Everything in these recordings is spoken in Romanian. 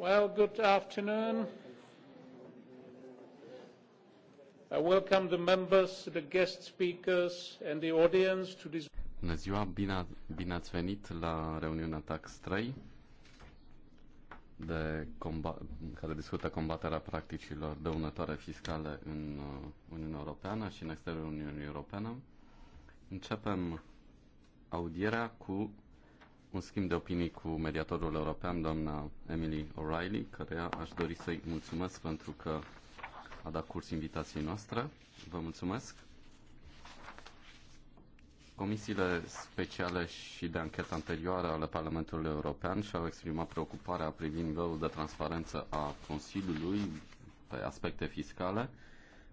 Well, good afternoon. I welcome the members, the guest speakers and the audience to this Bună ziua, bine, bine ați venit la reuniunea TAX 3 de combat, care discută combaterea practicilor dăunătoare fiscale în uh, Uniunea Europeană și în exteriorul Uniunii Europene. Începem audierea cu un schimb de opinii cu mediatorul european, doamna Emily O'Reilly, care aș dori să-i mulțumesc pentru că a dat curs invitației noastre. Vă mulțumesc. Comisiile speciale și de anchetă anterioară ale Parlamentului European și-au exprimat preocuparea privind nivelul de transparență a Consiliului pe aspecte fiscale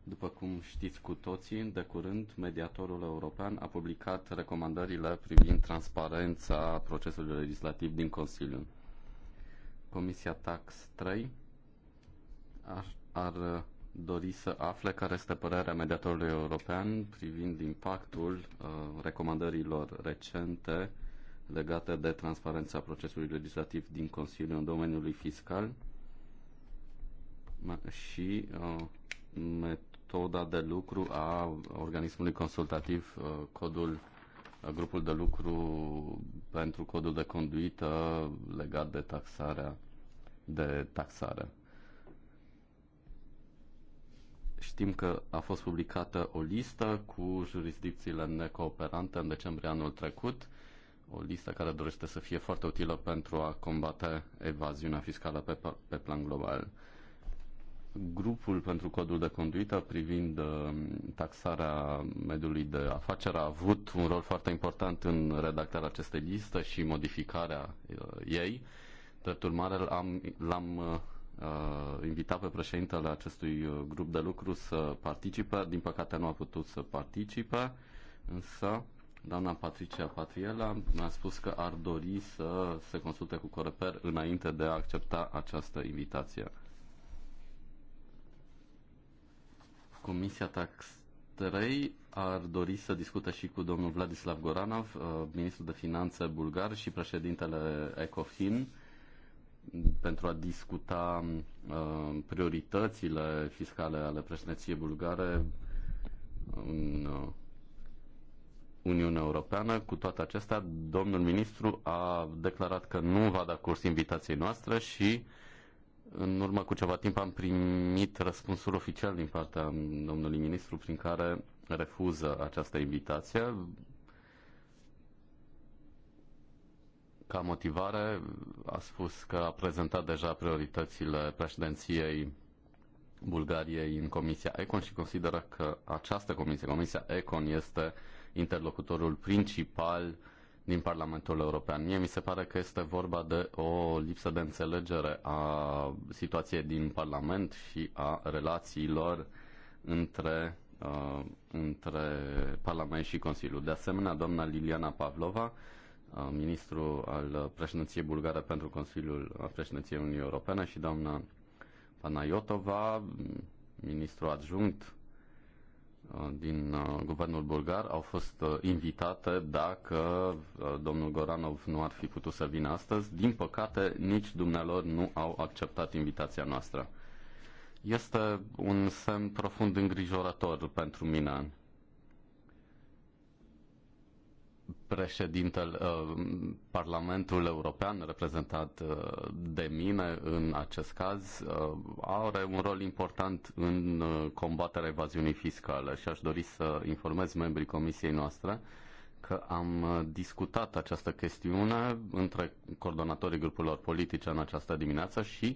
după cum știți cu toții, de curând, mediatorul european a publicat recomandările privind transparența procesului legislativ din Consiliu. Comisia Tax 3 ar, ar uh, dori să afle care este părerea mediatorului european privind impactul uh, recomandărilor recente legate de transparența procesului legislativ din Consiliu în domeniul fiscal și uh, met- metoda de lucru a organismului consultativ, uh, codul, uh, grupul de lucru pentru codul de conduită legat de taxarea de taxare. Știm că a fost publicată o listă cu jurisdicțiile necooperante în decembrie anul trecut, o listă care dorește să fie foarte utilă pentru a combate evaziunea fiscală pe, pe plan global. Grupul pentru codul de conduită privind uh, taxarea mediului de afacere a avut un rol foarte important în redactarea acestei liste și modificarea uh, ei. Drept urmare, am, l-am uh, uh, invitat pe președintele acestui grup de lucru să participe. Din păcate nu a putut să participe, însă doamna Patricia Patriela mi-a spus că ar dori să se consulte cu Coreper înainte de a accepta această invitație. Comisia Tax 3 ar dori să discute și cu domnul Vladislav Goranov, uh, ministrul de finanțe bulgar și președintele ECOFIN, pentru a discuta uh, prioritățile fiscale ale președinției bulgare în uh, Uniunea Europeană. Cu toate acestea, domnul ministru a declarat că nu va da curs invitației noastre și uh, în urmă cu ceva timp am primit răspunsul oficial din partea domnului ministru prin care refuză această invitație. Ca motivare a spus că a prezentat deja prioritățile președinției Bulgariei în Comisia Econ și consideră că această comisie, Comisia Econ, este interlocutorul principal uh, din Parlamentul European. Mie mi se pare că este vorba de o lipsă de înțelegere a situației din Parlament și a relațiilor între, uh, între Parlament și Consiliu. De asemenea, doamna Liliana Pavlova, uh, ministru al președinției bulgare pentru Consiliul uh, președinției Uniunii Europene și doamna Panayotova, ministru adjunct din uh, guvernul bulgar au fost uh, invitate dacă uh, domnul Goranov nu ar fi putut să vină astăzi. Din păcate, nici dumnealor nu au acceptat invitația noastră. Este un semn profund îngrijorător pentru mine președintele uh, Parlamentul European, reprezentat uh, de mine în acest caz, uh, are un rol important în combaterea evaziunii fiscale și aș dori să informez membrii comisiei noastre că am discutat această chestiune între coordonatorii grupurilor politice în această dimineață și uh,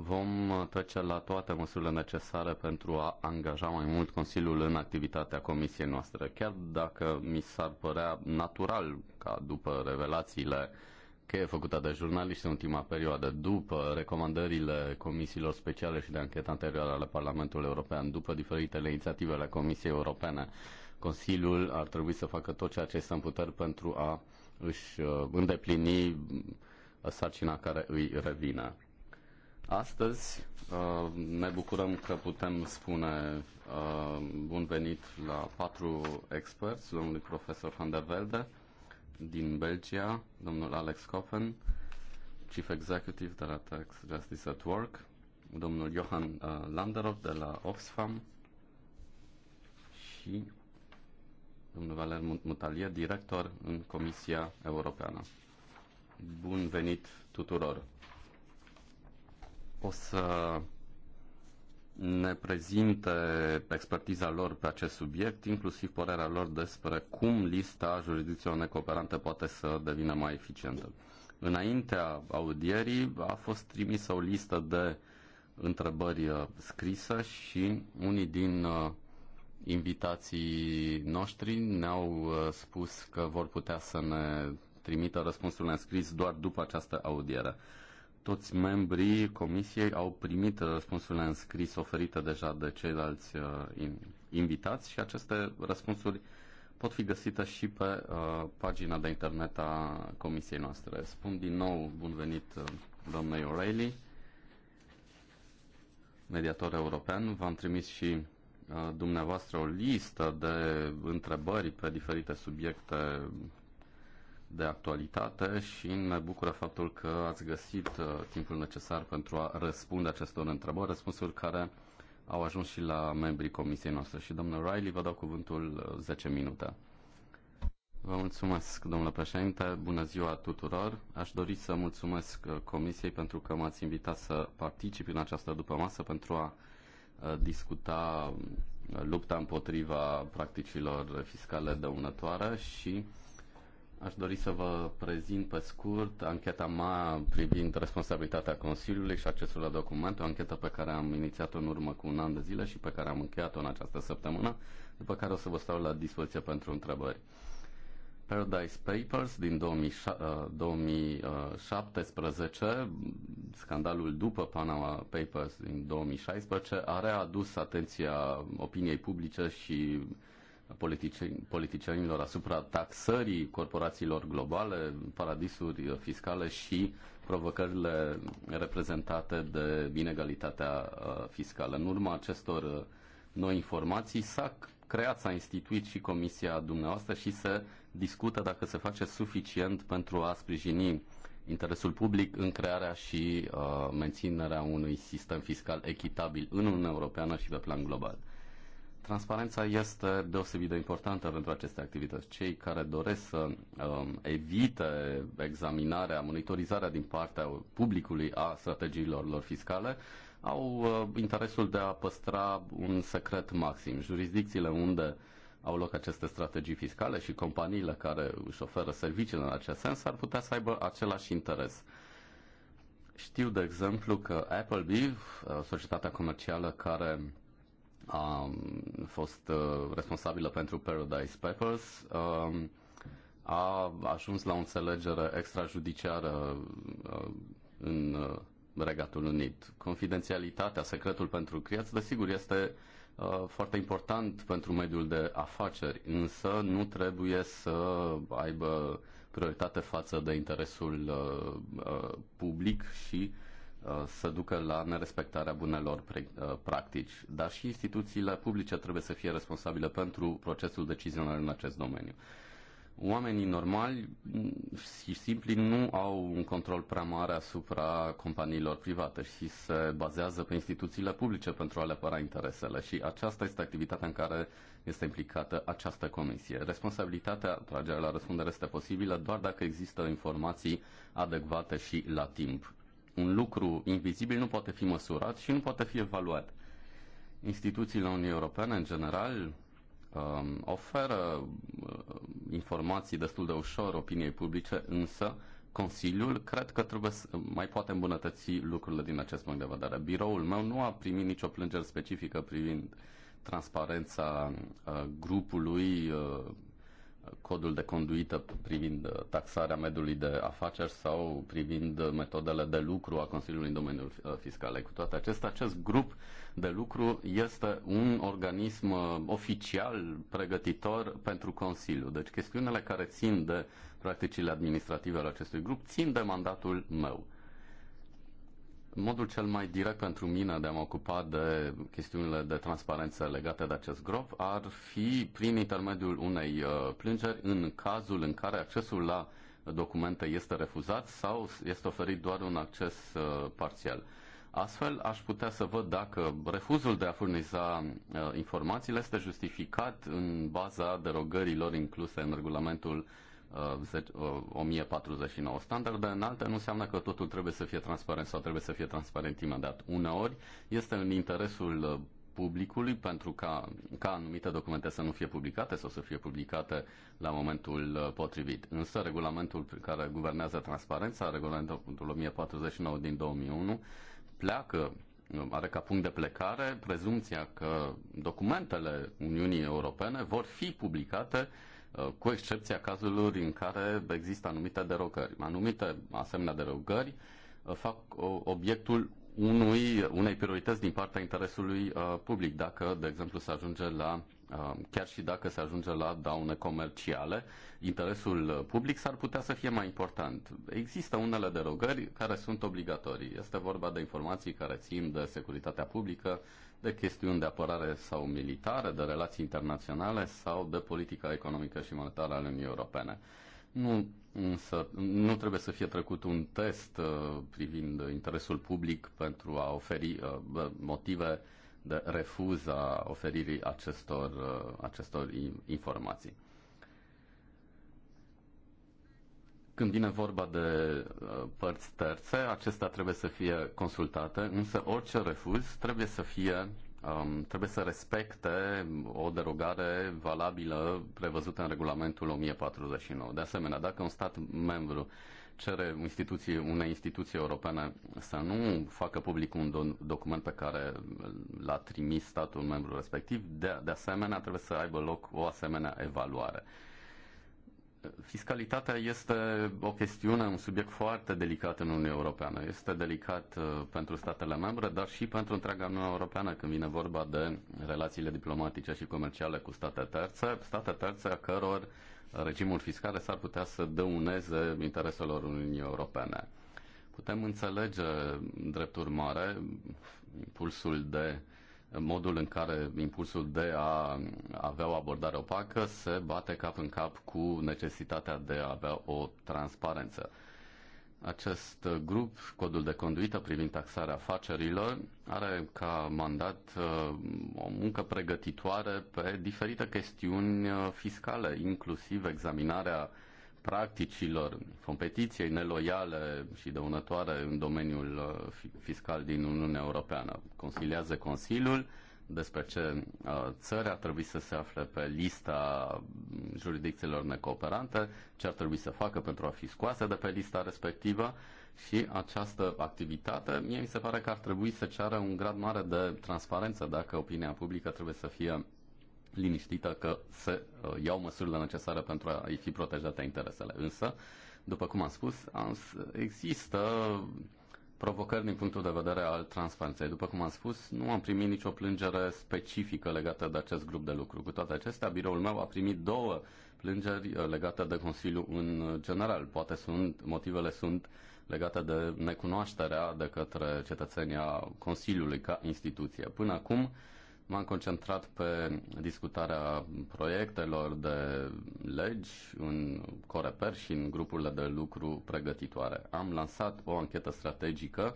Vom uh, trece la toate măsurile necesare pentru a angaja mai mult Consiliul în activitatea comisiei noastre. Chiar dacă mi s-ar părea natural ca după revelațiile cheie făcute de jurnaliști în ultima perioadă, după recomandările comisiilor speciale și de anchetă anterioară ale Parlamentului European, după diferitele inițiative ale Comisiei Europene, Consiliul ar trebui să facă tot ceea ce este în puteri pentru a își uh, îndeplini mm, sarcina care îi revine Astăzi uh, ne bucurăm că putem spune uh, bun venit la patru experți, domnului profesor Van der Velde din Belgia, domnul Alex Coffen, Chief Executive de la Tax Justice at Work, domnul Johan uh, Landerov de la Oxfam și domnul Valer Mutalie, director în Comisia Europeană. Bun venit tuturor! o să ne prezinte expertiza lor pe acest subiect, inclusiv părerea lor despre cum lista jurisdicțiilor necooperante poate să devină mai eficientă. Înaintea audierii a fost trimisă o listă de întrebări uh, scrisă și unii din uh, invitații noștri ne-au uh, spus că vor putea să ne trimită răspunsurile în scris doar după această audiere toți membrii comisiei au primit uh, răspunsurile în scris oferite deja de ceilalți uh, invitați și aceste răspunsuri pot fi găsite și pe uh, pagina de internet a comisiei noastre. Spun din nou bun venit uh, doamnei O'Reilly, mediator european. V-am trimis și uh, dumneavoastră o listă de întrebări pe diferite subiecte de actualitate și ne bucură faptul că ați găsit uh, timpul necesar pentru a răspunde acestor întrebări, răspunsuri care au ajuns și la membrii comisiei noastre. Și domnul Riley, vă dau cuvântul 10 uh, minute. Vă mulțumesc, domnule președinte, bună ziua tuturor. Aș dori să mulțumesc uh, comisiei pentru că m-ați invitat să particip în această dupămasă pentru a discuta um, lupta împotriva practicilor fiscale dăunătoare și Aș dori să vă prezint pe scurt ancheta mea privind responsabilitatea Consiliului și accesul la documente, o anchetă pe care am inițiat-o în urmă cu un an de zile și pe care am încheiat-o în această săptămână, după care o să vă stau la dispoziție pentru întrebări. Paradise Papers din 2017, uh, scandalul după Panama Papers din 2016, a readus atenția opiniei publice și politicienilor asupra taxării corporațiilor globale, paradisuri fiscale și provocările reprezentate de inegalitatea uh, fiscală. În urma acestor uh, noi informații s-a creat, s-a instituit și comisia dumneavoastră și se discută dacă se face suficient pentru a sprijini interesul public în crearea și uh, menținerea unui sistem fiscal echitabil în Uniunea Europeană și pe plan global. Transparența este deosebit de importantă pentru aceste activități. Cei care doresc să um, evite examinarea, monitorizarea din partea publicului a strategiilor lor fiscale au uh, interesul de a păstra un secret maxim. Jurisdicțiile unde au loc aceste strategii fiscale și companiile care își oferă serviciile în acest sens ar putea să aibă același interes. Știu, de exemplu, că Applebee, uh, societatea comercială care a fost uh, responsabilă pentru Paradise Papers um, a ajuns la o înțelegere extrajudiciară uh, în uh, Regatul Unit. Confidențialitatea, secretul pentru criați, desigur, este foarte important pentru mediul de afaceri, însă nu trebuie să aibă prioritate față de interesul public și uh, Uh, să ducă la nerespectarea bunelor uh, practici, dar și instituțiile publice trebuie să fie responsabile pentru procesul decizional în acest domeniu. Oamenii normali și simpli nu au un control prea mare asupra companiilor private și se bazează pe instituțiile publice pentru a le apăra interesele și aceasta este activitatea în care este implicată această comisie. Responsabilitatea, tragerea la răspundere este posibilă doar dacă există informații adecvate și la timp un lucru invizibil nu poate fi măsurat și nu poate fi evaluat. Instituțiile Uniunii Europene, în general, um, oferă uh, informații destul de ușor opiniei publice, însă Consiliul cred că trebuie să mai poate îmbunătăți lucrurile din acest punct de vedere. Biroul meu nu a primit nicio plângere specifică privind transparența uh, grupului uh, codul de conduită privind uh, taxarea mediului de afaceri sau privind uh, metodele de lucru a Consiliului în domeniul uh, fiscal. Cu toate acestea, acest grup de lucru este un organism oficial pregătitor pentru Consiliu. Deci chestiunile care țin de practicile administrative ale acestui grup țin de mandatul meu. Modul cel mai direct pentru mine de a mă ocupa de chestiunile de transparență legate de acest grup ar fi prin intermediul unei uh, plângeri în cazul în care accesul la documente este refuzat sau este oferit doar un acces uh, parțial. Astfel, aș putea să văd dacă refuzul de a furniza uh, informațiile este justificat în baza derogărilor incluse în regulamentul 1049 uh, uh, în alte nu înseamnă că totul trebuie să fie transparent sau trebuie să fie transparent imediat. Uneori este în interesul uh, publicului pentru ca, ca anumite documente să nu fie publicate sau să fie publicate la momentul potrivit. Însă regulamentul care guvernează transparența, regulamentul 1049 din 2001, pleacă are ca punct de plecare prezumția că documentele Uniunii Europene vor fi publicate uh, Uh, cu excepția cazurilor în care există anumite derogări. Anumite asemenea derogări uh, fac uh, obiectul unui, unei priorități din partea interesului public, dacă, de exemplu, se ajunge la chiar și dacă se ajunge la daune comerciale, interesul public s-ar putea să fie mai important. Există unele derogări care sunt obligatorii. Este vorba de informații care țin de securitatea publică, de chestiuni de apărare sau militare, de relații internaționale sau de politica economică și monetară ale Uniunii Europene. Nu, însă, nu trebuie să fie trecut un test uh, privind interesul public pentru a oferi uh, motive de refuz a oferirii acestor, uh, acestor informații. Când vine vorba de uh, părți terțe, acestea trebuie să fie consultate, însă orice refuz trebuie să fie um, trebuie să respecte o derogare valabilă prevăzută în regulamentul 1049. De asemenea, dacă un stat membru cere instituție, unei instituții europene să nu facă public un document pe care l-a trimis statul membru respectiv, de, de asemenea trebuie să aibă loc o asemenea evaluare. Fiscalitatea este o chestiune, un subiect foarte delicat în Uniunea Europeană. Este delicat uh, pentru statele membre, dar și pentru întreaga Uniunea Europeană când vine vorba de relațiile diplomatice și comerciale cu state terțe, state terțe a căror regimul fiscal s-ar putea să dăuneze intereselor Uniunii Europene. Putem înțelege, drept urmare, impulsul de modul în care impulsul de a avea o abordare opacă se bate cap în cap cu necesitatea de a avea o transparență. Acest grup, codul de conduită privind taxarea afacerilor, are ca mandat uh, o muncă pregătitoare pe diferite chestiuni uh, fiscale, inclusiv examinarea practicilor competiției neloiale și dăunătoare în domeniul uh, fiscal din Uniunea Europeană. Consiliază Consiliul despre ce uh, țări ar trebui să se afle pe lista jurisdicțiilor necooperante, ce ar trebui să facă pentru a fi scoase de pe lista respectivă și această activitate, mie mi se pare că ar trebui să ceară un grad mare de transparență dacă opinia publică trebuie să fie liniștită că se uh, iau măsurile necesare pentru a-i fi protejate interesele. Însă, după cum am spus, există provocări din punctul de vedere al transparenței. După cum am spus, nu am primit nicio plângere specifică legată de acest grup de lucru. Cu toate acestea, biroul meu a primit două plângeri uh, legate de Consiliu în general. Poate sunt, motivele sunt legate de necunoașterea de către cetățenia Consiliului ca instituție. Până acum, uh, M-am concentrat pe discutarea proiectelor de legi în Coreper și în grupurile de lucru pregătitoare. Am lansat o anchetă strategică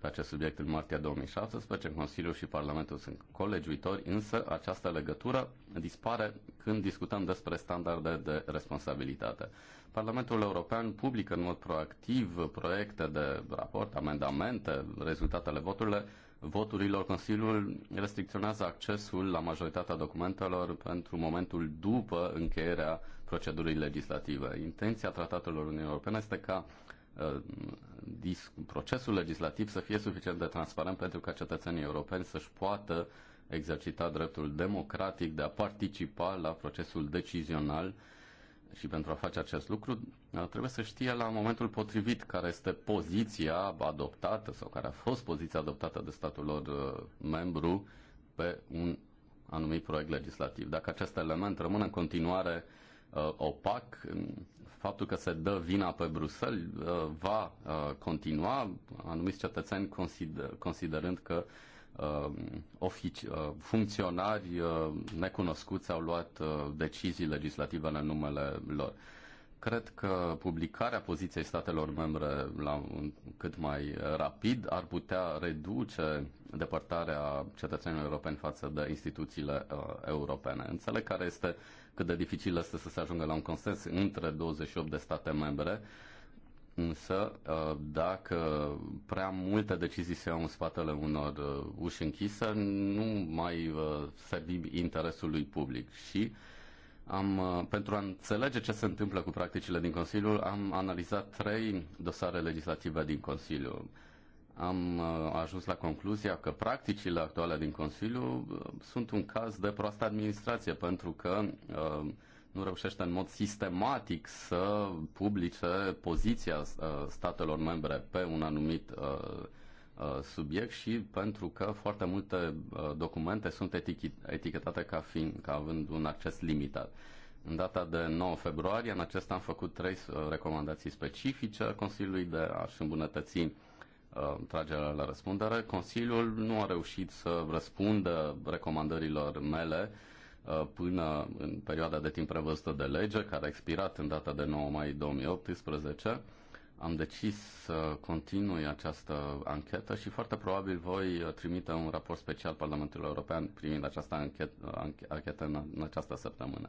pe acest subiect în martie 2017. Consiliul și Parlamentul sunt colegiuitori, însă această legătură dispare când discutăm despre standarde de responsabilitate. Parlamentul European publică în mod proactiv proiecte de raport, amendamente, rezultatele voturilor voturilor, Consiliul restricționează accesul la majoritatea documentelor pentru momentul după încheierea procedurii legislative. Intenția tratatelor Uniunii Europene este ca uh, procesul legislativ să fie suficient de transparent pentru ca cetățenii europeni să-și poată exercita dreptul democratic de a participa la procesul decizional uh, și pentru a face acest lucru uh, trebuie să știe la momentul potrivit care este poziția adoptată sau care a fost poziția adoptată de statul lor uh, membru pe un anumit proiect legislativ. Dacă acest element rămâne în continuare uh, opac, faptul că se dă vina pe Bruxelles va continua, anumiți cetățeni consider, considerând că Um, ofici, uh, funcționari uh, necunoscuți au luat uh, decizii legislative în numele lor. Cred că publicarea poziției statelor membre la un cât mai rapid ar putea reduce depărtarea cetățenilor europeni față de instituțiile europene. Înțeleg care este cât de dificil este să se ajungă la un consens între 28 de state membre, uh, Însă, uh, dacă prea multe decizii se iau în spatele unor uh, uși închise, nu mai uh, servim interesului public. Și am, pentru a înțelege ce se întâmplă cu practicile din Consiliu, am analizat trei dosare legislative din Consiliu. Am ajuns la concluzia că practicile actuale din Consiliu sunt un caz de proastă administrație, pentru că uh, nu reușește în mod sistematic să publice poziția uh, statelor membre pe un anumit uh, uh, subiect și pentru că foarte multe documente sunt etichetate ca, fiind, ca având un acces limitat. În data de 9 februarie, în acesta am făcut trei recomandații specifice Consiliului de a-și îmbunătăți tragerea la răspundere. Consiliul nu a reușit să răspundă recomandărilor mele Uh, până în perioada de timp prevăzută de lege, care a expirat în data de 9 mai 2018. Am decis să continui această anchetă și foarte probabil voi trimite un raport special Parlamentului European privind această anchetă, anchetă în, în această săptămână.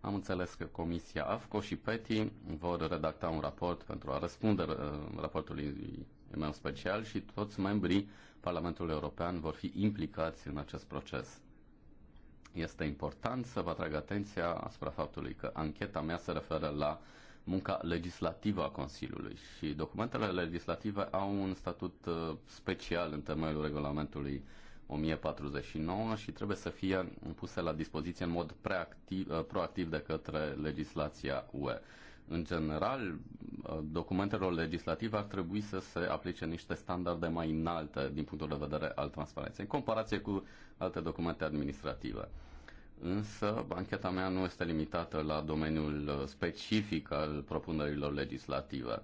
Am înțeles că Comisia AFCO și PETI vor redacta un raport pentru a răspunde uh, raportului meu special și toți membrii Parlamentului European vor fi implicați în acest proces. Este important să vă atrag atenția asupra faptului că ancheta mea se referă la munca legislativă a Consiliului și documentele legislative au un statut uh, special în temeiul regulamentului 1049 și trebuie să fie puse la dispoziție în mod uh, proactiv de către legislația UE. În general, documentelor legislative ar trebui să se aplice niște standarde mai înalte din punctul de vedere al transparenței, în comparație cu alte documente administrative. Însă, ancheta mea nu este limitată la domeniul specific al propunerilor legislative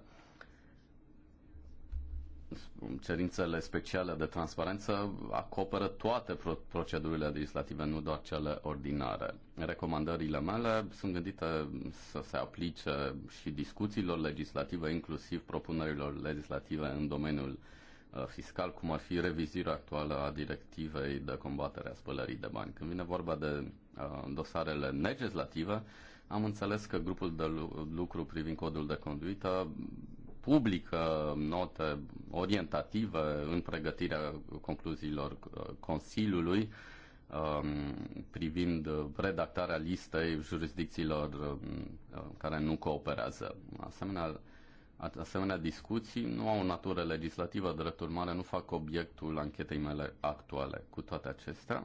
cerințele speciale de transparență acoperă toate procedurile legislative, nu doar cele ordinare. Recomandările mele sunt gândite să se aplice și discuțiilor legislative, inclusiv propunerilor legislative în domeniul uh, fiscal, cum ar fi revizirea actuală a directivei de combatere a spălării de bani. Când vine vorba de uh, dosarele legislative, am înțeles că grupul de lucru privind codul de conduită publică notă orientativă în pregătirea concluziilor uh, Consiliului um, privind redactarea listei jurisdicțiilor um, uh, care nu cooperează. Asemenea, asemenea discuții nu au o natură legislativă, drept urmare nu fac obiectul anchetei mele actuale. Cu toate acestea,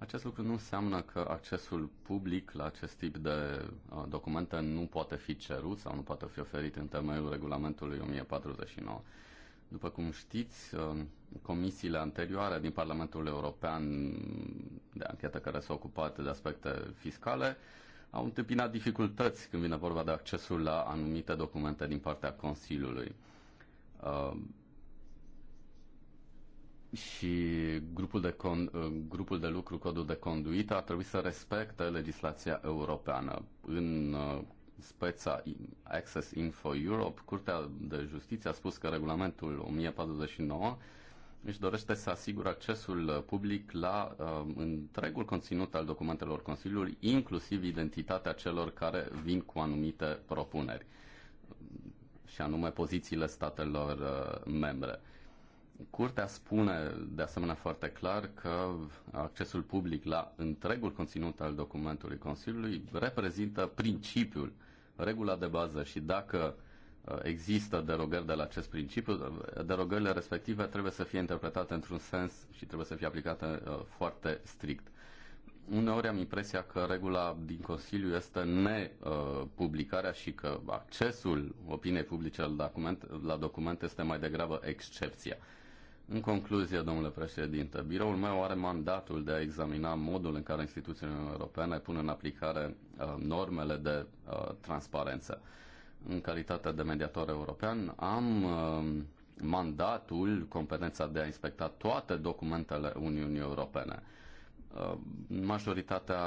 acest lucru nu înseamnă că accesul public la acest tip de documente nu poate fi cerut sau nu poate fi oferit în temeiul regulamentului 1049. După cum știți, comisiile anterioare din Parlamentul European de anchetă care s-au ocupat de aspecte fiscale au întâmpinat dificultăți când vine vorba de accesul la anumite documente din partea Consiliului și grupul de, con, uh, grupul de lucru, codul de conduită, ar trebui să respecte legislația europeană. În uh, speța Access Info Europe, Curtea de Justiție a spus că regulamentul 1049 își dorește să asigure accesul public la uh, întregul conținut al documentelor Consiliului, inclusiv identitatea celor care vin cu anumite propuneri, și anume pozițiile statelor uh, membre. Uh, Curtea spune de asemenea foarte clar că accesul public la întregul conținut al documentului Consiliului reprezintă principiul, regula de bază și dacă uh, există derogări de la acest principiu, uh, derogările respective trebuie să fie interpretate într-un sens și trebuie să fie aplicate uh, foarte strict. Uneori am impresia că regula din Consiliu este nepublicarea și că accesul opiniei publice la document, la document este mai degrabă excepția. În concluzie, domnule președinte, biroul meu are mandatul de a examina modul în care instituțiile europene pun în aplicare uh, normele de uh, transparență. În calitate de mediator european, am uh, mandatul, competența de a inspecta toate documentele Uniunii Europene. Uh, majoritatea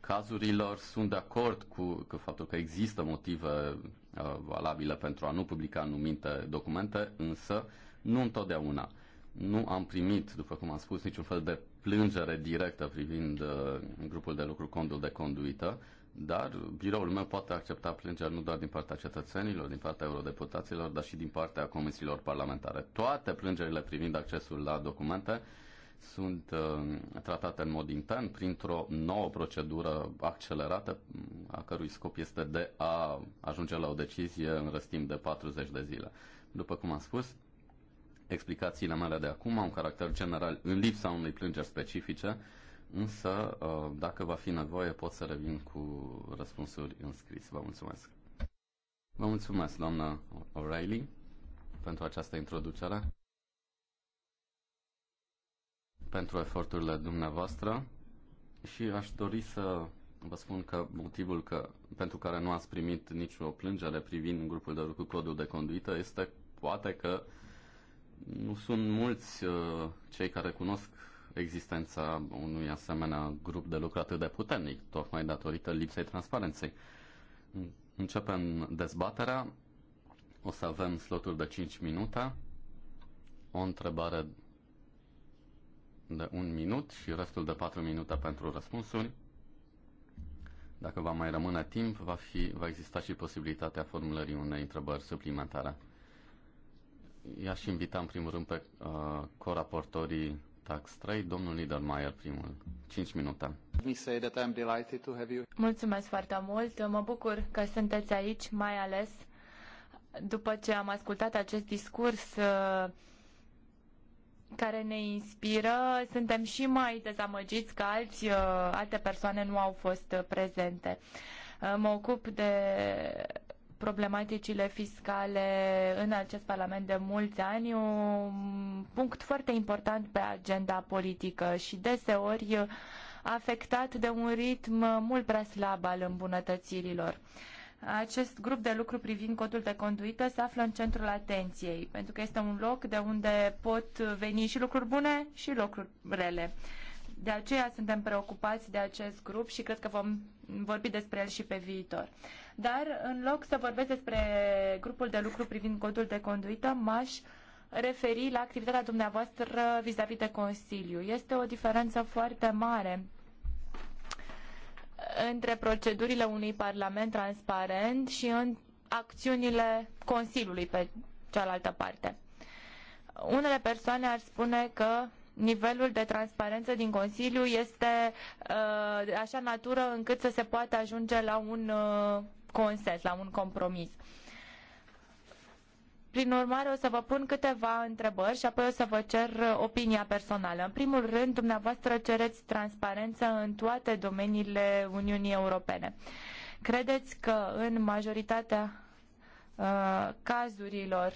cazurilor sunt de acord cu, cu faptul că există motive uh, valabile pentru a nu publica anumite documente, însă uh, nu întotdeauna. Nu am primit, după cum am spus, niciun fel de plângere directă privind uh, grupul de lucru condul de conduită, dar biroul meu poate accepta plângeri nu doar din partea cetățenilor, din partea eurodeputaților, dar și din partea comisiilor parlamentare. Toate plângerile privind accesul la documente sunt uh, tratate în mod intern printr-o nouă procedură accelerată, a cărui scop este de a ajunge la o decizie în răstim de 40 de zile. După cum am spus, Explicațiile mele de acum au un caracter general în lipsa unei plângeri specifice, însă uh, dacă va fi nevoie pot să revin cu răspunsuri în scris. Vă mulțumesc. Vă mulțumesc, doamna O'Reilly, pentru această introducere, pentru eforturile dumneavoastră și aș dori să vă spun că motivul că, pentru care nu ați primit nicio plângere privind grupul de lucru codul de conduită este poate că uh, nu sunt mulți uh, cei care cunosc existența unui asemenea grup de lucru atât de puternic, tocmai datorită lipsei transparenței. Începem dezbaterea. O să avem sloturi de 5 minute, o întrebare de 1 minut și restul de 4 minute pentru răspunsuri. Dacă va mai rămâne timp, va, fi, va exista și posibilitatea formulării unei întrebări suplimentare. I-aș invita în primul rând pe uh, coraportorii Tax 3, domnul Niedermayer primul. 5 minute. Mulțumesc foarte mult. Mă bucur că sunteți aici, mai ales după ce am ascultat acest discurs uh, care ne inspiră, suntem și mai dezamăgiți că alți, uh, alte persoane nu au fost uh, prezente. mă ocup de problematicile fiscale în acest Parlament de mulți ani, un punct foarte important pe agenda politică și deseori afectat de un ritm mult prea slab al îmbunătățirilor. Acest grup de lucru privind codul de conduită se află în centrul atenției, pentru că este un loc de unde pot veni și lucruri bune și lucruri rele. De aceea suntem preocupați de acest grup și cred că vom vorbi despre el și pe viitor. Dar în loc să vorbesc despre grupul de lucru privind codul de conduită, m-aș referi la activitatea dumneavoastră vis-a-vis -vis de Consiliu. Este o diferență foarte mare între procedurile unui parlament transparent și în acțiunile Consiliului pe cealaltă parte. Unele persoane ar spune că nivelul de transparență din Consiliu este uh, de așa natură încât să se poată ajunge la un uh, consens, la un compromis. Prin urmare, o să vă pun câteva întrebări și apoi o să vă cer opinia personală. În primul rând, dumneavoastră cereți transparență în toate domeniile Uniunii Europene. Credeți că în majoritatea uh, cazurilor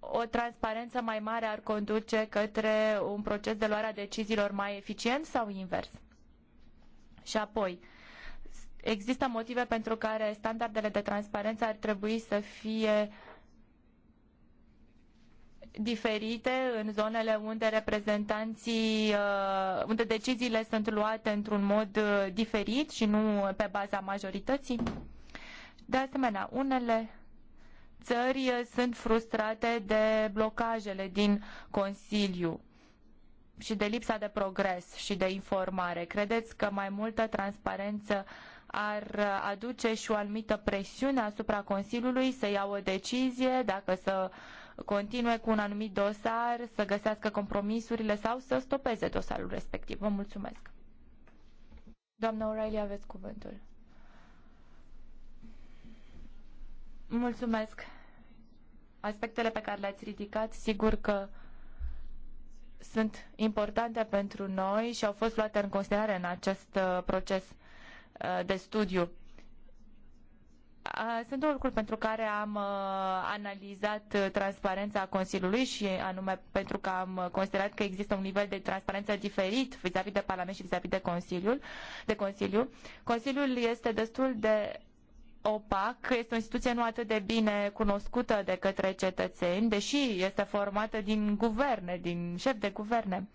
o transparență mai mare ar conduce către un proces de luare a deciziilor mai eficient sau invers? Și apoi, uh, Există motive pentru care standardele de transparență ar trebui să fie diferite în zonele unde reprezentanții, uh, unde deciziile sunt luate într-un mod uh, diferit și nu pe baza majorității. De asemenea, unele țări uh, sunt frustrate de blocajele din Consiliu și de lipsa de progres și de informare. Credeți că mai multă transparență uh, ar aduce și o anumită presiune asupra Consiliului să ia o decizie dacă să continue cu un anumit dosar, să găsească compromisurile sau să stopeze dosarul respectiv. Vă mulțumesc. Doamna O'Reilly, aveți cuvântul. Mulțumesc. Aspectele pe care le-ați ridicat, sigur că sunt importante pentru noi și au fost luate în considerare în acest uh, proces. Uh, de studiu. Uh, sunt două lucruri pentru care am uh, analizat transparența Consiliului și anume pentru că am considerat că există un nivel de transparență diferit vis-a-vis -vis de Parlament și vis-a-vis -vis de, Consiliul, de Consiliu. Consiliul este destul de OPAC este o instituție nu atât de bine cunoscută de către cetățeni, deși este formată din guverne, din șefi de guverne.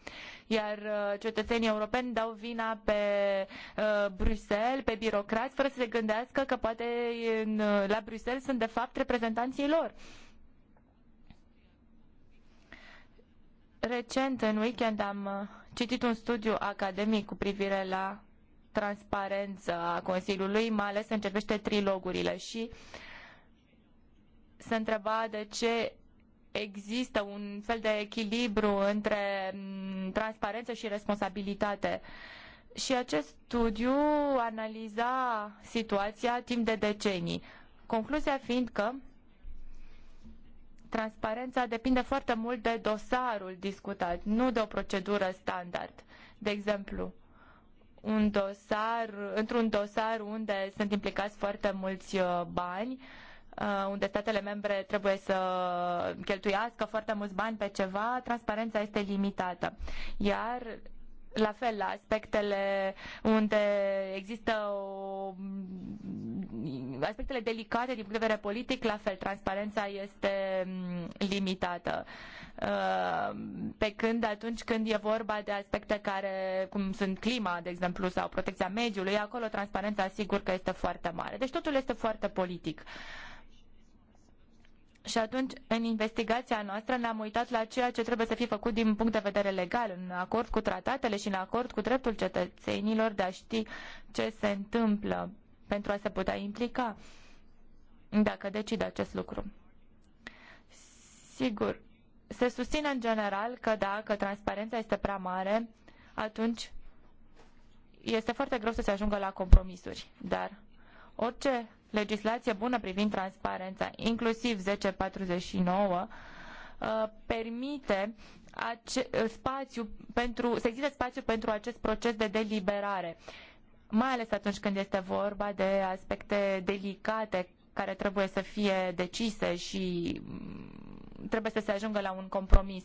Iar uh, cetățenii europeni dau vina pe uh, Bruxelles, pe birocrați, fără să se gândească că poate în, uh, la Bruxelles sunt de fapt reprezentanții lor. Recent, în weekend, am uh, citit un studiu academic cu privire la transparență a Consiliului, mai ales în ce privește trilogurile și se întreba de ce există un fel de echilibru între mm, transparență și responsabilitate. Și acest studiu analiza situația timp de decenii. Concluzia fiind că transparența depinde foarte mult de dosarul discutat, nu de o procedură standard. De exemplu, un dosar, într-un dosar unde sunt implicați foarte mulți uh, bani, uh, unde statele membre trebuie să cheltuiască foarte mulți bani pe ceva, transparența este limitată. Iar la fel, la aspectele unde există o... aspectele delicate din punct de vedere politic, la fel, transparența este mm, limitată. Uh, Uh, pe când atunci când e vorba de aspecte care, cum sunt clima, de exemplu, sau protecția mediului, acolo transparența sigur că este foarte mare. Deci totul este foarte politic. Și atunci, în investigația noastră, ne-am uitat la ceea ce trebuie să fie făcut din punct de vedere legal, în acord cu tratatele și în acord cu dreptul cetățenilor de a ști ce se întâmplă pentru a se putea implica, dacă decide acest lucru. Sigur, se susține în general că dacă transparența este prea mare, atunci este foarte greu să se ajungă la compromisuri. Dar orice legislație bună privind transparența, inclusiv 1049, uh, permite ace- spațiu pentru, să existe spațiu pentru acest proces de deliberare, mai ales atunci când este vorba de aspecte delicate care trebuie să fie decise și trebuie să se ajungă la un compromis.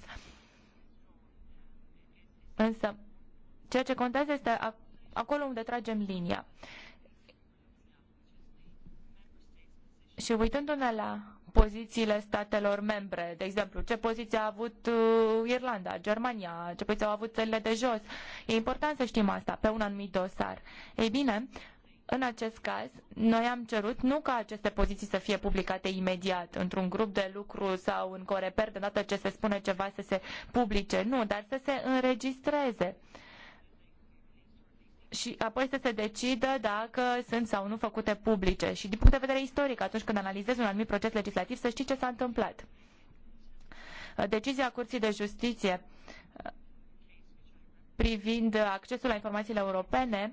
Însă, ceea ce contează este acolo unde tragem linia. Și uitându-ne la pozițiile statelor membre, de exemplu, ce poziție a avut uh, Irlanda, Germania, ce poziție au avut țările de jos, e important să știm asta pe un anumit dosar. Ei bine, în acest caz, noi am cerut nu ca aceste poziții să fie publicate imediat într-un grup de lucru sau în coreper, de dată ce se spune ceva să se publice, nu, dar să se înregistreze și apoi să se decidă dacă sunt sau nu făcute publice. Și din punct de vedere istoric, atunci când analizezi un anumit proces legislativ, să știi ce s-a întâmplat. Decizia Curții de Justiție privind accesul la informațiile europene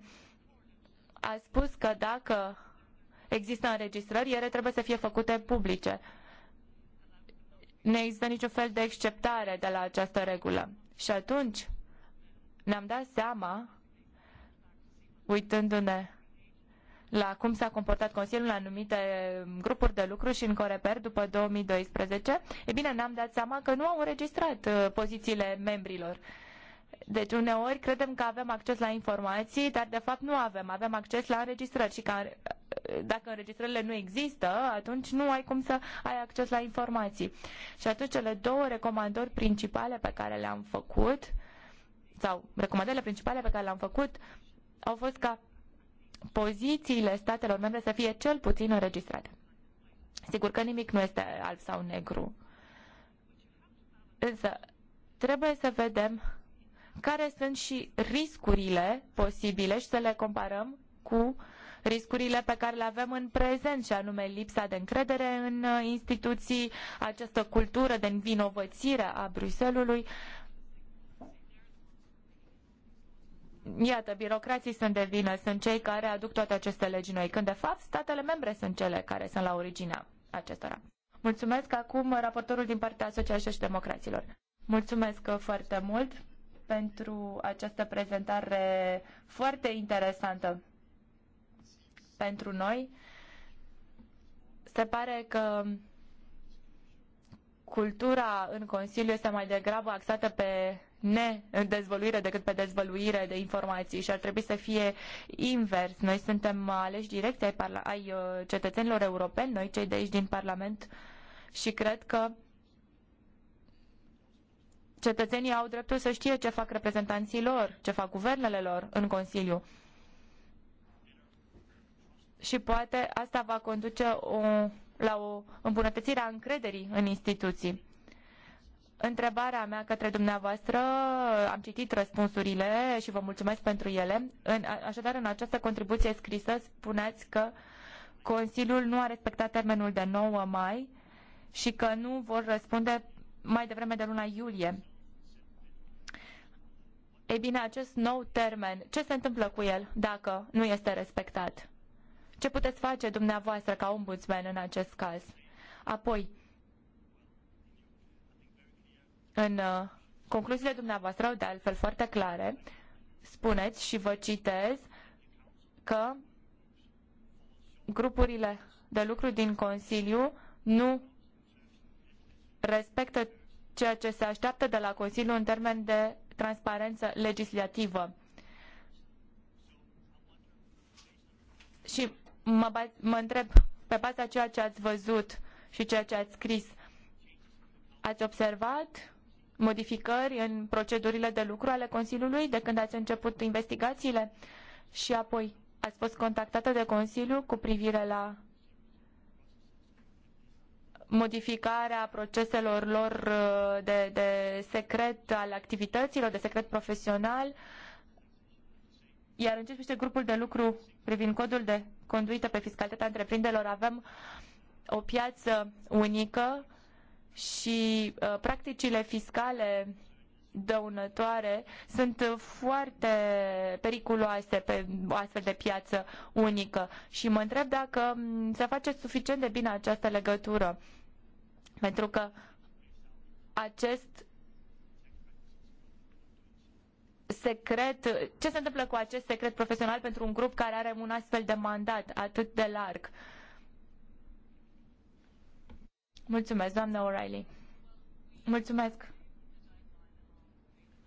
a spus că dacă există înregistrări, ele trebuie să fie făcute publice. Nu există niciun fel de exceptare de la această regulă. Și atunci ne-am dat seama, uitându-ne la cum s-a comportat Consiliul în anumite grupuri de lucru și în Coreper după 2012, e bine, ne-am dat seama că nu au înregistrat uh, pozițiile membrilor. Uh, deci uneori credem că avem acces la informații, dar de fapt nu avem. Avem acces la înregistrări și că dacă înregistrările nu există, atunci nu ai cum să ai acces la informații. Și atunci cele două recomandări principale pe care le-am făcut sau recomandările principale pe care le-am făcut au fost ca pozițiile statelor membre să fie cel puțin înregistrate. Sigur că nimic nu este alb sau negru. Însă trebuie să vedem care sunt și riscurile posibile și să le comparăm cu riscurile pe care le avem în prezent, și anume lipsa de încredere în uh, instituții, această cultură de învinovățire a Bruselului. Iată, birocrații sunt de vină, sunt cei care aduc toate aceste legi noi, când de fapt statele membre sunt cele care sunt la originea acestora. Mulțumesc acum raportorul din partea Asociației și Democraților. Mulțumesc uh, foarte mult! pentru această prezentare foarte interesantă pentru noi. Se pare că cultura în Consiliu este mai degrabă axată pe ne-dezvăluire decât pe dezvăluire de informații și ar trebui să fie invers. Noi suntem aleși direct ai, ai uh, cetățenilor europeni, noi cei de aici din Parlament și cred că Cetățenii au dreptul să știe ce fac reprezentanții lor, ce fac guvernele lor în Consiliu. Și poate asta va conduce o, la o îmbunătățire a încrederii în instituții. Întrebarea mea către dumneavoastră, am citit răspunsurile și vă mulțumesc pentru ele. În, așadar, în această contribuție scrisă spuneți că Consiliul nu a respectat termenul de 9 mai și că nu vor răspunde mai devreme de luna iulie. Ei bine, acest nou termen, ce se întâmplă cu el dacă nu este respectat? Ce puteți face dumneavoastră ca ombudsman în acest caz? Apoi, în uh, concluziile dumneavoastră, de altfel foarte clare, spuneți și vă citez că grupurile de lucru din Consiliu nu respectă ceea ce se așteaptă de la Consiliu în termen de transparență legislativă. Și mă, mă întreb, pe baza ceea ce ați văzut și ceea ce ați scris, ați observat modificări în procedurile de lucru ale Consiliului de când ați început investigațiile? Și apoi, ați fost contactată de Consiliu cu privire la modificarea proceselor lor uh, de, de secret al activităților, de secret profesional, iar în ce privește grupul de lucru privind codul de conduită pe fiscalitatea întreprinderilor, avem o piață unică și uh, practicile fiscale dăunătoare sunt foarte periculoase pe o astfel de piață unică și mă întreb dacă mm, se face suficient de bine această legătură pentru că acest secret, ce se întâmplă cu acest secret profesional pentru un grup care are un astfel de mandat atât de larg? Mulțumesc, doamna O'Reilly. Mulțumesc.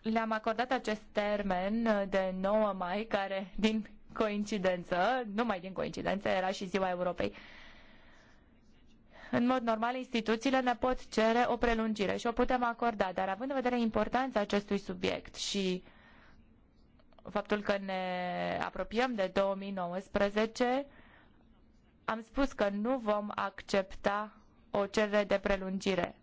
Le-am acordat acest termen de 9 mai, care, din coincidență, numai din coincidență, era și ziua Europei. Uh, în mod normal, instituțiile ne pot cere o prelungire și o putem acorda, dar având în vedere importanța acestui subiect și faptul că ne apropiem de 2019, am spus că nu vom accepta o cerere de prelungire.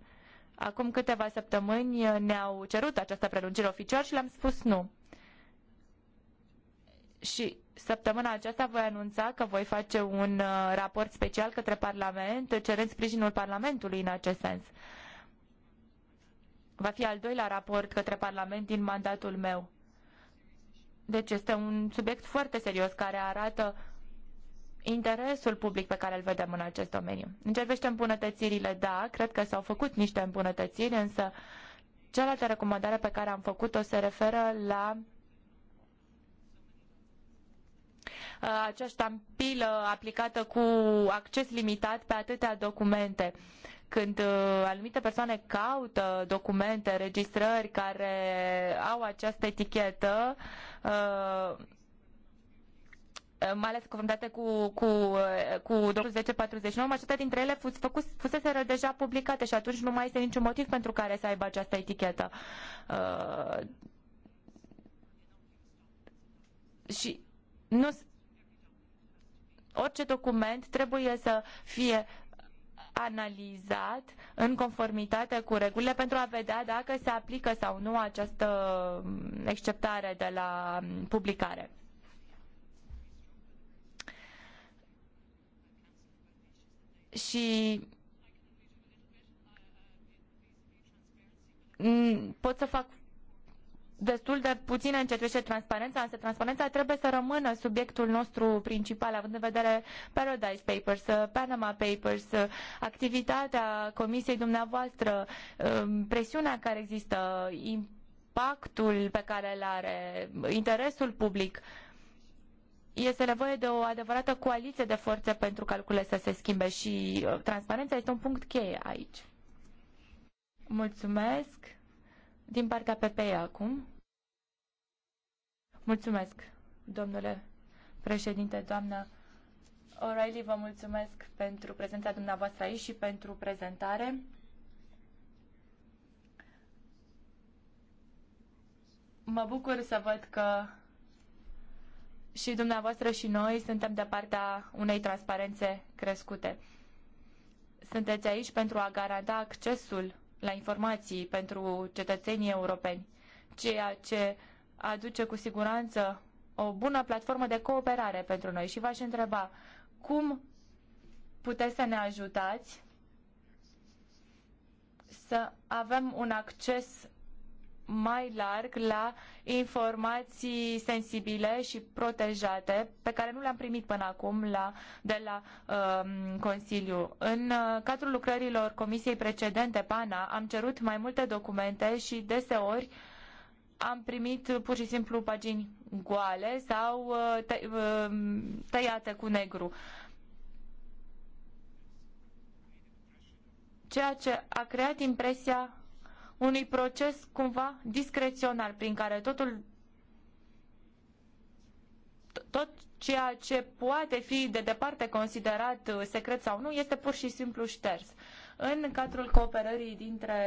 Acum câteva săptămâni ne-au cerut această prelungire oficial și le-am spus nu și săptămâna aceasta voi anunța că voi face un uh, raport special către Parlament, cerând sprijinul Parlamentului în acest sens. Va fi al doilea raport către Parlament din mandatul meu. Deci este un subiect foarte serios care arată interesul public pe care îl vedem în acest domeniu. Încercește îmbunătățirile, da, cred că s-au făcut niște îmbunătățiri, însă cealaltă recomandare pe care am făcut-o se referă la Uh, acea ștampilă aplicată cu acces limitat pe atâtea documente. Când uh, anumite persoane caută documente, registrări care au această etichetă, uh, mai ales confruntate cu, cu, cu 1049, majoritatea dintre ele fusese deja publicate și atunci nu mai este niciun motiv pentru care să aibă această etichetă. Uh, și nu orice document trebuie să fie analizat în conformitate cu regulile pentru a vedea dacă se aplică sau nu această exceptare de la publicare. Și pot să fac destul de puțin în ce privește transparența, însă transparența trebuie să rămână subiectul nostru principal, având în vedere Paradise Papers, uh, Panama Papers, uh, activitatea comisiei dumneavoastră, um, presiunea care există, impactul pe care îl are, interesul public. Este nevoie de o adevărată coaliție de forțe pentru ca lucrurile să se schimbe și uh, transparența este un punct cheie aici. Mulțumesc. Din partea PPE acum. Mulțumesc, domnule președinte, doamnă O'Reilly, vă mulțumesc pentru prezența dumneavoastră aici și pentru prezentare. Mă bucur să văd că și dumneavoastră și noi suntem de partea unei transparențe crescute. Sunteți aici pentru a garanta accesul la informații pentru cetățenii europeni, ceea ce aduce cu siguranță o bună platformă de cooperare pentru noi și v-aș întreba cum puteți să ne ajutați să avem un acces mai larg la informații sensibile și protejate pe care nu le-am primit până acum la, de la um, Consiliu. În uh, cadrul lucrărilor comisiei precedente, PANA, am cerut mai multe documente și deseori uh, am primit uh, pur și simplu pagini goale sau uh, uh, tăiate cu negru. Ceea ce a creat impresia unui proces cumva discreționar prin care totul tot ceea ce poate fi de departe considerat secret sau nu este pur și simplu șters. În cadrul cooperării dintre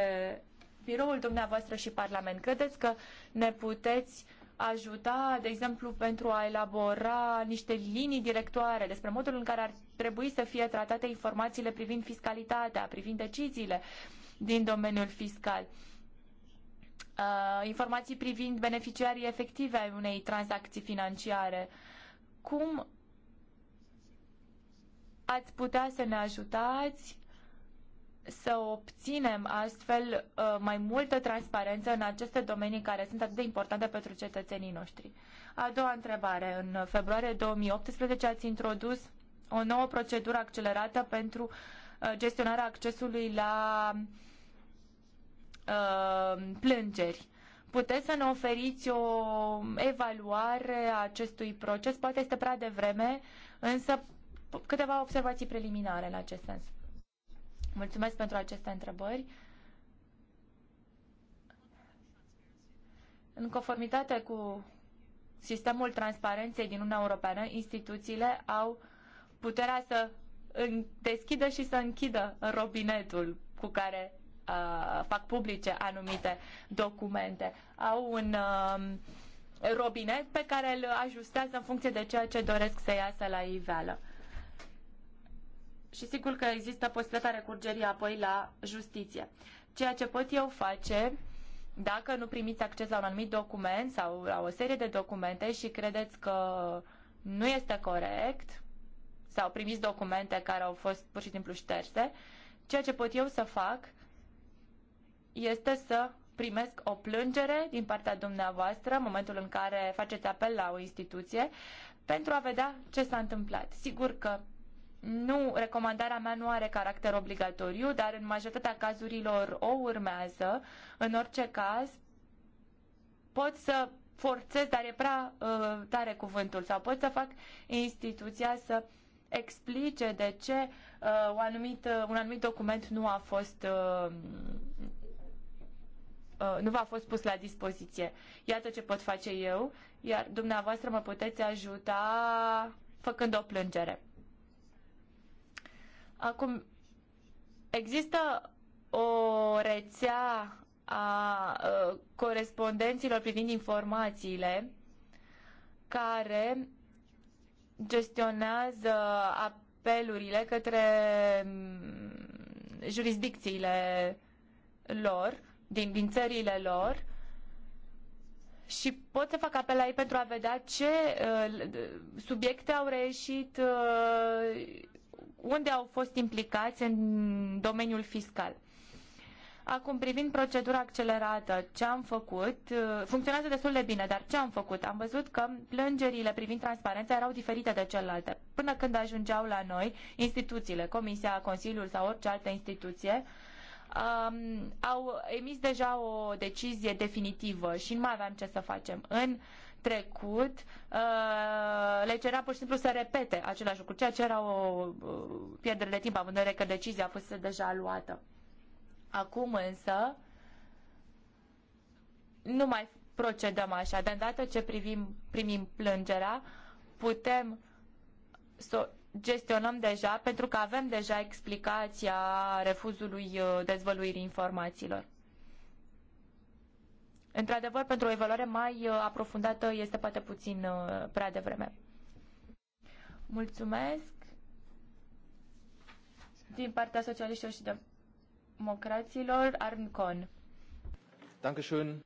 biroul dumneavoastră și Parlament. Credeți că ne puteți ajuta, de exemplu, pentru a elabora niște linii directoare despre modul în care ar trebui să fie tratate informațiile privind fiscalitatea, privind deciziile din domeniul fiscal? Uh, informații privind beneficiarii efective ai unei tranzacții financiare. Cum ați putea să ne ajutați să obținem astfel uh, mai multă transparență în aceste domenii care sunt atât de importante pentru cetățenii noștri. A doua întrebare. În februarie 2018 ați introdus o nouă procedură accelerată pentru uh, gestionarea accesului la uh, plângeri. Puteți să ne oferiți o evaluare a acestui proces? Poate este prea devreme, însă câteva observații preliminare în acest sens. Mulțumesc pentru aceste întrebări. În conformitate cu sistemul transparenței din Uniunea Europeană, instituțiile au puterea să deschidă și să închidă robinetul cu care uh, fac publice anumite documente. Au un uh, robinet pe care îl ajustează în funcție de ceea ce doresc să iasă la iveală și sigur că există posibilitatea recurgerii apoi la justiție. Ceea ce pot eu face, dacă nu primiți acces la un anumit document sau la o serie de documente și credeți că nu este corect sau primiți documente care au fost pur și simplu șterse, ceea ce pot eu să fac este să primesc o plângere din partea dumneavoastră în momentul în care faceți apel la o instituție pentru a vedea ce s-a întâmplat. Sigur că nu, recomandarea mea nu are caracter obligatoriu, dar în majoritatea cazurilor o urmează. În orice caz, pot să forțez, dar e prea uh, tare cuvântul, sau pot să fac instituția să explice de ce uh, un, anumit, uh, un anumit document nu a fost uh, uh, nu v-a fost pus la dispoziție. Iată ce pot face eu, iar dumneavoastră mă puteți ajuta făcând o plângere. Acum, există o rețea a ă, corespondenților privind informațiile care gestionează apelurile către mm, jurisdicțiile lor, din, din țările lor și pot să fac apel la ei pentru a vedea ce ă, subiecte au reieșit ă, unde au fost implicați în domeniul fiscal. Acum, privind procedura accelerată, ce am făcut, uh, funcționează destul de bine, dar ce am făcut? Am văzut că plângerile privind transparența erau diferite de celelalte. Până când ajungeau la noi, instituțiile, Comisia, Consiliul sau orice altă instituție, um, au emis deja o decizie definitivă și nu mai aveam ce să facem. În uh, trecut uh, le cerea pur și simplu să repete același lucru, ceea ce era o pierdere de timp, având în vedere că decizia a fost deja luată. Acum însă nu mai procedăm așa. De îndată ce privim, primim plângerea, putem să gestionăm deja pentru că avem deja explicația refuzului uh, dezvăluirii informațiilor. Într-adevăr, pentru o evaluare mai uh, aprofundată este poate puțin uh, prea devreme. Mulțumesc. Din partea socialiștilor și democraților, Arncon. Dankeschön.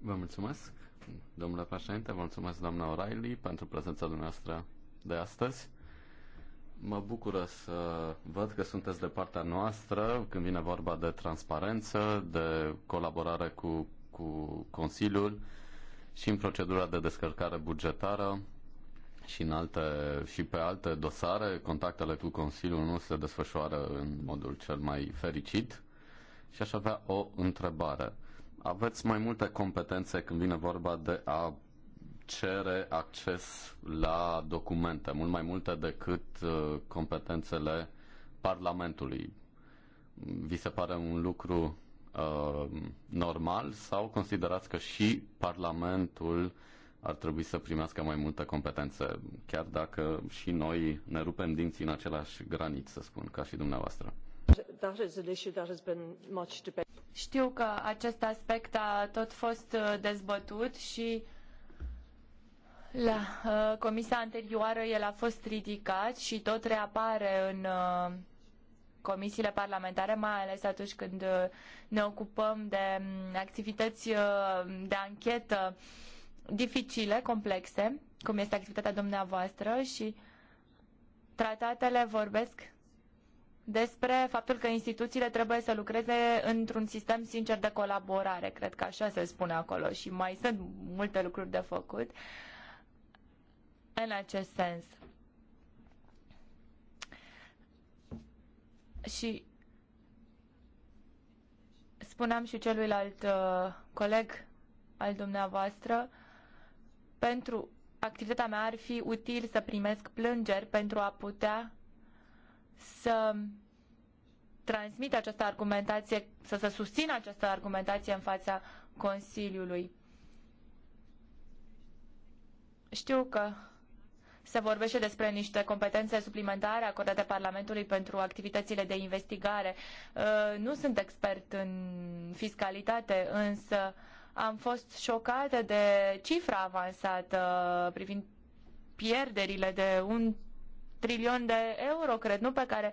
Vă mulțumesc, domnule președinte, vă mulțumesc, doamna O'Reilly, pentru prezența dumneavoastră de astăzi. Mă bucură să văd că sunteți de partea noastră când vine vorba de transparență, de colaborare cu cu Consiliul și în procedura de descărcare bugetară și, în alte, și pe alte dosare. Contactele cu Consiliul nu se desfășoară în modul cel mai fericit. Și aș avea o întrebare. Aveți mai multe competențe când vine vorba de a cere acces la documente, mult mai multe decât uh, competențele Parlamentului. Vi se pare un lucru uh, normal sau considerați că și Parlamentul ar trebui să primească mai multă competență, chiar dacă și noi ne rupem dinții în același granit, să spun, ca și dumneavoastră? Știu că acest aspect a tot fost uh, dezbătut și la uh, comisia anterioară el a fost ridicat și tot reapare în uh, comisiile parlamentare, mai ales atunci când uh, ne ocupăm de mm, activități uh, de anchetă dificile, complexe, cum este activitatea dumneavoastră și tratatele vorbesc despre faptul că instituțiile trebuie să lucreze într-un sistem sincer de colaborare, cred că așa se spune acolo și mai sunt multe lucruri de făcut în acest sens. Și spuneam și celuilalt uh, coleg al dumneavoastră, pentru activitatea mea ar fi util să primesc plângeri pentru a putea să transmit această argumentație, să se susțină această argumentație în fața Consiliului. Știu că se vorbește despre niște competențe suplimentare acordate Parlamentului pentru activitățile de investigare. Uh, nu sunt expert în fiscalitate, însă am fost șocată de cifra avansată privind pierderile de un trilion de euro, cred, nu pe care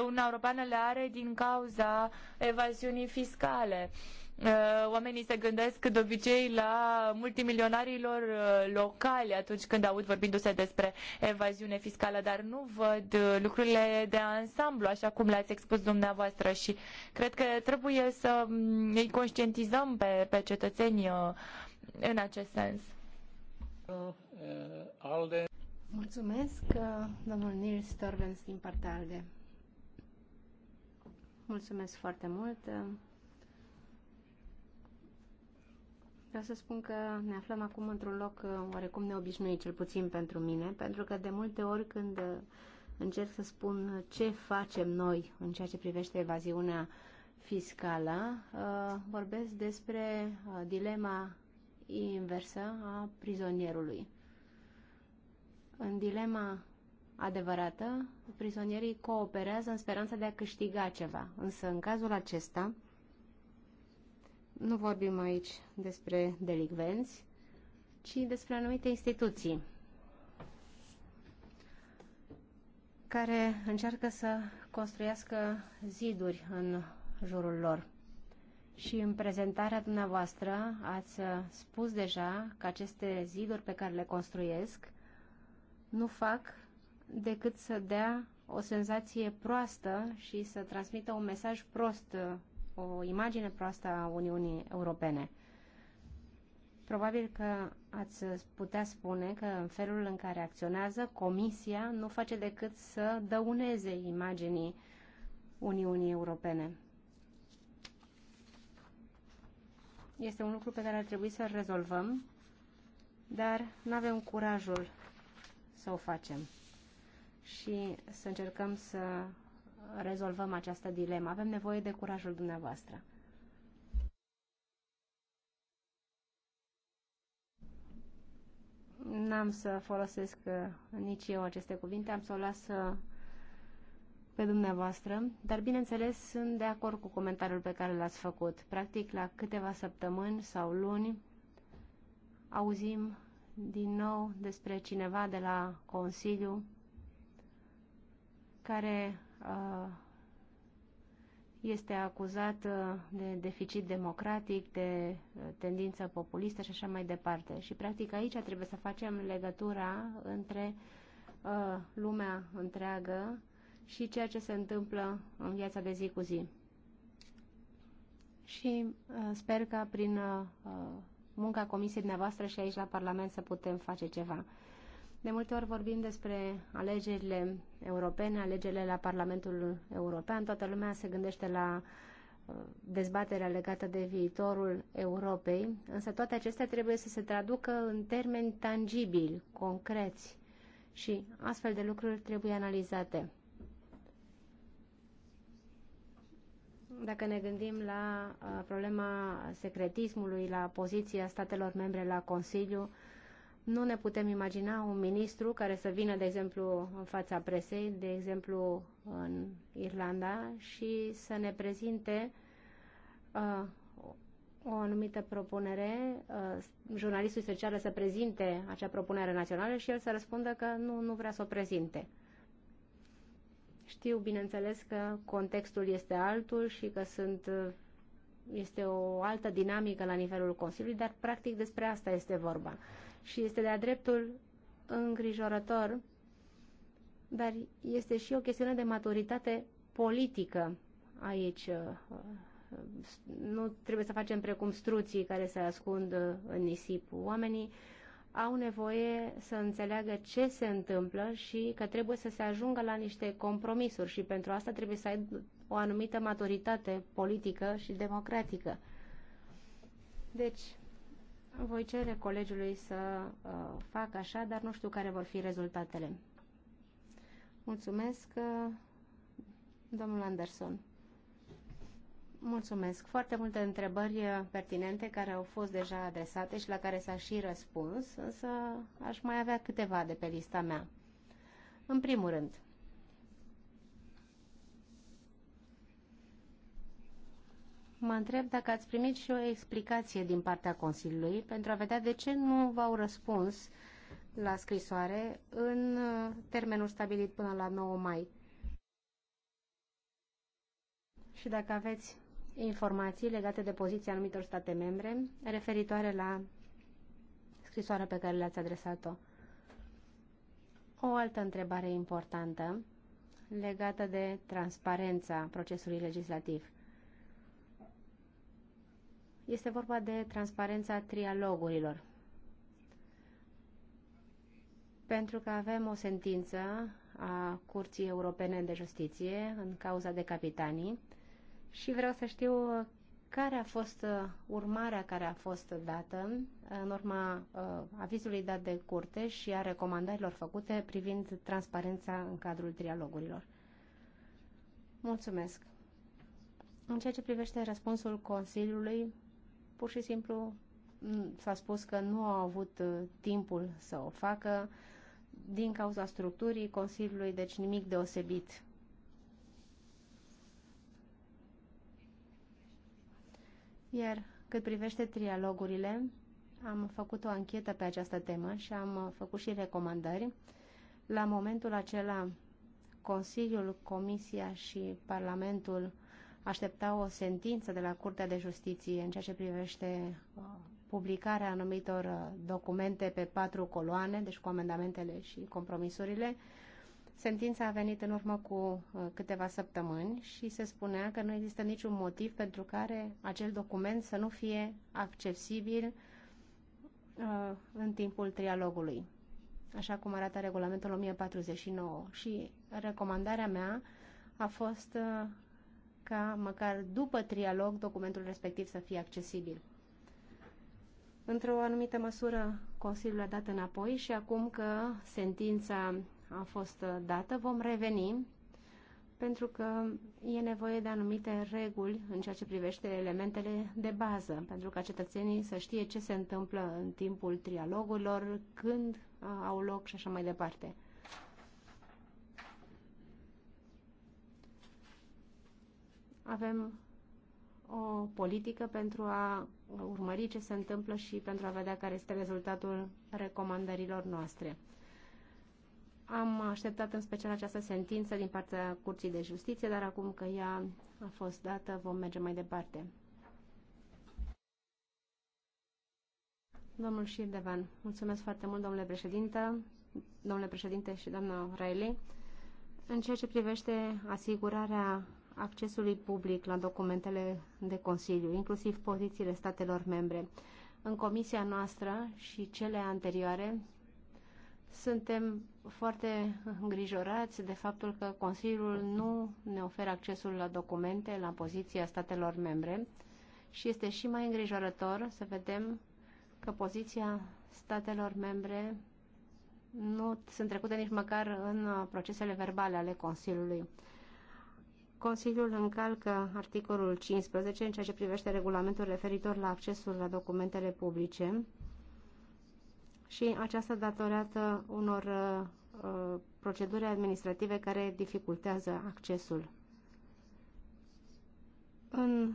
Uniunea Europeană le are din cauza evaziunii fiscale. Uh, Uh, oamenii se gândesc de obicei la multimilionarilor uh, locali atunci când aud vorbindu-se despre evaziune fiscală, dar nu văd uh, lucrurile de ansamblu, așa cum le-ați expus dumneavoastră și cred că trebuie să mm, îi conștientizăm pe, pe cetățeni în acest sens. Mulțumesc, domnul Nils Torvens din partea ALDE. Mulțumesc foarte mult. Vreau să spun că ne aflăm acum într-un loc uh, oarecum neobișnuit, cel puțin pentru mine, pentru că de multe ori când uh, încerc să spun uh, ce facem noi în ceea ce privește evaziunea fiscală, vorbesc despre dilema inversă a prizonierului. În dilema adevărată, prizonierii cooperează în speranța de a câștiga ceva, însă în cazul acesta, nu vorbim aici despre delicvenți, ci despre anumite instituții care încearcă să construiască ziduri în jurul lor. Și în prezentarea dumneavoastră ați spus deja că aceste ziduri pe care le construiesc nu fac decât să dea o senzație proastă și să transmită un mesaj prost o imagine proastă a Uniunii Europene. Probabil că ați putea spune că în felul în care acționează, Comisia nu face decât să dăuneze imaginii Uniunii Europene. Este un lucru pe care ar trebui să-l rezolvăm, dar nu avem curajul să o facem și să încercăm să rezolvăm această dilemă. Avem nevoie de curajul dumneavoastră. N-am să folosesc uh, nici eu aceste cuvinte, am să o las uh, pe dumneavoastră, dar bineînțeles sunt de acord cu comentariul pe care l-ați făcut. Practic, la câteva săptămâni sau luni auzim din nou despre cineva de la Consiliu care este acuzat de deficit democratic, de tendință populistă și așa mai departe. Și practic aici trebuie să facem legătura între lumea întreagă și ceea ce se întâmplă în viața de zi cu zi. Și sper că prin munca comisiei dumneavoastră și aici la Parlament să putem face ceva. De multe ori vorbim despre alegerile europene, alegerile la Parlamentul European. Toată lumea se gândește la uh, dezbaterea legată de viitorul Europei, însă toate acestea trebuie să se traducă în termeni tangibili, concreți și astfel de lucruri trebuie analizate. Dacă ne gândim la uh, problema secretismului, la poziția statelor membre la Consiliu, nu ne putem imagina un ministru care să vină, de exemplu, în fața presei, de exemplu, în Irlanda, și să ne prezinte uh, o anumită propunere, uh, jurnalistul se ceară să prezinte acea propunere națională și el să răspundă că nu, nu vrea să o prezinte. Știu, bineînțeles, că contextul este altul și că sunt, este o altă dinamică la nivelul Consiliului, dar practic despre asta este vorba și este de-a dreptul îngrijorător, dar este și o chestiune de maturitate politică aici. Uh, nu trebuie să facem precum struții care se ascund uh, în nisip. Oamenii au nevoie să înțeleagă ce se întâmplă și că trebuie să se ajungă la niște compromisuri și pentru asta trebuie să ai o anumită maturitate politică și democratică. Deci, voi cere colegiului să uh, facă așa, dar nu știu care vor fi rezultatele. Mulțumesc, uh, domnul Anderson. Mulțumesc. Foarte multe întrebări uh, pertinente care au fost deja adresate și la care s-a și răspuns, însă aș mai avea câteva de pe lista mea. În primul rând, mă întreb dacă ați primit și o explicație din partea Consiliului pentru a vedea de ce nu v-au răspuns la scrisoare în uh, termenul stabilit până la 9 mai. Și dacă aveți informații legate de poziția anumitor state membre referitoare la scrisoarea pe care le-ați adresat-o. O altă întrebare importantă legată de transparența procesului legislativ. Este vorba de transparența trialogurilor. Pentru că avem o sentință a Curții Europene de Justiție în cauza de capitanii și vreau să știu care a fost uh, urmarea care a fost dată în urma uh, avizului dat de curte și a recomandărilor făcute privind transparența în cadrul trialogurilor. Mulțumesc. În ceea ce privește răspunsul Consiliului pur și simplu mm, s-a spus că nu au avut uh, timpul să o facă din cauza structurii Consiliului, deci nimic deosebit. Iar cât privește trialogurile, am făcut o anchetă pe această temă și am uh, făcut și recomandări. La momentul acela, Consiliul, Comisia și Parlamentul aștepta o sentință de la Curtea de Justiție în ceea ce privește uh, publicarea anumitor uh, documente pe patru coloane, deci cu amendamentele și compromisurile. Sentința a venit în urmă cu uh, câteva săptămâni și se spunea că nu există niciun motiv pentru care acel document să nu fie accesibil în timpul trialogului, așa cum arată regulamentul 1049. Și recomandarea mea a fost ca măcar după trialog documentul respectiv să fie accesibil. Într-o anumită măsură, Consiliul a dat înapoi și acum că sentința a fost dată, vom reveni pentru că e nevoie de anumite reguli în ceea ce privește elementele de bază, pentru ca cetățenii să știe ce se întâmplă în timpul trialogurilor, când au loc și așa mai departe. avem o politică pentru a urmări ce se întâmplă și pentru a vedea care este rezultatul recomandărilor noastre. Am așteptat în special această sentință din partea Curții de Justiție, dar acum că ea a fost dată, vom merge mai departe. Domnul Șirdevan, mulțumesc foarte mult, domnule președinte, domnule președinte și doamna Raeli. În ceea ce privește asigurarea accesului public la documentele de Consiliu, inclusiv pozițiile statelor membre. În comisia noastră și cele anterioare suntem foarte îngrijorați de faptul că Consiliul nu ne oferă accesul la documente, la poziția statelor membre și este și mai îngrijorător să vedem că poziția statelor membre nu sunt trecute nici măcar în procesele verbale ale Consiliului. Consiliul încalcă articolul 15 în ceea ce privește regulamentul referitor la accesul la documentele publice și aceasta datorată unor uh, proceduri administrative care dificultează accesul. În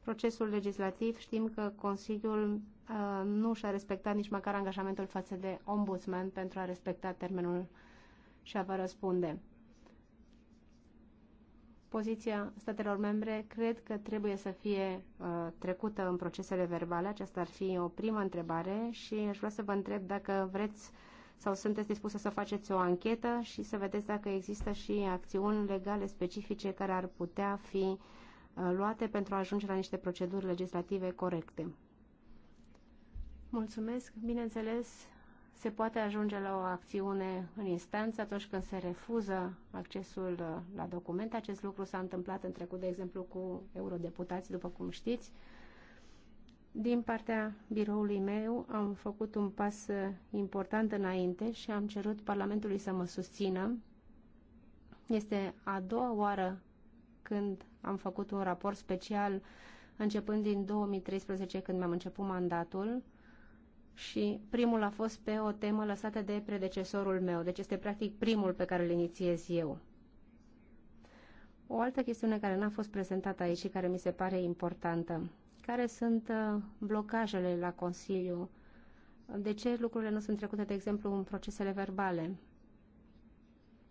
procesul legislativ știm că Consiliul uh, nu și-a respectat nici măcar angajamentul față de ombudsman pentru a respecta termenul și a vă răspunde poziția statelor membre cred că trebuie să fie uh, trecută în procesele verbale. Aceasta ar fi o primă întrebare și aș vrea să vă întreb dacă vreți sau sunteți dispusă să faceți o anchetă și să vedeți dacă există și acțiuni legale specifice care ar putea fi uh, luate pentru a ajunge la niște proceduri legislative corecte. Mulțumesc. Bineînțeles, se poate ajunge la o acțiune în instanță atunci când se refuză accesul uh, la documente. Acest lucru s-a întâmplat în trecut, de exemplu, cu eurodeputați, după cum știți. Din partea biroului meu am făcut un pas uh, important înainte și am cerut Parlamentului să mă susțină. Este a doua oară când am făcut un raport special începând din 2013, când mi-am început mandatul, și primul a fost pe o temă lăsată de predecesorul meu, deci este practic primul pe care îl inițiez eu. O altă chestiune care n-a fost prezentată aici și care mi se pare importantă. Care sunt uh, blocajele la Consiliu? De ce lucrurile nu sunt trecute, de exemplu, în procesele verbale?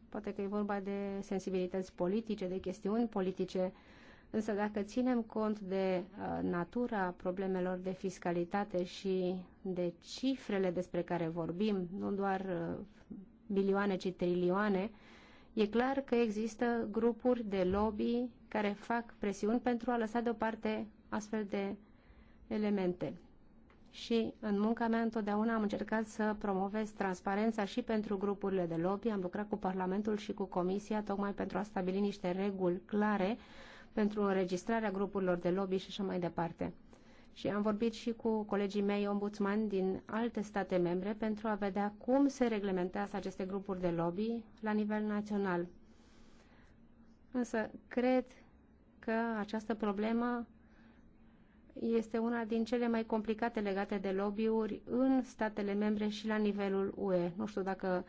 Poate că e vorba de sensibilități politice, de chestiuni politice, Însă dacă ținem cont de uh, natura problemelor de fiscalitate și de cifrele despre care vorbim, nu doar uh, bilioane, ci trilioane, e clar că există grupuri de lobby care fac presiuni pentru a lăsa deoparte astfel de elemente. Și în munca mea întotdeauna am încercat să promovez transparența și pentru grupurile de lobby. Am lucrat cu Parlamentul și cu Comisia tocmai pentru a stabili niște reguli clare pentru înregistrarea grupurilor de lobby și așa mai departe. Și am vorbit și cu colegii mei ombudsman din alte state membre pentru a vedea cum se reglementează aceste grupuri de lobby la nivel național. Însă cred că această problemă este una din cele mai complicate legate de lobby-uri în statele membre și la nivelul UE. Nu știu dacă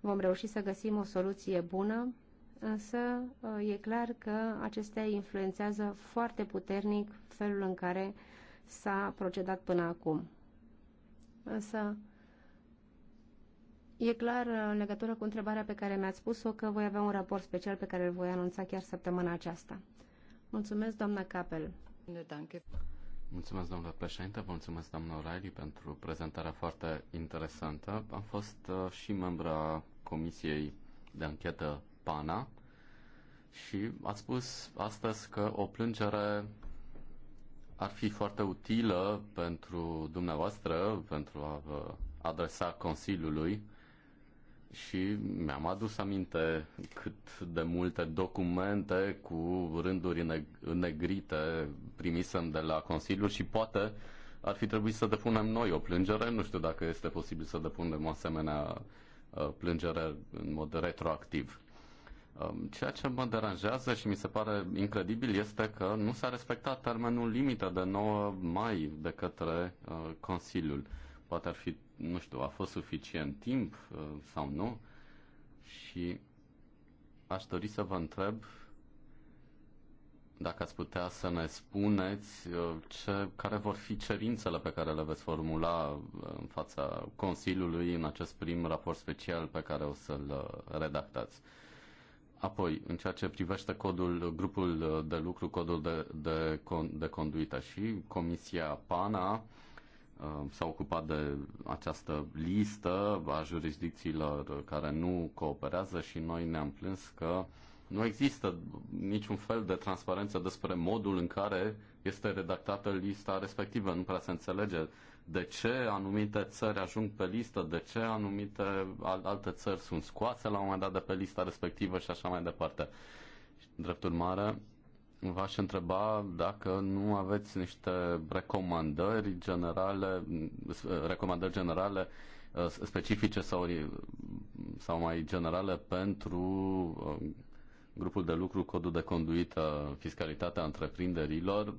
vom reuși să găsim o soluție bună însă uh, e clar că acestea influențează foarte puternic felul în care s-a procedat până acum. Însă e clar uh, în legătură cu întrebarea pe care mi-ați spus-o că voi avea un raport special pe care îl voi anunța chiar săptămâna aceasta. Mulțumesc, doamna Capel. Mulțumesc, domnule președinte, vă mulțumesc, doamna O'Reilly, pentru prezentarea foarte interesantă. Am fost uh, și membra Comisiei de Anchetă PANA și a spus astăzi că o plângere ar fi foarte utilă pentru dumneavoastră, pentru a vă adresa Consiliului și mi-am adus aminte cât de multe documente cu rânduri negrite primisem de la Consiliu și poate ar fi trebuit să depunem noi o plângere. Nu știu dacă este posibil să depunem o asemenea uh, plângere în mod retroactiv. Um, ceea ce mă deranjează și mi se pare incredibil este că nu s-a respectat termenul limită de 9 mai de către uh, Consiliul. Poate ar fi, nu știu, a fost suficient timp uh, sau nu. Și aș dori să vă întreb dacă ați putea să ne spuneți uh, ce, care vor fi cerințele pe care le veți formula în fața Consiliului în acest prim raport special pe care o să-l redactați. Apoi, în ceea ce privește codul, grupul de lucru, codul de, de, de conduită și Comisia PANA uh, s-a ocupat de această listă a jurisdicțiilor care nu cooperează și noi ne-am plâns că nu există niciun fel de transparență despre modul în care este redactată lista respectivă. Nu prea se înțelege de ce anumite țări ajung pe listă, de ce anumite alte țări sunt scoase la un moment dat de pe lista respectivă și așa mai departe. Drept urmare, v-aș întreba dacă nu aveți niște recomandări generale, recomandări generale uh, specifice sau, sau mai generale pentru uh, grupul de lucru, codul de conduită, fiscalitatea întreprinderilor,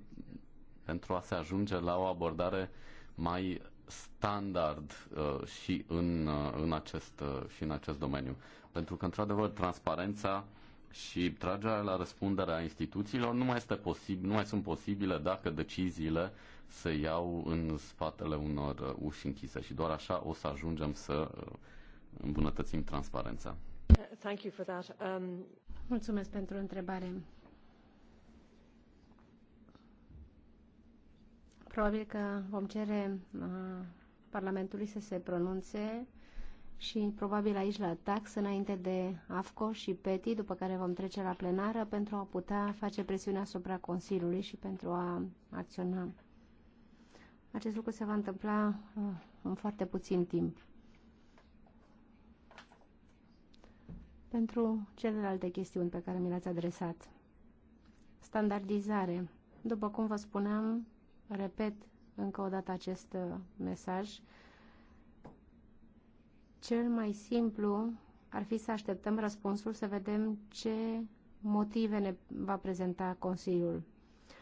pentru a se ajunge la o abordare uh, mai standard uh, și în, uh, în, acest, uh, și în acest domeniu. Pentru că, într-adevăr, transparența și tragerea la răspundere a instituțiilor nu mai, este posibil, nu mai sunt posibile dacă deciziile se iau în spatele unor uh, uși închise și doar așa o să ajungem să uh, îmbunătățim transparența. Thank you for that. Um... Mulțumesc pentru întrebare. Probabil că vom cere uh, Parlamentului să se pronunțe și probabil aici la tax înainte de AFCO și PETI, după care vom trece la plenară pentru a putea face presiune asupra Consiliului și pentru a acționa. Acest lucru se va întâmpla uh, în foarte puțin timp. Pentru celelalte chestiuni pe care mi le-ați adresat. Standardizare. După cum vă spuneam, repet încă o dată acest uh, mesaj, cel mai simplu ar fi să așteptăm răspunsul, să vedem ce motive ne va prezenta Consiliul.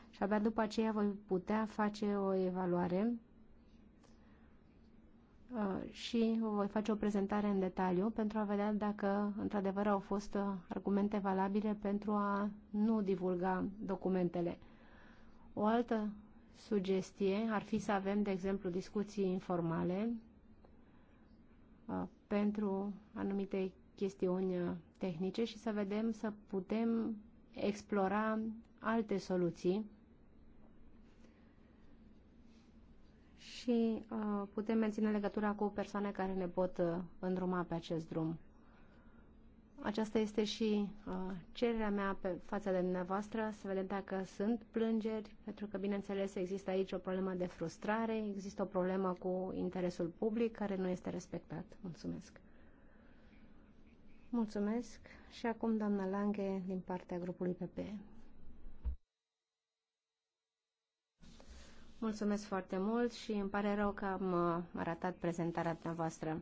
Și abia după aceea voi putea face o evaluare uh, și voi face o prezentare în detaliu pentru a vedea dacă într-adevăr au fost uh, argumente valabile pentru a nu divulga documentele. O altă sugestie ar fi să avem, de exemplu, discuții informale uh, pentru anumite chestiuni uh, tehnice și să vedem să putem explora alte soluții și uh, putem menține legătura cu persoane care ne pot îndruma pe acest drum aceasta este și uh, cererea mea pe fața de dumneavoastră, să vedem dacă sunt plângeri, pentru că, bineînțeles, există aici o problemă de frustrare, există o problemă cu interesul public care nu este respectat. Mulțumesc! Mulțumesc și acum doamna Lange din partea grupului PPE. Mulțumesc foarte mult și îmi pare rău că am uh, ratat prezentarea dumneavoastră.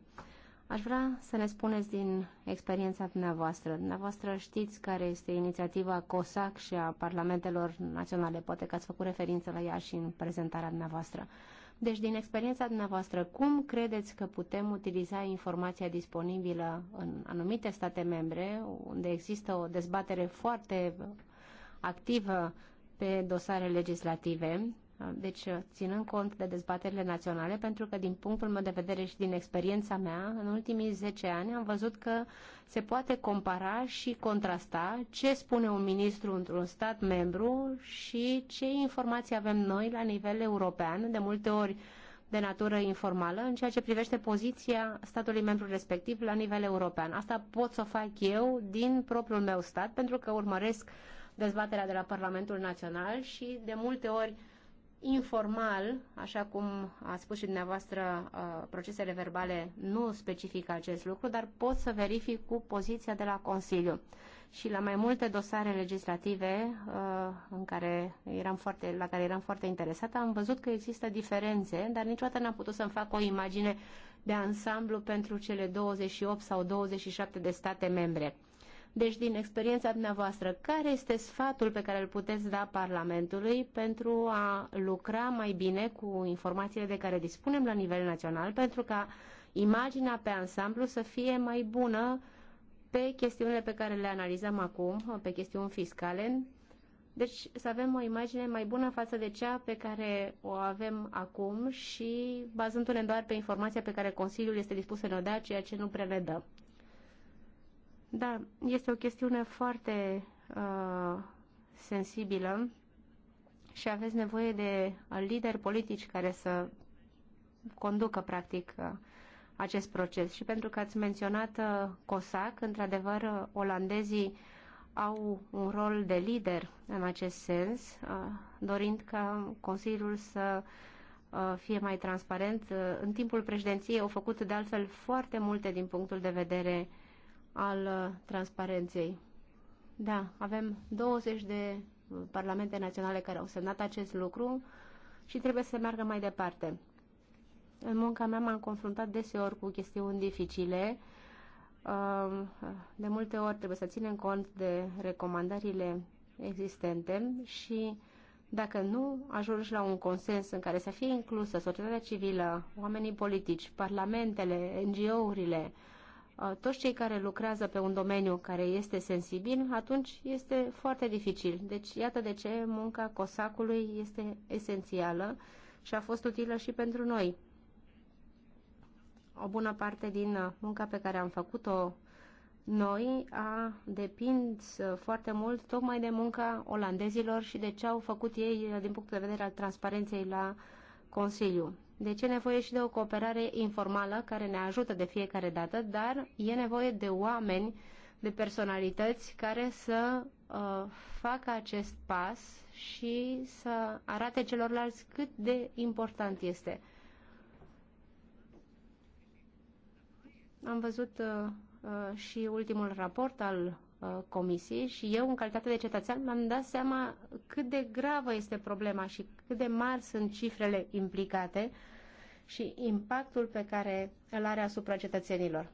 Aș vrea să ne spuneți din experiența dumneavoastră. Dumneavoastră știți care este inițiativa COSAC și a Parlamentelor Naționale. Poate că ați făcut referință la ea și în prezentarea dumneavoastră. Deci, din experiența dumneavoastră, cum credeți că putem utiliza informația disponibilă în anumite state membre, unde există o dezbatere foarte activă pe dosare legislative Uh, deci, uh, ținând cont de dezbaterile naționale, pentru că din punctul meu de vedere și din experiența mea, în ultimii 10 ani am văzut că se poate compara și contrasta ce spune un ministru într-un stat membru și ce informații avem noi la nivel european, de multe ori de natură informală în ceea ce privește poziția statului membru respectiv la nivel european. Asta pot să o fac eu din propriul meu stat pentru că urmăresc dezbaterea de la Parlamentul Național și de multe ori informal, așa cum a spus și dumneavoastră, uh, procesele verbale nu specifică acest lucru, dar pot să verific cu poziția de la Consiliu. Și la mai multe dosare legislative uh, în care eram foarte, la care eram foarte interesată, am văzut că există diferențe, dar niciodată n-am putut să-mi fac o imagine de ansamblu pentru cele 28 sau 27 de state membre. Deci, din experiența dumneavoastră, care este sfatul pe care îl puteți da Parlamentului pentru a lucra mai bine cu informațiile de care dispunem la nivel național, pentru ca imaginea pe ansamblu să fie mai bună pe chestiunile pe care le analizăm acum, pe chestiuni fiscale, deci să avem o imagine mai bună față de cea pe care o avem acum și bazându-ne doar pe informația pe care Consiliul este dispus să ne o dea, ceea ce nu prea ne dă. Da, este o chestiune foarte uh, sensibilă și aveți nevoie de lideri politici care să conducă, practic, uh, acest proces. Și pentru că ați menționat uh, COSAC, într-adevăr, uh, olandezii au un rol de lider în acest sens, dorind ca Consiliul să fie mai transparent. În timpul președinției au făcut, de altfel, foarte multe din punctul de vedere al uh, transparenței. Da, avem 20 de uh, parlamente naționale care au semnat acest lucru și trebuie să meargă mai departe. În munca mea m-am confruntat deseori cu chestiuni dificile. Um, de multe ori trebuie să ținem cont de recomandările existente și dacă nu ajungi la un consens în care să fie inclusă societatea civilă, oamenii politici, parlamentele, NGO-urile, toți cei care lucrează pe un domeniu care este sensibil, atunci este foarte dificil. Deci iată de ce munca cosacului este esențială și a fost utilă și pentru noi. O bună parte din munca pe care am făcut-o noi a depins foarte mult tocmai de munca olandezilor și de ce au făcut ei din punct de vedere al transparenței la Consiliu. Deci e nevoie și de o cooperare informală care ne ajută de fiecare dată, dar e nevoie de oameni, de personalități care să uh, facă acest pas și să arate celorlalți cât de important este. Am văzut uh, uh, și ultimul raport al uh, comisiei și eu, în calitate de cetățean, mi-am dat seama cât de gravă este problema și cât de mari sunt cifrele implicate și impactul pe care îl are asupra cetățenilor.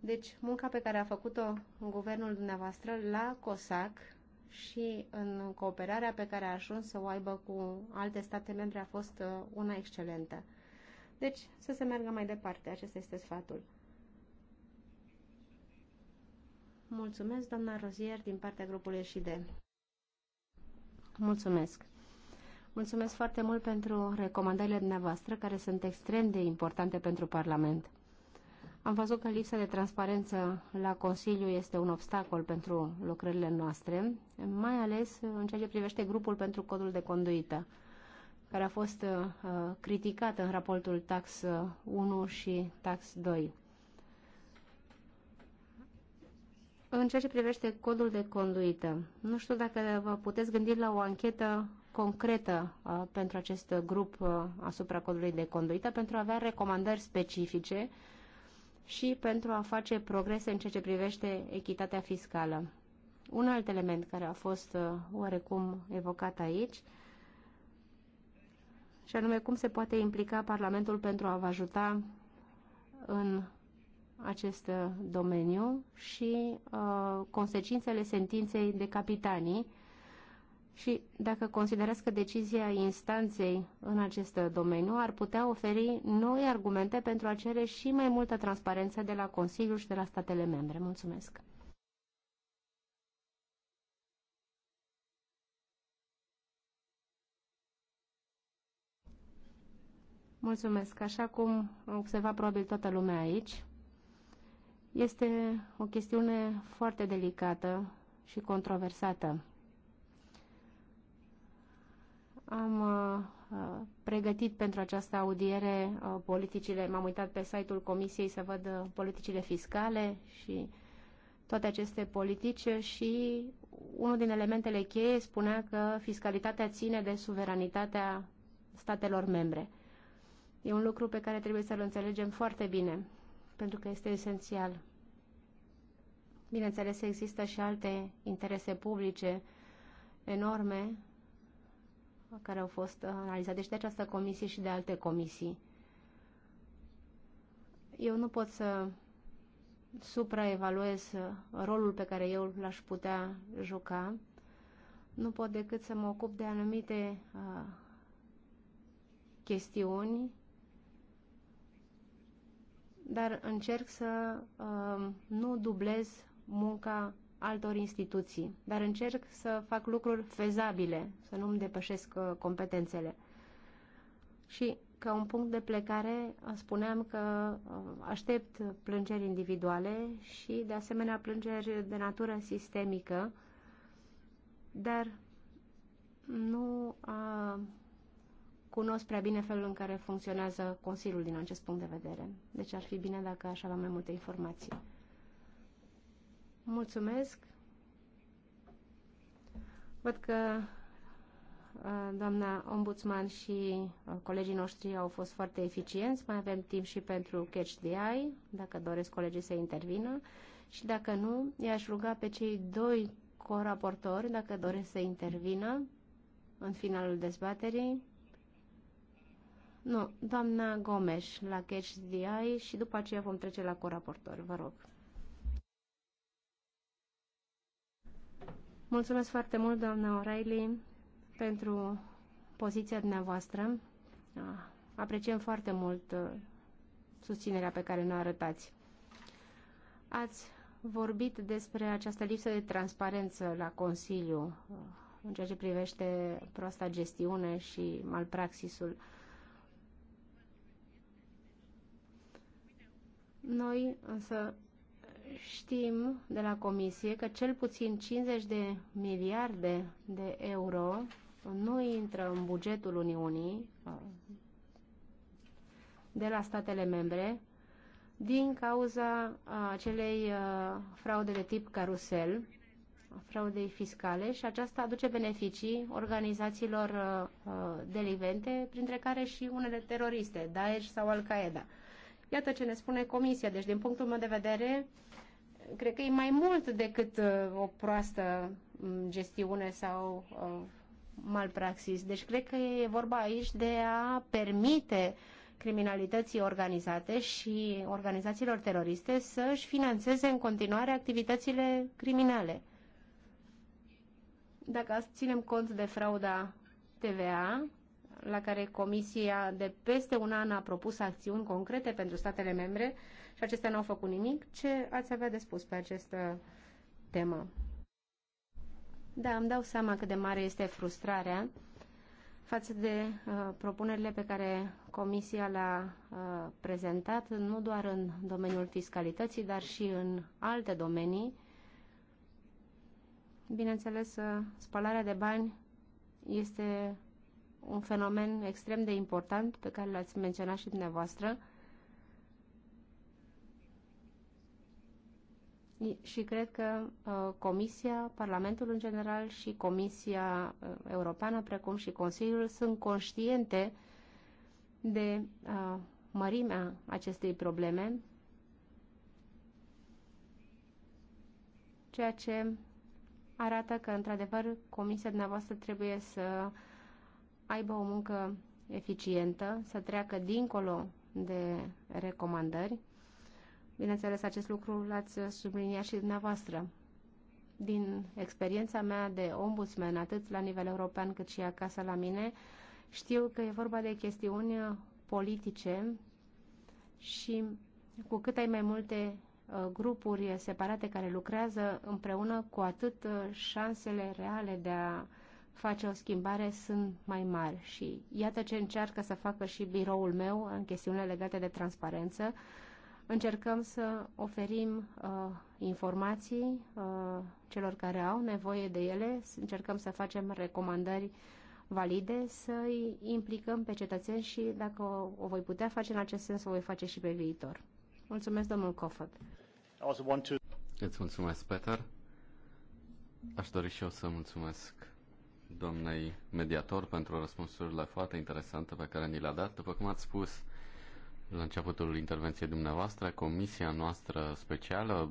Deci, munca pe care a făcut-o guvernul dumneavoastră la COSAC și în cooperarea pe care a ajuns să o aibă cu alte state membre a fost uh, una excelentă. Deci, să se meargă mai departe. Acesta este sfatul. Mulțumesc, doamna Rozier, din partea grupului de. Mulțumesc. Mulțumesc foarte mult pentru recomandările dumneavoastră, care sunt extrem de importante pentru Parlament. Am văzut că lipsa de transparență la Consiliu este un obstacol pentru lucrările noastre, mai ales în ceea ce privește grupul pentru codul de conduită, care a fost uh, criticat în raportul Tax 1 uh, și Tax 2. În ceea ce privește codul de conduită, nu știu dacă vă puteți gândi la o anchetă concretă uh, pentru acest grup uh, asupra codului de conduită, pentru a avea recomandări specifice și pentru a face progrese în ceea ce privește echitatea fiscală. Un alt element care a fost uh, oarecum evocat aici, și anume cum se poate implica Parlamentul pentru a vă ajuta în acest domeniu și uh, consecințele sentinței de capitanii și dacă considerați că decizia instanței în acest domeniu ar putea oferi noi argumente pentru a cere și mai multă transparență de la Consiliu și de la statele membre. Mulțumesc! Mulțumesc! Așa cum observa probabil toată lumea aici, este o chestiune foarte delicată și controversată am uh, uh, pregătit pentru această audiere uh, politicile, m-am uitat pe site-ul Comisiei să văd uh, politicile fiscale și toate aceste politici și unul din elementele cheie spunea că fiscalitatea ține de suveranitatea statelor membre. E un lucru pe care trebuie să-l înțelegem foarte bine, pentru că este esențial. Bineînțeles, există și alte interese publice enorme care au fost uh, analizate și de această comisie și de alte comisii. Eu nu pot să supraevaluez uh, rolul pe care eu l-aș putea juca. Nu pot decât să mă ocup de anumite uh, chestiuni, dar încerc să uh, nu dublez munca altor instituții, dar încerc să fac lucruri fezabile, să nu-mi depășesc uh, competențele. Și ca un punct de plecare uh, spuneam că uh, aștept plângeri individuale și de asemenea plângeri de natură sistemică, dar nu a, cunosc prea bine felul în care funcționează Consiliul din acest punct de vedere. Deci ar fi bine dacă aș avea mai multe informații. Mulțumesc. Văd că doamna ombudsman și colegii noștri au fost foarte eficienți. Mai avem timp și pentru catch the eye, dacă doresc colegii să intervină. Și dacă nu, i-aș ruga pe cei doi coraportori, dacă doresc să intervină în finalul dezbaterii. Nu, doamna Gomes la catch the eye și după aceea vom trece la coraportori. Vă rog. Mulțumesc foarte mult, doamna O'Reilly, pentru poziția dumneavoastră. Ah, apreciem foarte mult uh, susținerea pe care ne-o arătați. Ați vorbit despre această lipsă de transparență la Consiliu uh, în ceea ce privește proasta gestiune și malpraxisul. Noi însă știm de la Comisie că cel puțin 50 de miliarde de euro nu intră în bugetul Uniunii uh, de la statele membre din cauza uh, acelei uh, fraude de tip carusel, fraudei fiscale și aceasta aduce beneficii organizațiilor delivente, printre care și unele teroriste, Daesh sau Al-Qaeda. Iată ce ne spune Comisia. Deci, din punctul meu de vedere, cred că e mai mult decât uh, o proastă mm, gestiune sau uh, malpraxis. Deci cred că e vorba aici de a permite criminalității organizate și organizațiilor teroriste să-și financeze în continuare activitățile criminale. Dacă ținem cont de frauda TVA, la care Comisia de peste un an a propus acțiuni concrete pentru statele membre, acestea n-au făcut nimic. Ce ați avea de spus pe această temă? Da, îmi dau seama cât de mare este frustrarea față de uh, propunerile pe care Comisia le-a uh, prezentat, nu doar în domeniul fiscalității, dar și în alte domenii. Bineînțeles, uh, spălarea de bani este un fenomen extrem de important pe care l-ați menționat și dumneavoastră. și cred că uh, Comisia, Parlamentul în general și Comisia uh, Europeană, precum și Consiliul, sunt conștiente de uh, mărimea acestei probleme, ceea ce arată că, într-adevăr, Comisia dumneavoastră trebuie să aibă o muncă eficientă, să treacă dincolo de recomandări Bineînțeles, acest lucru l-ați subliniat și dumneavoastră. Din experiența mea de ombudsman, atât la nivel european cât și acasă la mine, știu că e vorba de chestiuni politice și cu cât ai mai multe uh, grupuri separate care lucrează împreună, cu atât uh, șansele reale de a face o schimbare sunt mai mari. Și iată ce încearcă să facă și biroul meu în chestiunile legate de transparență, Încercăm să oferim uh, informații uh, celor care au nevoie de ele, încercăm să facem recomandări valide, să îi implicăm pe cetățeni și dacă o, o voi putea face în acest sens, o voi face și pe viitor. Mulțumesc, domnul Cofăt. To... Îți mulțumesc, Peter. Aș dori și eu să mulțumesc doamnei mediator pentru răspunsurile foarte interesante pe care ni le-a dat. După cum ați spus, la începutul intervenției dumneavoastră, comisia noastră specială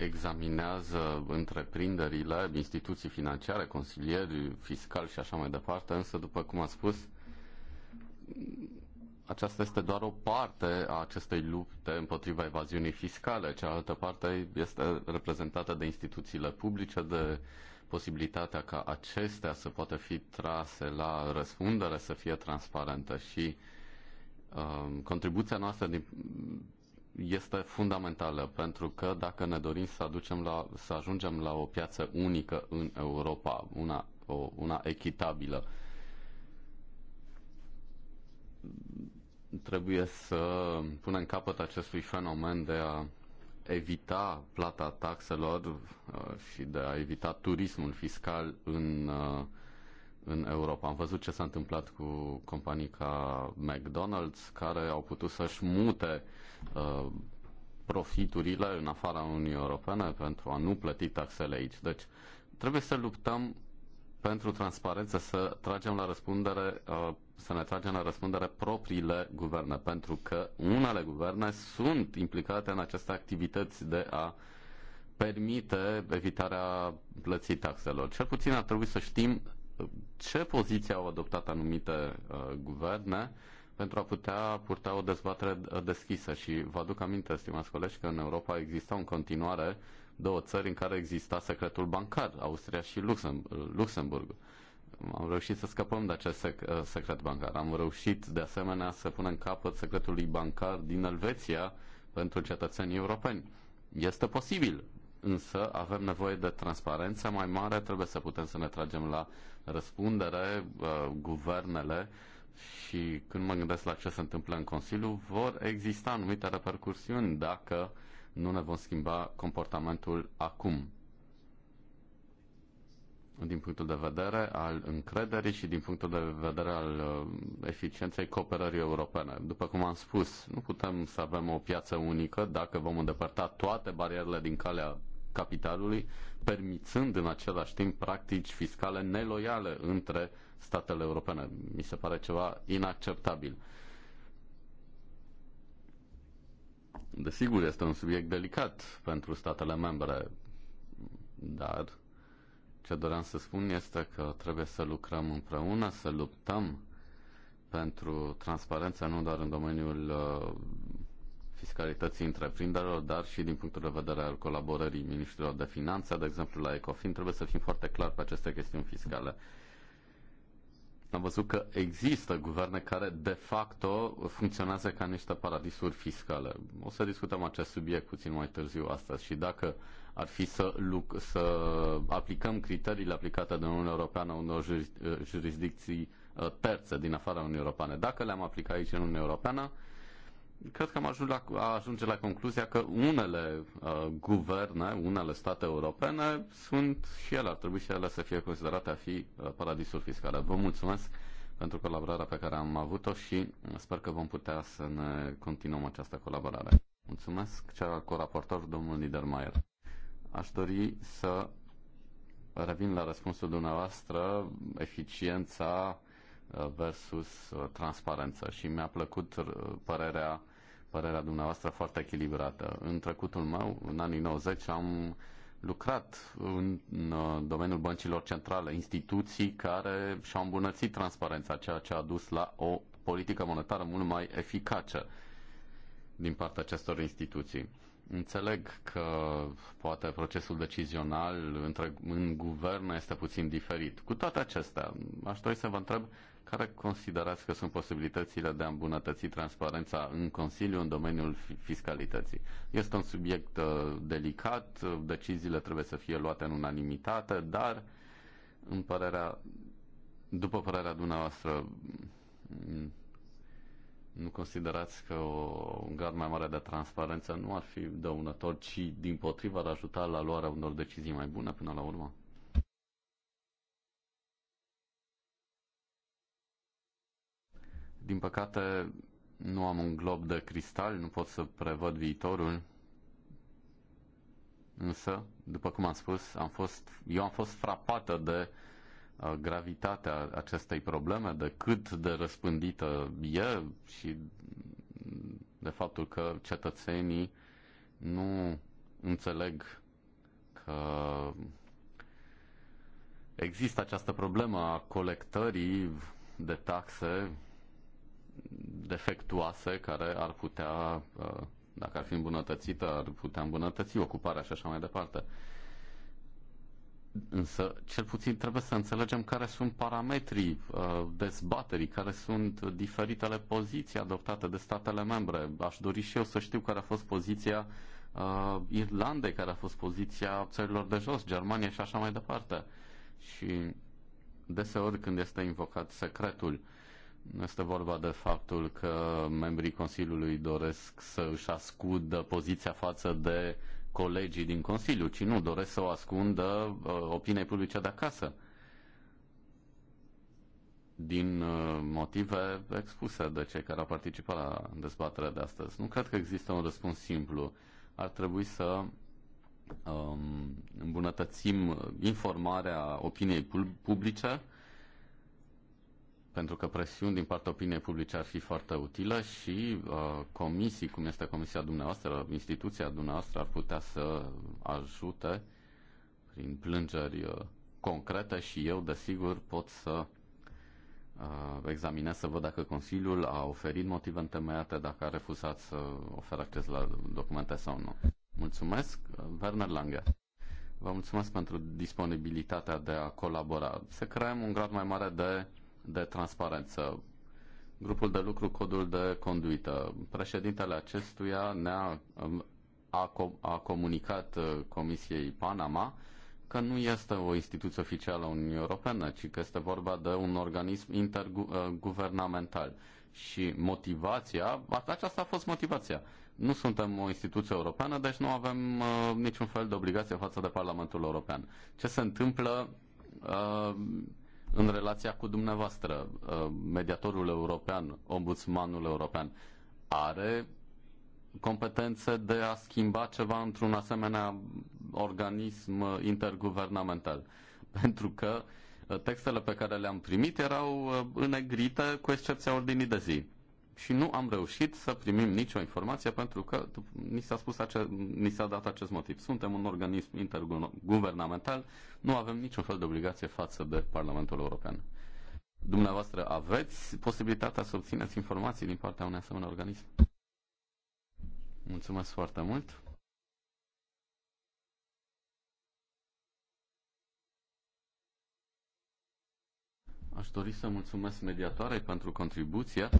examinează întreprinderile, instituții financiare, consilieri, fiscali și așa mai departe, însă, după cum am spus, aceasta este doar o parte a acestei lupte împotriva evaziunii fiscale. Cealaltă parte este reprezentată de instituțiile publice, de posibilitatea ca acestea să poată fi trase la răspundere, să fie transparentă și uh, Um, contribuția noastră din, este fundamentală pentru că dacă ne dorim să aducem la, să ajungem la o piață unică în Europa, una, o, una echitabilă, trebuie să punem capăt acestui fenomen de a evita plata taxelor uh, și de a evita turismul fiscal în uh, în Europa. Am văzut ce s-a întâmplat cu companii ca McDonald's, care au putut să-și mute uh, profiturile în afara Uniunii Europene pentru a nu plăti taxele aici. Deci trebuie să luptăm pentru transparență, să tragem la răspundere, uh, să ne tragem la răspundere propriile guverne, pentru că unele guverne sunt implicate în aceste activități de a permite evitarea plății taxelor. Cel puțin ar trebui să știm ce poziție au adoptat anumite uh, guverne pentru a putea purta o dezbatere uh, deschisă. Și vă aduc aminte, stimați colegi, că în Europa exista în continuare două țări în care exista secretul bancar, Austria și Luxemburg. Uh, Luxemburg. Am reușit să scăpăm de acest sec- secret bancar. Am reușit, de asemenea, să punem capăt secretului bancar din Elveția pentru cetățenii europeni. Este posibil însă avem nevoie de transparență mai mare, trebuie să putem să ne tragem la răspundere uh, guvernele și când mă gândesc la ce se întâmplă în Consiliu, vor exista anumite repercursiuni dacă nu ne vom schimba comportamentul acum din punctul de vedere al încrederii și din punctul de vedere al uh, eficienței cooperării europene. După cum am spus, nu putem să avem o piață unică dacă vom îndepărta toate barierele din calea capitalului, permițând în același timp practici fiscale neloiale între statele europene. Mi se pare ceva inacceptabil. Desigur, este un subiect delicat pentru statele membre, dar ce doream să spun este că trebuie să lucrăm împreună, să luptăm pentru transparență nu doar în domeniul uh, fiscalității întreprinderilor, dar și din punctul de vedere al colaborării ministrilor de finanțe, de exemplu la ECOFIN, trebuie să fim foarte clar pe aceste chestiuni fiscale. Am văzut că există guverne care de facto funcționează ca niște paradisuri fiscale. O să discutăm acest subiect puțin mai târziu astăzi și dacă ar fi să, să aplicăm criteriile aplicate de Uniunea Europeană unor jurisdicții uh, terțe din afara Uniunii Europene. Dacă le-am aplicat aici în Uniunea Europeană, cred că am ajuns la, a ajunge la concluzia că unele uh, guverne, unele state europene sunt și ele, ar trebui și ele să fie considerate a fi uh, paradisuri fiscale. Vă mulțumesc pentru colaborarea pe care am avut-o și sper că vom putea să ne continuăm această colaborare. Mulțumesc, celălalt coraportor, domnul Niedermayer. Aș dori să revin la răspunsul dumneavoastră, eficiența versus uh, transparență și mi-a plăcut uh, părerea, părerea dumneavoastră foarte echilibrată. În trecutul meu, în anii 90, am lucrat în uh, domeniul băncilor centrale, instituții care și-au îmbunătățit transparența, ceea ce a dus la o politică monetară mult mai eficace din partea acestor instituții. Înțeleg că poate procesul decizional între, în guvern este puțin diferit. Cu toate acestea, aș dori să vă întreb care considerați că sunt posibilitățile de a îmbunătăți transparența în Consiliu în domeniul fiscalității? Este un subiect uh, delicat, uh, deciziile trebuie să fie luate în unanimitate, dar în părerea, după părerea dumneavoastră, mm, nu considerați că o, un grad mai mare de transparență nu ar fi dăunător, ci din potrivă ar ajuta la luarea unor decizii mai bune până la urmă? Din păcate, nu am un glob de cristal, nu pot să prevăd viitorul. Însă, după cum am spus, am fost, eu am fost frapată de uh, gravitatea acestei probleme, de cât de răspândită e și de faptul că cetățenii nu înțeleg că există această problemă a colectării de taxe defectuoase care ar putea, uh, dacă ar fi îmbunătățită, ar putea îmbunătăți ocuparea și așa mai departe. Însă, cel puțin trebuie să înțelegem care sunt parametrii uh, dezbaterii, care sunt diferitele poziții adoptate de statele membre. Aș dori și eu să știu care a fost poziția uh, Irlandei, care a fost poziția țărilor de jos, Germania și așa mai departe. Și deseori când este invocat secretul, este vorba de faptul că membrii Consiliului doresc să își ascundă poziția față de colegii din Consiliu, ci nu doresc să o ascundă uh, opiniei publice de acasă. Din uh, motive expuse de cei care au participat la dezbaterea de astăzi. Nu cred că există un răspuns simplu. Ar trebui să um, îmbunătățim informarea opiniei publice pentru că presiuni din partea opiniei publice ar fi foarte utile și uh, comisii, cum este comisia dumneavoastră, instituția dumneavoastră ar putea să ajute prin plângeri uh, concrete și eu, desigur, pot să uh, examinez să văd dacă Consiliul a oferit motive întemeiate, dacă a refuzat să ofere acces la documente sau nu. Mulțumesc, Werner Lange. Vă mulțumesc pentru disponibilitatea de a colabora. Să creăm un grad mai mare de de transparență, grupul de lucru Codul de Conduită. Președintele acestuia ne-a um, a, a comunicat uh, Comisiei Panama că nu este o instituție oficială a Uniunii Europene, ci că este vorba de un organism interguvernamental. Uh, Și motivația, aceasta a fost motivația. Nu suntem o instituție europeană, deci nu avem uh, niciun fel de obligație față de Parlamentul European. Ce se întâmplă uh, în relația cu dumneavoastră, uh, mediatorul european, ombudsmanul european, are competențe de a schimba ceva într-un asemenea organism interguvernamental. Pentru că uh, textele pe care le-am primit erau uh, înegrite cu excepția ordinii de zi și nu am reușit să primim nicio informație pentru că ni s-a spus ace- ni s-a dat acest motiv. Suntem un organism interguvernamental, nu avem niciun fel de obligație față de Parlamentul European. Dumneavoastră aveți posibilitatea să obțineți informații din partea unui asemenea organism? Mulțumesc foarte mult! Aș dori să mulțumesc mediatoarei pentru contribuția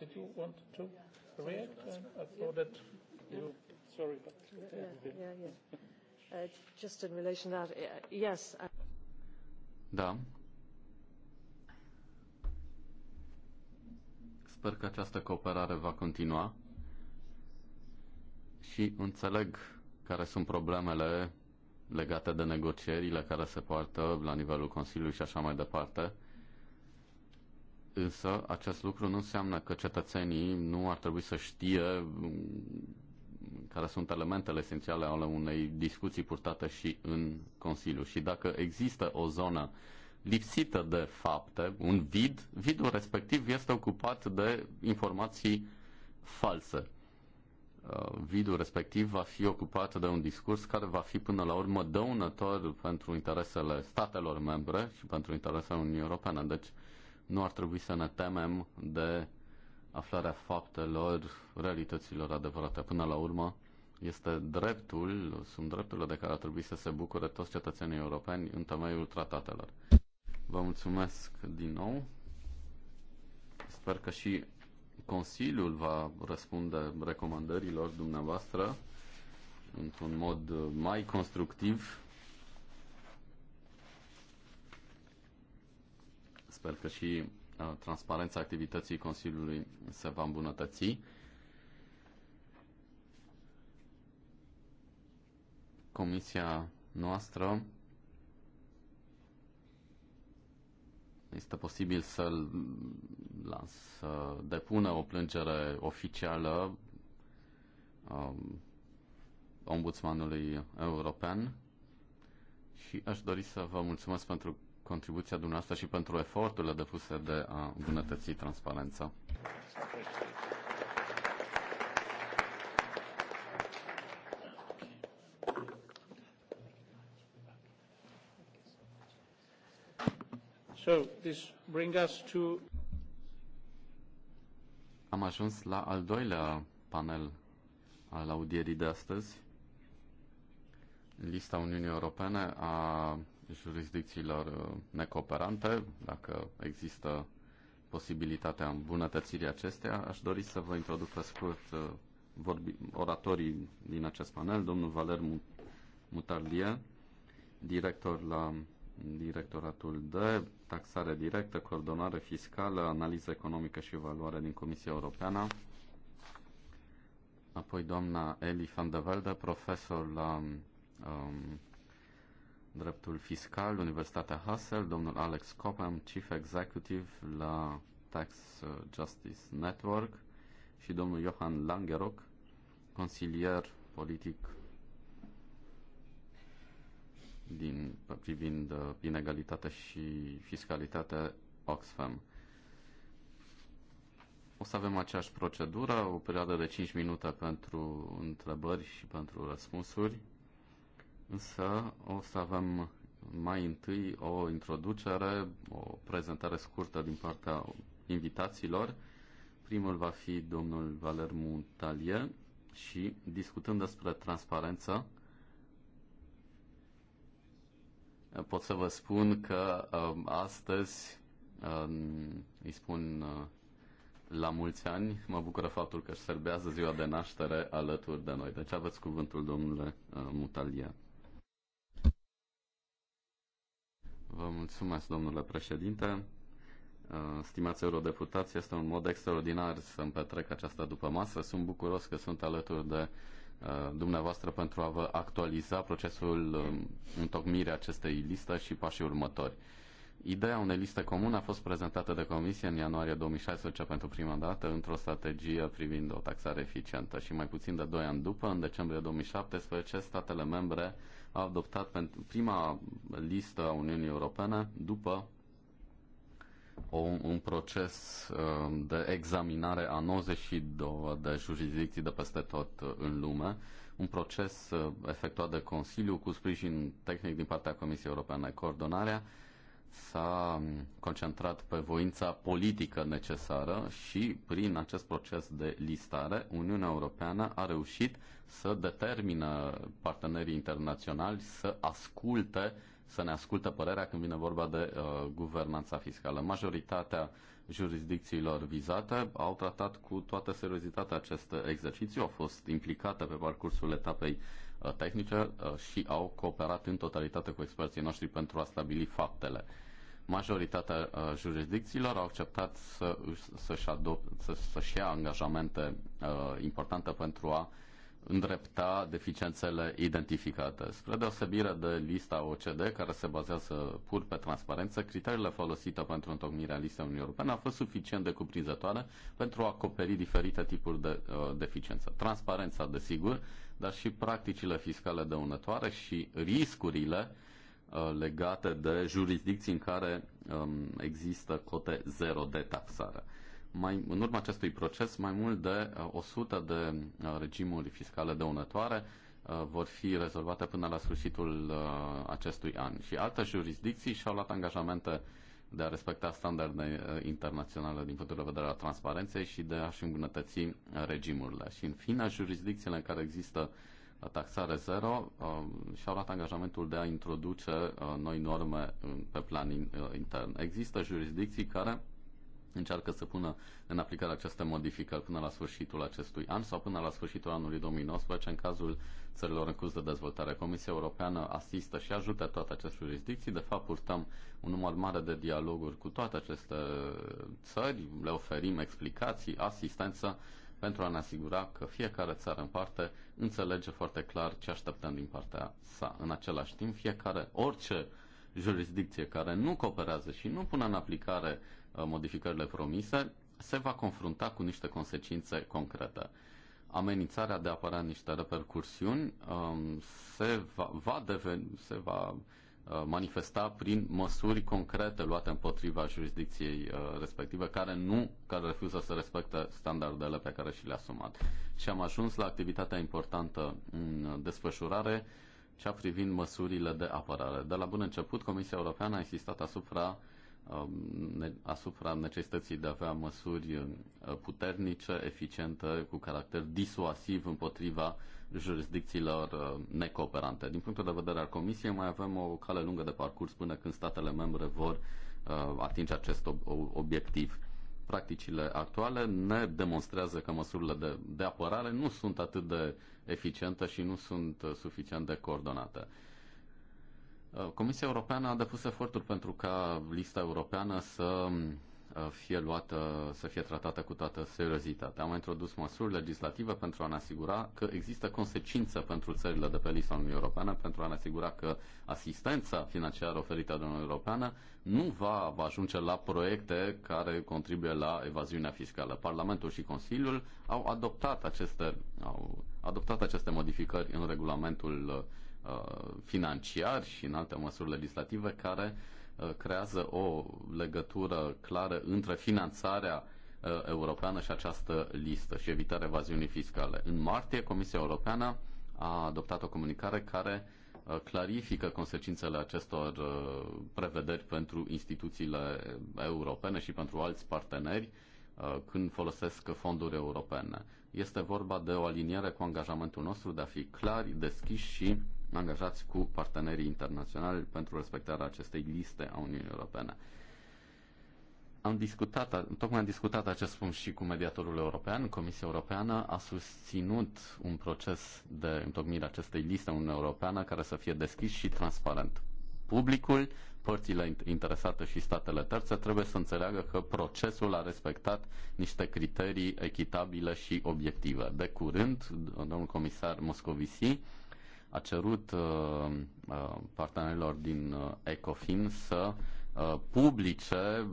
did you want to react? I thought that you, sorry, but. Yeah, yeah, yeah. Uh, just in relation to that, uh, yes. Da. Sper că această cooperare va continua și înțeleg care sunt problemele legate de negocierile care se poartă la nivelul Consiliului și așa mai departe Însă acest lucru nu înseamnă că cetățenii nu ar trebui să știe mm, care sunt elementele esențiale ale unei discuții purtate și în Consiliu. Și dacă există o zonă lipsită de fapte, un vid, vidul respectiv este ocupat de informații false. Uh, vidul respectiv va fi ocupat de un discurs care va fi până la urmă dăunător pentru interesele statelor membre și pentru interesele Uniunii Europene. Deci, uh, nu ar trebui să ne temem de aflarea faptelor, realităților adevărate. Până la urmă, este dreptul, sunt drepturile de care ar trebui să se bucure toți cetățenii europeni în temeiul tratatelor. Vă mulțumesc din nou. Sper că și Consiliul va răspunde recomandărilor dumneavoastră într-un mod mai constructiv Sper că și uh, transparența activității Consiliului se va îmbunătăți. Comisia noastră este posibil să, să depună o plângere oficială um, ombudsmanului european și aș dori să vă mulțumesc pentru contribuția dumneavoastră și pentru eforturile depuse de a îmbunătăți transparența. So, this bring us to... Am ajuns la al doilea panel al audierii de astăzi. Lista Uniunii Europene a jurisdicțiilor uh, necooperante, dacă există posibilitatea îmbunătățirii acesteia. Aș dori să vă introduc pe scurt uh, vorbi, oratorii din acest panel, domnul Valer Mutardie, director la directoratul de taxare directă, coordonare fiscală, analiză economică și evaluare din Comisia Europeană, apoi doamna Eli van de Velde, profesor la um, dreptul fiscal, Universitatea Hassel, domnul Alex Copham, Chief Executive la Tax Justice Network și domnul Johan Langerock, consilier politic din, privind uh, inegalitatea și fiscalitatea Oxfam. O să avem aceeași procedură, o perioadă de 5 minute pentru întrebări și pentru răspunsuri Însă o să avem mai întâi o introducere, o prezentare scurtă din partea invitațiilor. Primul va fi domnul Valer Muntalie și discutând despre transparență, pot să vă spun că um, astăzi um, îi spun uh, la mulți ani. Mă bucură faptul că își serbează ziua de naștere alături de noi. Deci aveți cuvântul, domnule uh, Mutalia. Vă mulțumesc, domnule președinte. Uh, stimați eurodeputați, este un mod extraordinar să-mi petrec această după masă. Sunt bucuros că sunt alături de uh, dumneavoastră pentru a vă actualiza procesul um, întocmirii acestei liste și pașii următori. Ideea unei liste comune a fost prezentată de Comisie în ianuarie 2016 pentru prima dată într-o strategie privind o taxare eficientă și mai puțin de 2 ani după, în decembrie 2017, statele membre a adoptat pentru prima listă a Uniunii Europene după o, un proces um, de examinare a 92 de jurisdicții de peste tot uh, în lume, un proces uh, efectuat de Consiliu cu sprijin tehnic din partea Comisiei Europene, coordonarea s-a concentrat pe voința politică necesară și prin acest proces de listare Uniunea Europeană a reușit să determină partenerii internaționali să asculte, să ne asculte părerea când vine vorba de uh, guvernanța fiscală. Majoritatea uh, jurisdicțiilor vizate au tratat cu toată seriozitatea acest exercițiu, au fost implicate pe parcursul etapei uh, tehnice uh, și au cooperat în totalitate cu experții noștri pentru a stabili faptele. Majoritatea uh, jurisdicțiilor au acceptat să, să-și, adop- să, să-și ia angajamente importante pentru a îndrepta deficiențele identificate. Spre deosebire de lista OCD, care se bazează pur pe transparență, criteriile folosite pentru întocmirea listei Uniunii Europene au fost suficient de cuprinzătoare pentru a acoperi diferite tipuri de uh, deficiență. Transparența, desigur, dar și practicile fiscale dăunătoare și riscurile uh, legate de jurisdicții în care um, există cote zero de taxare mai, în urma acestui proces, mai mult de 100 uh, de uh, regimuri fiscale dăunătoare uh, vor fi rezolvate până la sfârșitul acestui an. Și alte jurisdicții și-au luat angajamente de a respecta standarde internaționale din punctul de vedere al transparenței și de a-și îmbunătăți regimurile. Și în fine, jurisdicțiile în care există taxare zero și-au luat angajamentul de a introduce noi norme pe plan intern. Există jurisdicții care încearcă să pună în aplicare aceste modificări până la sfârșitul acestui an sau până la sfârșitul anului 2019 în cazul țărilor în curs de dezvoltare. Comisia Europeană asistă și ajută toate aceste jurisdicții. De fapt, purtăm un număr mare de dialoguri cu toate aceste țări, le oferim explicații, asistență pentru a ne asigura că fiecare țară în parte înțelege foarte clar ce așteptăm din partea sa. În același timp, fiecare, orice jurisdicție care nu cooperează și nu pune în aplicare Uh, modificările promise, se va confrunta cu niște consecințe concrete. Amenințarea de a apărea niște repercursiuni um, se va, va, deveni, se va uh, manifesta prin măsuri concrete luate împotriva jurisdicției uh, respective care nu, care refuză să respecte standardele pe care și le-a asumat. Și am ajuns la activitatea importantă în desfășurare, cea privind măsurile de apărare. De la bun început, Comisia Europeană a insistat asupra Um, asupra necesității de a avea măsuri uh, puternice, eficiente, cu caracter disuasiv împotriva jurisdicțiilor uh, necooperante. Din punctul de vedere al Comisiei, mai avem o cale lungă de parcurs până când statele membre vor uh, atinge acest obiectiv. Practicile actuale ne demonstrează că măsurile de, de apărare nu sunt atât de eficiente și nu sunt suficient de coordonate Uh, Comisia Europeană a depus eforturi pentru ca lista europeană să uh, fie luată, să fie tratată cu toată seriozitatea. Am introdus măsuri legislative pentru a ne asigura că există consecință pentru țările de pe lista Uniunii Europeană, pentru a ne asigura că asistența financiară oferită de Uniunea Europeană nu va, va ajunge la proiecte care contribuie la evaziunea fiscală. Parlamentul și Consiliul au adoptat aceste, au adoptat aceste modificări în regulamentul uh, Uh, financiar și în alte măsuri legislative care uh, creează o legătură clară între finanțarea uh, europeană și această listă și evitarea evaziunii fiscale. În martie, Comisia Europeană a adoptat o comunicare care clarifică consecințele acestor prevederi pentru instituțiile europene și pentru alți parteneri când folosesc fonduri europene. Este vorba de o aliniere cu angajamentul nostru de a fi clari, deschiși și angajați cu partenerii internaționali pentru respectarea acestei liste a Uniunii Europene. Am discutat, tocmai am discutat acest punct și cu mediatorul european. Comisia Europeană a susținut un proces de întocmire acestei liste a Uniunii Europene care să fie deschis și transparent. Publicul, părțile interesate și statele terțe trebuie să înțeleagă că procesul a respectat niște criterii echitabile și obiective. De curând, domnul comisar Moscovici a cerut uh, uh, partenerilor din uh, Ecofin să publice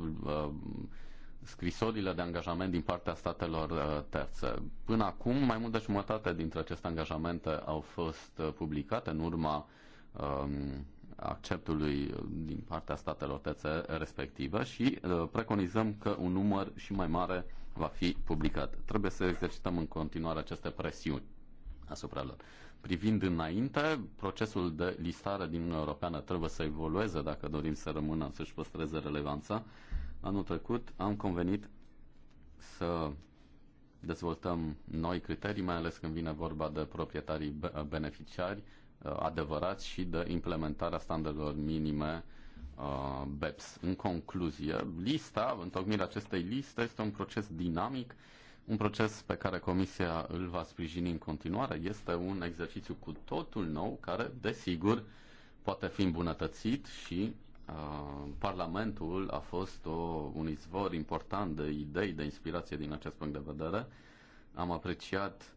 scrisorile de angajament din partea statelor terțe. Până acum, mai mult de jumătate dintre aceste angajamente au fost publicate în urma um, acceptului din partea statelor terțe respective și preconizăm că un număr și mai mare va fi publicat. Trebuie să exercităm în continuare aceste presiuni asupra lor privind înainte, procesul de listare din Uniunea Europeană trebuie să evolueze dacă dorim să rămână, să-și păstreze relevanța. Anul trecut am convenit să dezvoltăm noi criterii, mai ales când vine vorba de proprietarii beneficiari uh, adevărați și de implementarea standardelor minime uh, BEPS. În concluzie, lista, întocmirea acestei liste este un proces dinamic un proces pe care Comisia îl va sprijini în continuare este un exercițiu cu totul nou care, desigur, poate fi îmbunătățit și uh, Parlamentul a fost o, un izvor important de idei, de inspirație din acest punct de vedere. Am apreciat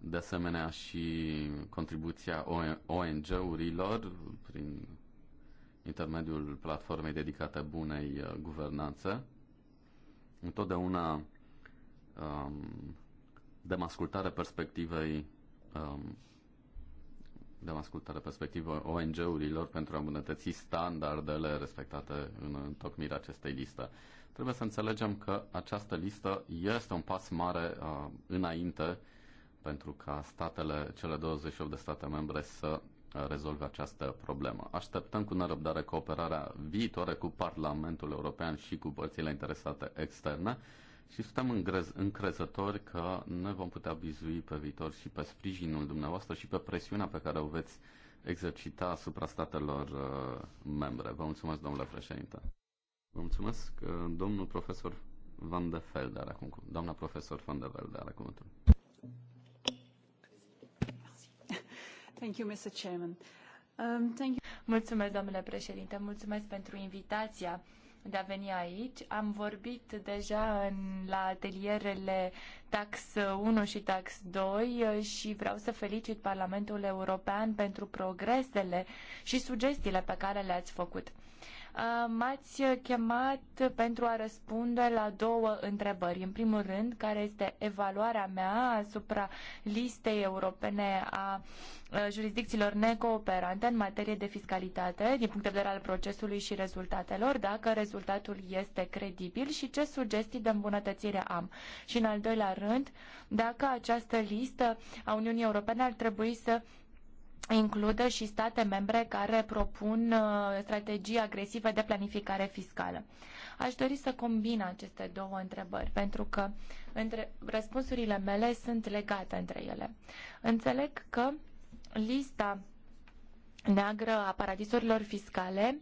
de asemenea și contribuția ONG-urilor prin intermediul platformei dedicate bunei uh, guvernanțe. Întotdeauna um, dăm ascultare perspectivei um, dăm ascultare perspectivă ONG-urilor pentru a îmbunătăți standardele respectate în întocmirea acestei liste. Trebuie să înțelegem că această listă este un pas mare uh, înainte pentru ca statele, cele 28 de state membre să uh, rezolve această problemă. Așteptăm cu nerăbdare cooperarea viitoare cu Parlamentul European și cu părțile interesate externe și suntem încrezători că ne vom putea bizui pe viitor și pe sprijinul dumneavoastră și pe presiunea pe care o veți exercita asupra statelor uh, membre. Vă mulțumesc, domnule președinte. Vă mulțumesc, uh, domnul profesor Van de Velde, are acum, doamna profesor Van de Velde, are cuvântul. Thank you, Mr. Chairman. Um, thank you. Mulțumesc, domnule președinte, mulțumesc pentru invitația de a veni aici. Am vorbit deja în, la atelierele Tax 1 și Tax 2 uh, și vreau să felicit Parlamentul European pentru progresele și sugestiile pe care le-ați făcut. Uh, m-ați chemat pentru a răspunde la două întrebări. În primul rând, care este evaluarea mea asupra listei europene a uh, jurisdicțiilor necooperante în materie de fiscalitate din punct de vedere al procesului și rezultatelor, dacă rezultatul este credibil și ce sugestii de îmbunătățire am. Și în al doilea rând, dacă această listă a Uniunii Europene ar trebui să includă și state membre care propun uh, strategii agresive de planificare fiscală. Aș dori să combin aceste două întrebări, pentru că între, răspunsurile mele sunt legate între ele. Înțeleg că lista neagră a paradisurilor fiscale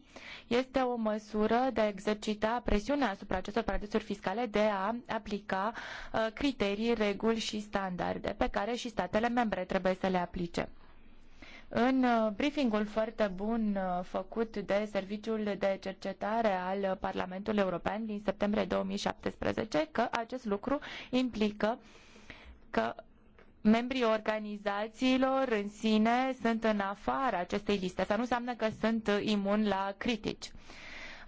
este o măsură de a exercita presiunea asupra acestor paradisuri fiscale de a aplica uh, criterii, reguli și standarde pe care și statele membre trebuie să le aplice. În uh, briefingul foarte bun uh, făcut de Serviciul de Cercetare al Parlamentului European din septembrie 2017, că acest lucru implică că membrii organizațiilor în sine sunt în afara acestei liste. Asta nu înseamnă că sunt imuni la critici. Uh,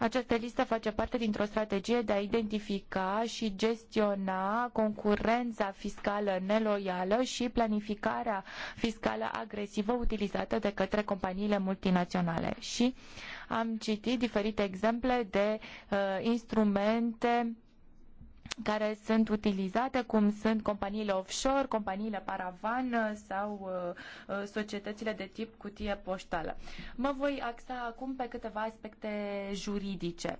această listă face parte dintr-o strategie de a identifica și gestiona concurența fiscală neloială și planificarea fiscală agresivă utilizată de către companiile multinaționale. Și am citit diferite exemple de uh, instrumente care sunt utilizate, cum sunt companiile offshore, companiile paravan sau uh, uh, societățile de tip cutie poștală. Mă voi axa acum pe câteva aspecte juridice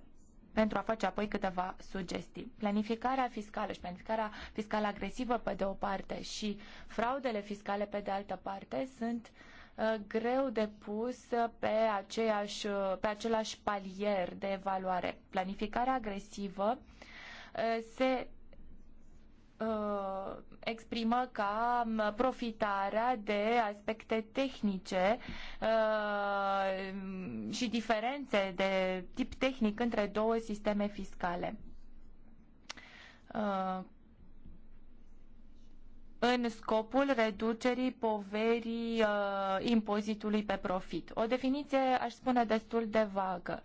pentru a face apoi câteva sugestii. Planificarea fiscală și planificarea fiscală agresivă pe de o parte și fraudele fiscale pe de altă parte sunt uh, greu de pus pe, aceeași, pe același palier de evaluare. Planificarea agresivă uh, Eh, se eh, exprimă ca profitarea de aspecte tehnice eh, și diferențe de tip tehnic între două sisteme fiscale. în scopul reducerii poverii impozitului pe profit. O definiție, aș spune, destul de vagă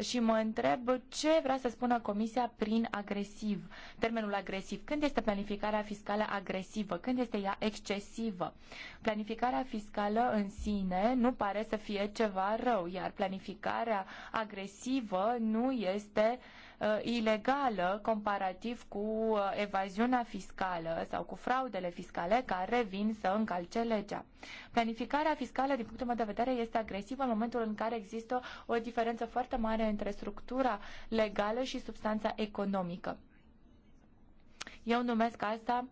și mă întreb ce vrea să spună Comisia prin agresiv, termenul agresiv. Când este planificarea fiscală agresivă? Când este ea excesivă? Planificarea fiscală în sine nu pare să fie ceva rău, iar planificarea agresivă nu este uh, ilegală comparativ cu uh, evaziunea fiscală sau cu fraudele fiscale care vin să încalce legea. Planificarea fiscală, din punctul meu de vedere, este agresivă în momentul în care există o diferență foarte mare asemănare între structura legală și substanța economică. Eu numesc asta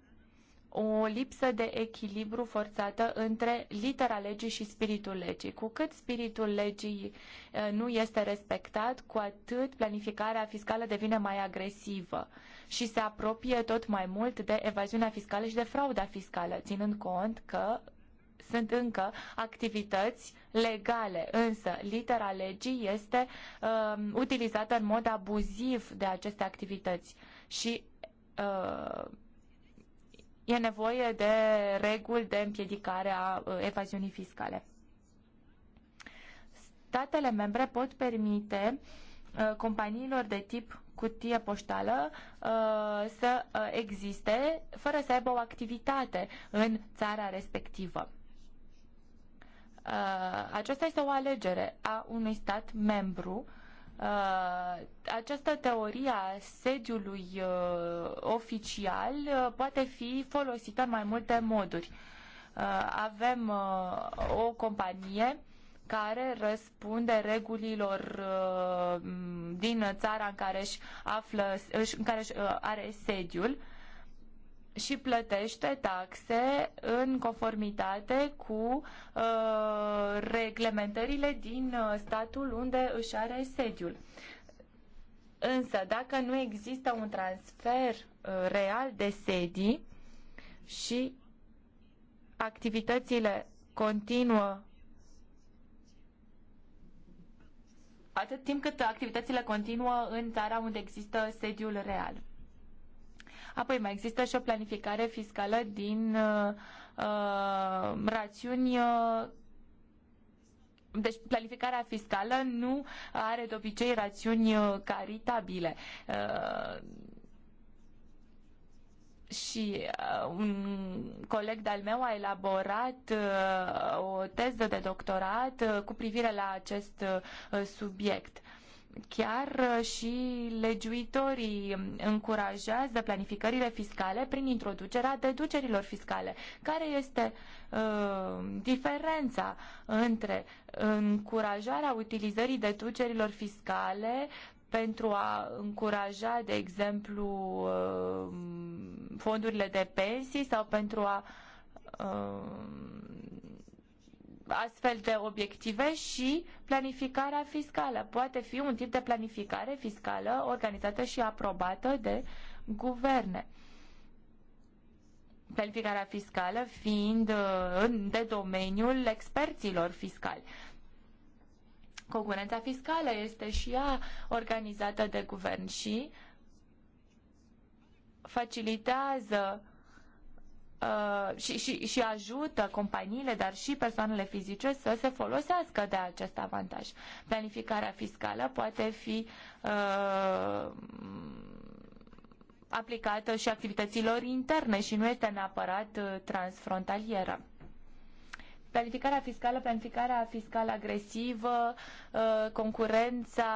o lipsă de echilibru forțată între litera legii și spiritul legii. Cu cât spiritul legii eh, nu este respectat, cu atât planificarea fiscală devine mai agresivă și se apropie tot mai mult de evaziunea fiscală și de frauda fiscală, ținând cont că sunt încă activități legale, însă litera legii este uh, utilizată în mod abuziv de aceste activități și uh, e nevoie de reguli de împiedicare a uh, evaziunii fiscale. Statele membre pot permite uh, companiilor de tip cutie poștală uh, să uh, existe fără să aibă o activitate în țara respectivă. Uh, aceasta este o alegere a unui stat membru. Uh, această teorie a sediului uh, oficial poate fi folosită în mai multe moduri. Avem o companie care răspunde regulilor din țara în care își, află, în care are sediul și plătește taxe în conformitate cu uh, reglementările din uh, statul unde își are sediul. Însă, dacă nu există un transfer uh, real de sedii și activitățile continuă atât timp cât activitățile continuă în țara unde există sediul real. Apoi mai există și o planificare fiscală din uh, uh, rațiuni uh, deci planificarea fiscală nu are de obicei rațiuni uh, caritabile. Uh, și uh, un coleg de-al meu a elaborat uh, o teză de doctorat cu privire la acest subiect. Chiar uh, și legiuitorii încurajează planificările fiscale prin introducerea deducerilor fiscale. Care este uh, diferența între încurajarea utilizării deducerilor fiscale pentru a încuraja, de exemplu, uh, fondurile de pensii sau pentru a uh, astfel de obiective și planificarea fiscală. Poate fi un tip de planificare fiscală organizată și aprobată de guverne. Planificarea fiscală fiind uh, de domeniul experților fiscali. Concurența fiscală este și ea organizată de guvern și facilitează uh, Uh, și, și, și ajută companiile, dar și persoanele fizice să se folosească de acest avantaj. Planificarea fiscală poate fi uh, aplicată și activităților interne și nu este neapărat uh, transfrontalieră planificarea fiscală, planificarea fiscală agresivă, uh, concurența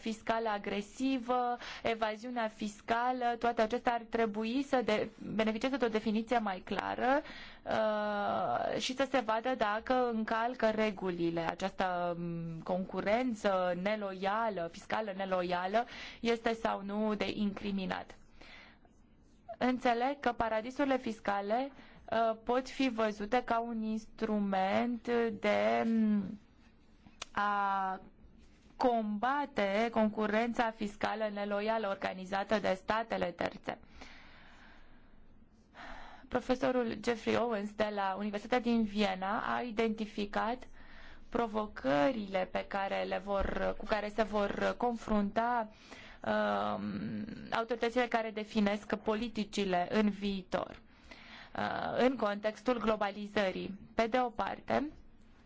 fiscală agresivă, evaziunea fiscală, toate acestea ar trebui să de, beneficieze de o definiție mai clară uh, și să se vadă dacă încalcă regulile. Această mm, concurență neloială, fiscală neloială, este sau nu de incriminat. Înțeleg că paradisurile fiscale uh, Uh, pot fi văzute ca un instrument de mm, a combate concurența fiscală neloială organizată de statele terțe. Profesorul Jeffrey Owens de la Universitatea din Viena a identificat provocările pe care le vor, cu care se vor confrunta uh, autoritățile care definesc politicile în viitor. Uh, în contextul globalizării. Pe de o parte,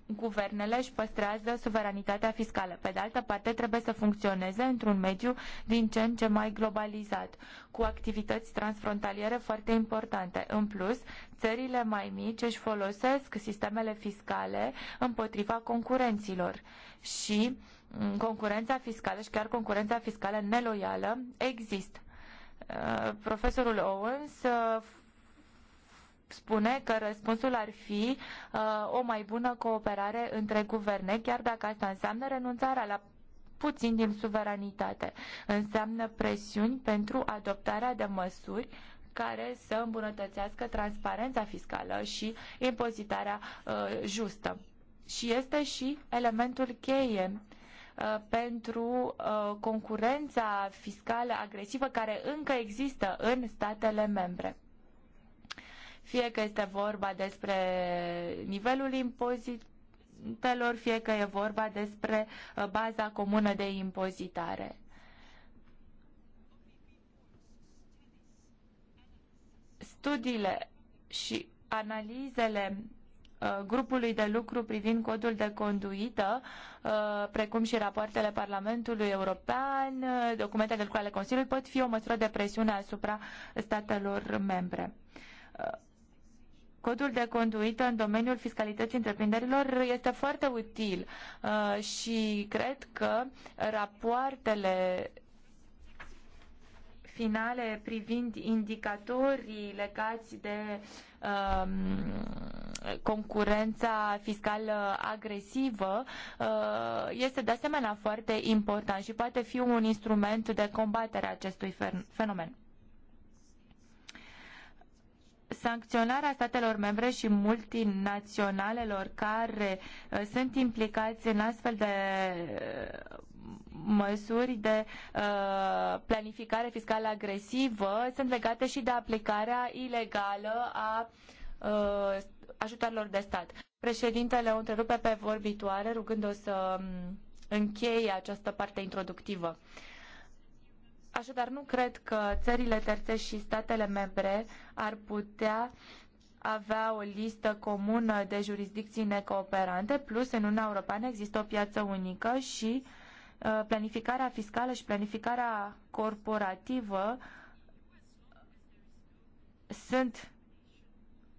guvernele își păstrează suveranitatea fiscală. Pe de altă parte, trebuie să funcționeze într-un mediu din ce în ce mai globalizat, cu activități transfrontaliere foarte importante. În plus, țările mai mici își folosesc sistemele fiscale împotriva concurenților și mm, concurența fiscală și chiar concurența fiscală neloială există. Uh, profesorul Owens uh, spune că răspunsul ar fi uh, o mai bună cooperare între guverne, chiar dacă asta înseamnă renunțarea la puțin din suveranitate. Înseamnă presiuni pentru adoptarea de măsuri care să îmbunătățească transparența fiscală și impozitarea uh, justă. Și este și elementul cheie uh, pentru uh, concurența fiscală agresivă care încă există în statele membre fie că este vorba despre nivelul impozitelor, fie că e vorba despre uh, baza comună de impozitare. Studiile și analizele uh, grupului de lucru privind codul de conduită, uh, precum și rapoartele Parlamentului European, documentele de lucru ale Consiliului, pot fi o măsură de presiune asupra statelor membre. Codul de conduită în domeniul fiscalității întreprinderilor este foarte util uh, și cred că rapoartele finale privind indicatorii legați de um, concurența fiscală agresivă uh, este de asemenea foarte important și poate fi un instrument de combatere a acestui fenomen. Sancționarea statelor membre și multinaționalelor care uh, sunt implicați în astfel de uh, măsuri de uh, planificare fiscală agresivă sunt legate și de aplicarea ilegală a ajutoarelor de stat. Președintele o întrerupe pe vorbitoare rugându-o să um, încheie această parte introductivă. Așadar, nu cred că țările terțe și statele membre ar putea avea o listă comună de jurisdicții necooperante, plus în Uniunea Europeană există o piață unică și uh, planificarea fiscală și planificarea corporativă sunt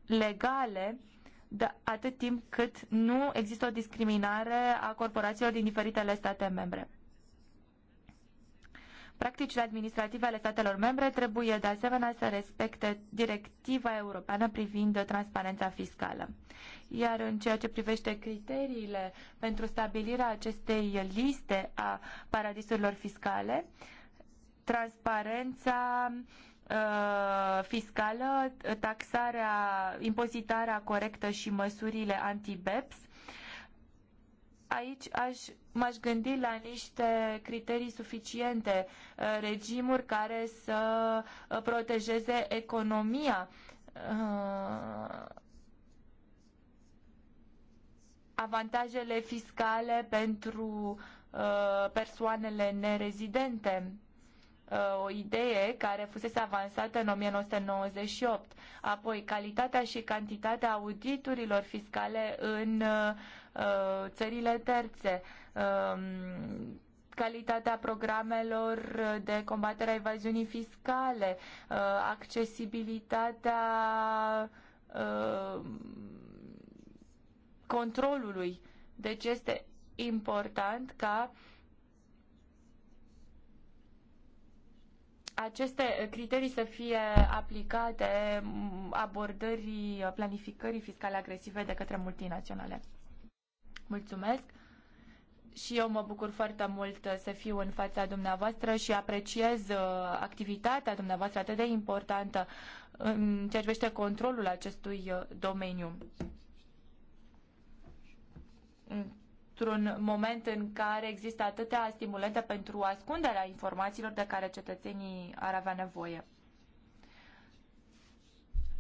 legale de da, atât timp cât nu există o discriminare a corporațiilor din diferitele state membre. Practicile administrative ale statelor membre trebuie de asemenea să respecte directiva europeană privind transparența fiscală. Iar în ceea ce privește criteriile pentru stabilirea acestei liste a paradisurilor fiscale, transparența uh, fiscală, taxarea, impozitarea corectă și măsurile anti-BEPS aici aș, m-aș gândi la niște criterii suficiente, uh, regimuri care să uh, protejeze economia uh, avantajele fiscale pentru persoanele nerezidente. O idee care fusese avansată în 1998. Apoi, calitatea și cantitatea auditurilor fiscale în Uh, țările terțe, um, calitatea programelor de combatere a evaziunii fiscale, uh, accesibilitatea uh, controlului. Deci este important ca aceste criterii să fie aplicate abordării planificării fiscale agresive de către multinaționale. Mulțumesc! Și eu mă bucur foarte mult uh, să fiu în fața dumneavoastră și apreciez uh, activitatea dumneavoastră atât de importantă în ceea ce privește controlul acestui uh, domeniu. Într-un moment în care există atâtea stimulente pentru ascunderea informațiilor de care cetățenii ar avea nevoie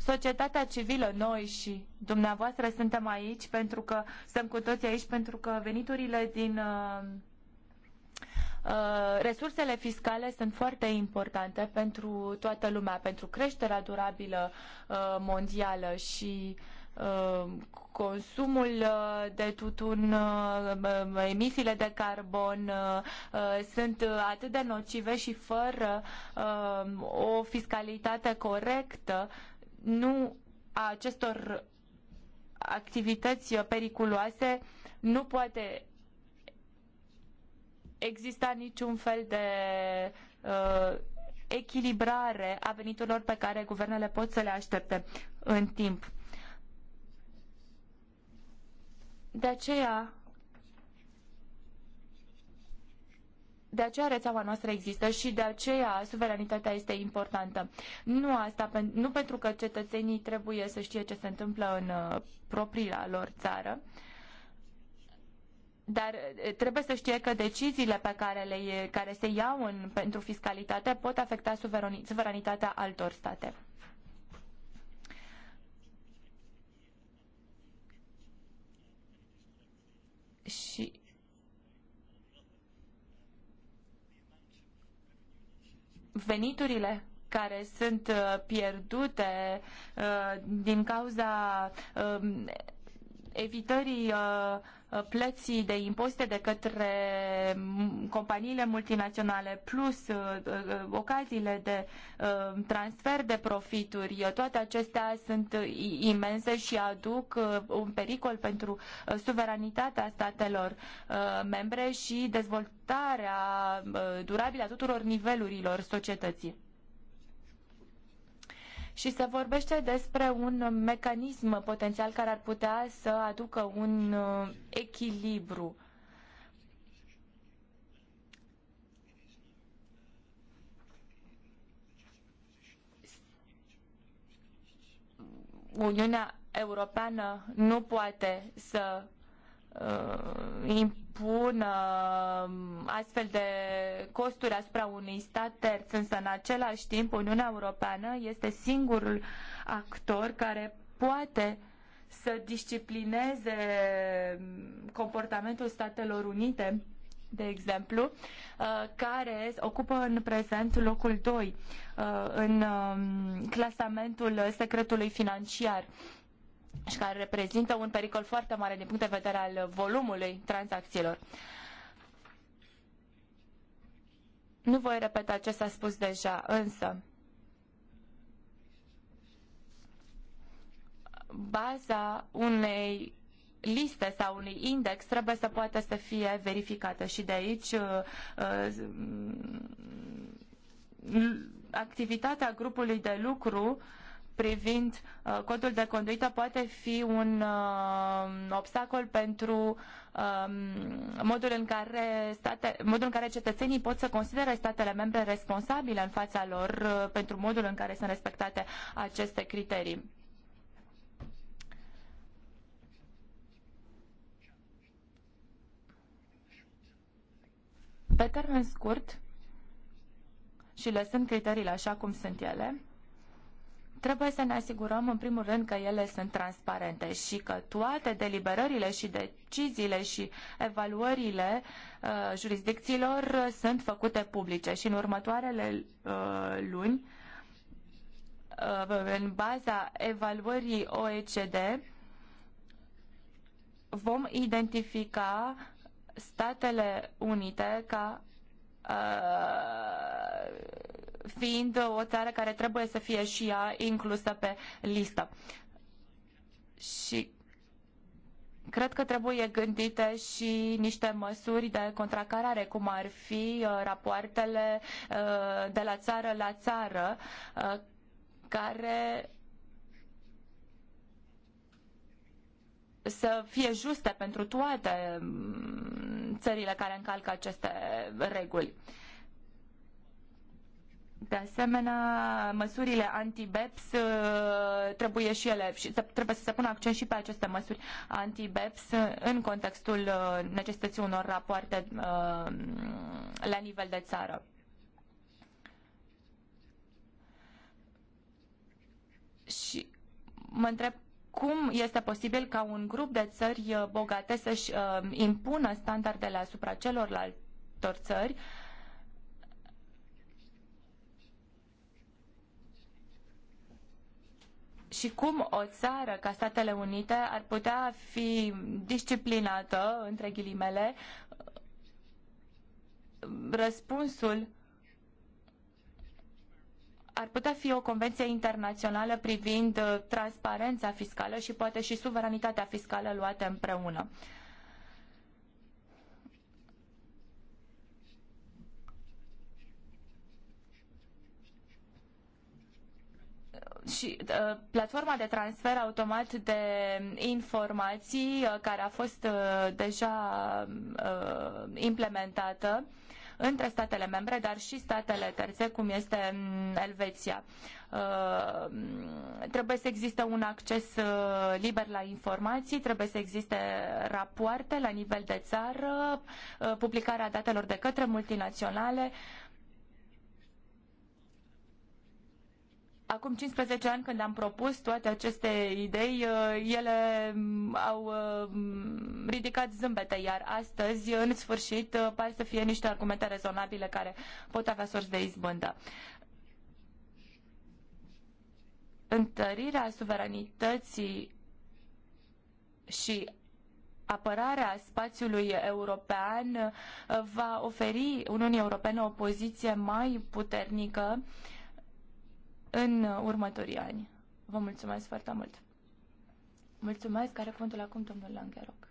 societatea civilă, noi și dumneavoastră suntem aici pentru că suntem cu toții aici pentru că veniturile din uh, uh, resursele fiscale sunt foarte importante pentru toată lumea, pentru creșterea durabilă uh, mondială și uh, consumul uh, de tutun, uh, emisiile de carbon sunt atât de nocive și fără o fiscalitate corectă nu a acestor activități periculoase nu poate exista niciun fel de uh, echilibrare a veniturilor pe care guvernele pot să le aștepte în timp. De aceea de aceea rețeaua noastră există și de aceea suveranitatea este importantă. Nu, asta, nu pentru că cetățenii trebuie să știe ce se întâmplă în uh, propria lor țară, dar uh, trebuie să știe că deciziile pe care, le, care se iau în, pentru fiscalitate pot afecta suveranitatea altor state. veniturile care sunt uh, pierdute uh, din cauza um, evitării uh, Uh, plății de impozite de către companiile multinaționale plus uh, uh, ocaziile de transfer de profituri, toate acestea sunt imense și aduc un pericol pentru suveranitatea statelor membre și dezvoltarea durabilă a tuturor nivelurilor societății și se vorbește despre un mecanism potențial care ar putea să aducă un uh, echilibru. Uniunea Europeană nu poate să Uh, impun uh, astfel de costuri asupra unui stat terț, însă în același timp Uniunea Europeană este singurul actor care poate să disciplineze comportamentul Statelor Unite, de exemplu, uh, care ocupă în prezent locul doi în um, clasamentul secretului financiar și care reprezintă un pericol foarte mare din punct de vedere al volumului tranzacțiilor. Nu voi repeta ce s-a spus deja, însă baza unei liste sau unui index trebuie să poată să fie verificată și de aici uh, uh, activitatea grupului de lucru privind uh, codul de conduită poate fi un uh, obstacol pentru um, modul în care state, modul în care cetățenii pot să considere statele membre responsabile în fața lor uh, pentru modul în care sunt respectate aceste criterii. Pe termen scurt și lăsând criteriile așa cum sunt ele, Trebuie să ne asigurăm, în primul rând, că ele sunt transparente și că toate deliberările și deciziile și evaluările uh, jurisdicțiilor sunt făcute publice și în următoarele uh, luni, uh, în baza evaluării OECD, vom identifica Statele Unite ca uh, fiind o țară care trebuie să fie și ea inclusă pe listă. Și cred că trebuie gândite și niște măsuri de contracarare, cum ar fi uh, rapoartele uh, de la țară la țară, uh, care să fie juste pentru toate mm, țările care încalcă aceste reguli. De asemenea, măsurile anti-BEPS uh, trebuie și ele trebuie să se pună accent și pe aceste măsuri anti-BEPS în contextul uh, necesității unor rapoarte uh, la nivel de țară. Și mă întreb cum este posibil ca un grup de țări bogate să-și impună standardele asupra celorlalte țări uh, și cum o țară ca Statele Unite ar putea fi disciplinată, între ghilimele, răspunsul ar putea fi o convenție internațională privind uh, transparența fiscală și poate și suveranitatea fiscală luate împreună. și uh, platforma de transfer automat de informații uh, care a fost uh, deja uh, implementată între statele membre, dar și statele terțe, cum este mm, Elveția. Uh, trebuie să existe un acces uh, liber la informații, trebuie să existe rapoarte la nivel de țară, publicarea datelor de către multinaționale, acum 15 ani când am propus toate aceste idei, uh, ele mm, au uh, mm, ridicat zâmbete, iar astăzi, în sfârșit, uh, pare să fie niște argumente rezonabile care pot avea sorți de izbândă. Întărirea suveranității și apărarea spațiului european va oferi Uniunii Europene o poziție mai puternică uh, în următorii ani. Vă mulțumesc foarte mult! Mulțumesc, care cuvântul acum domnul Langeroc.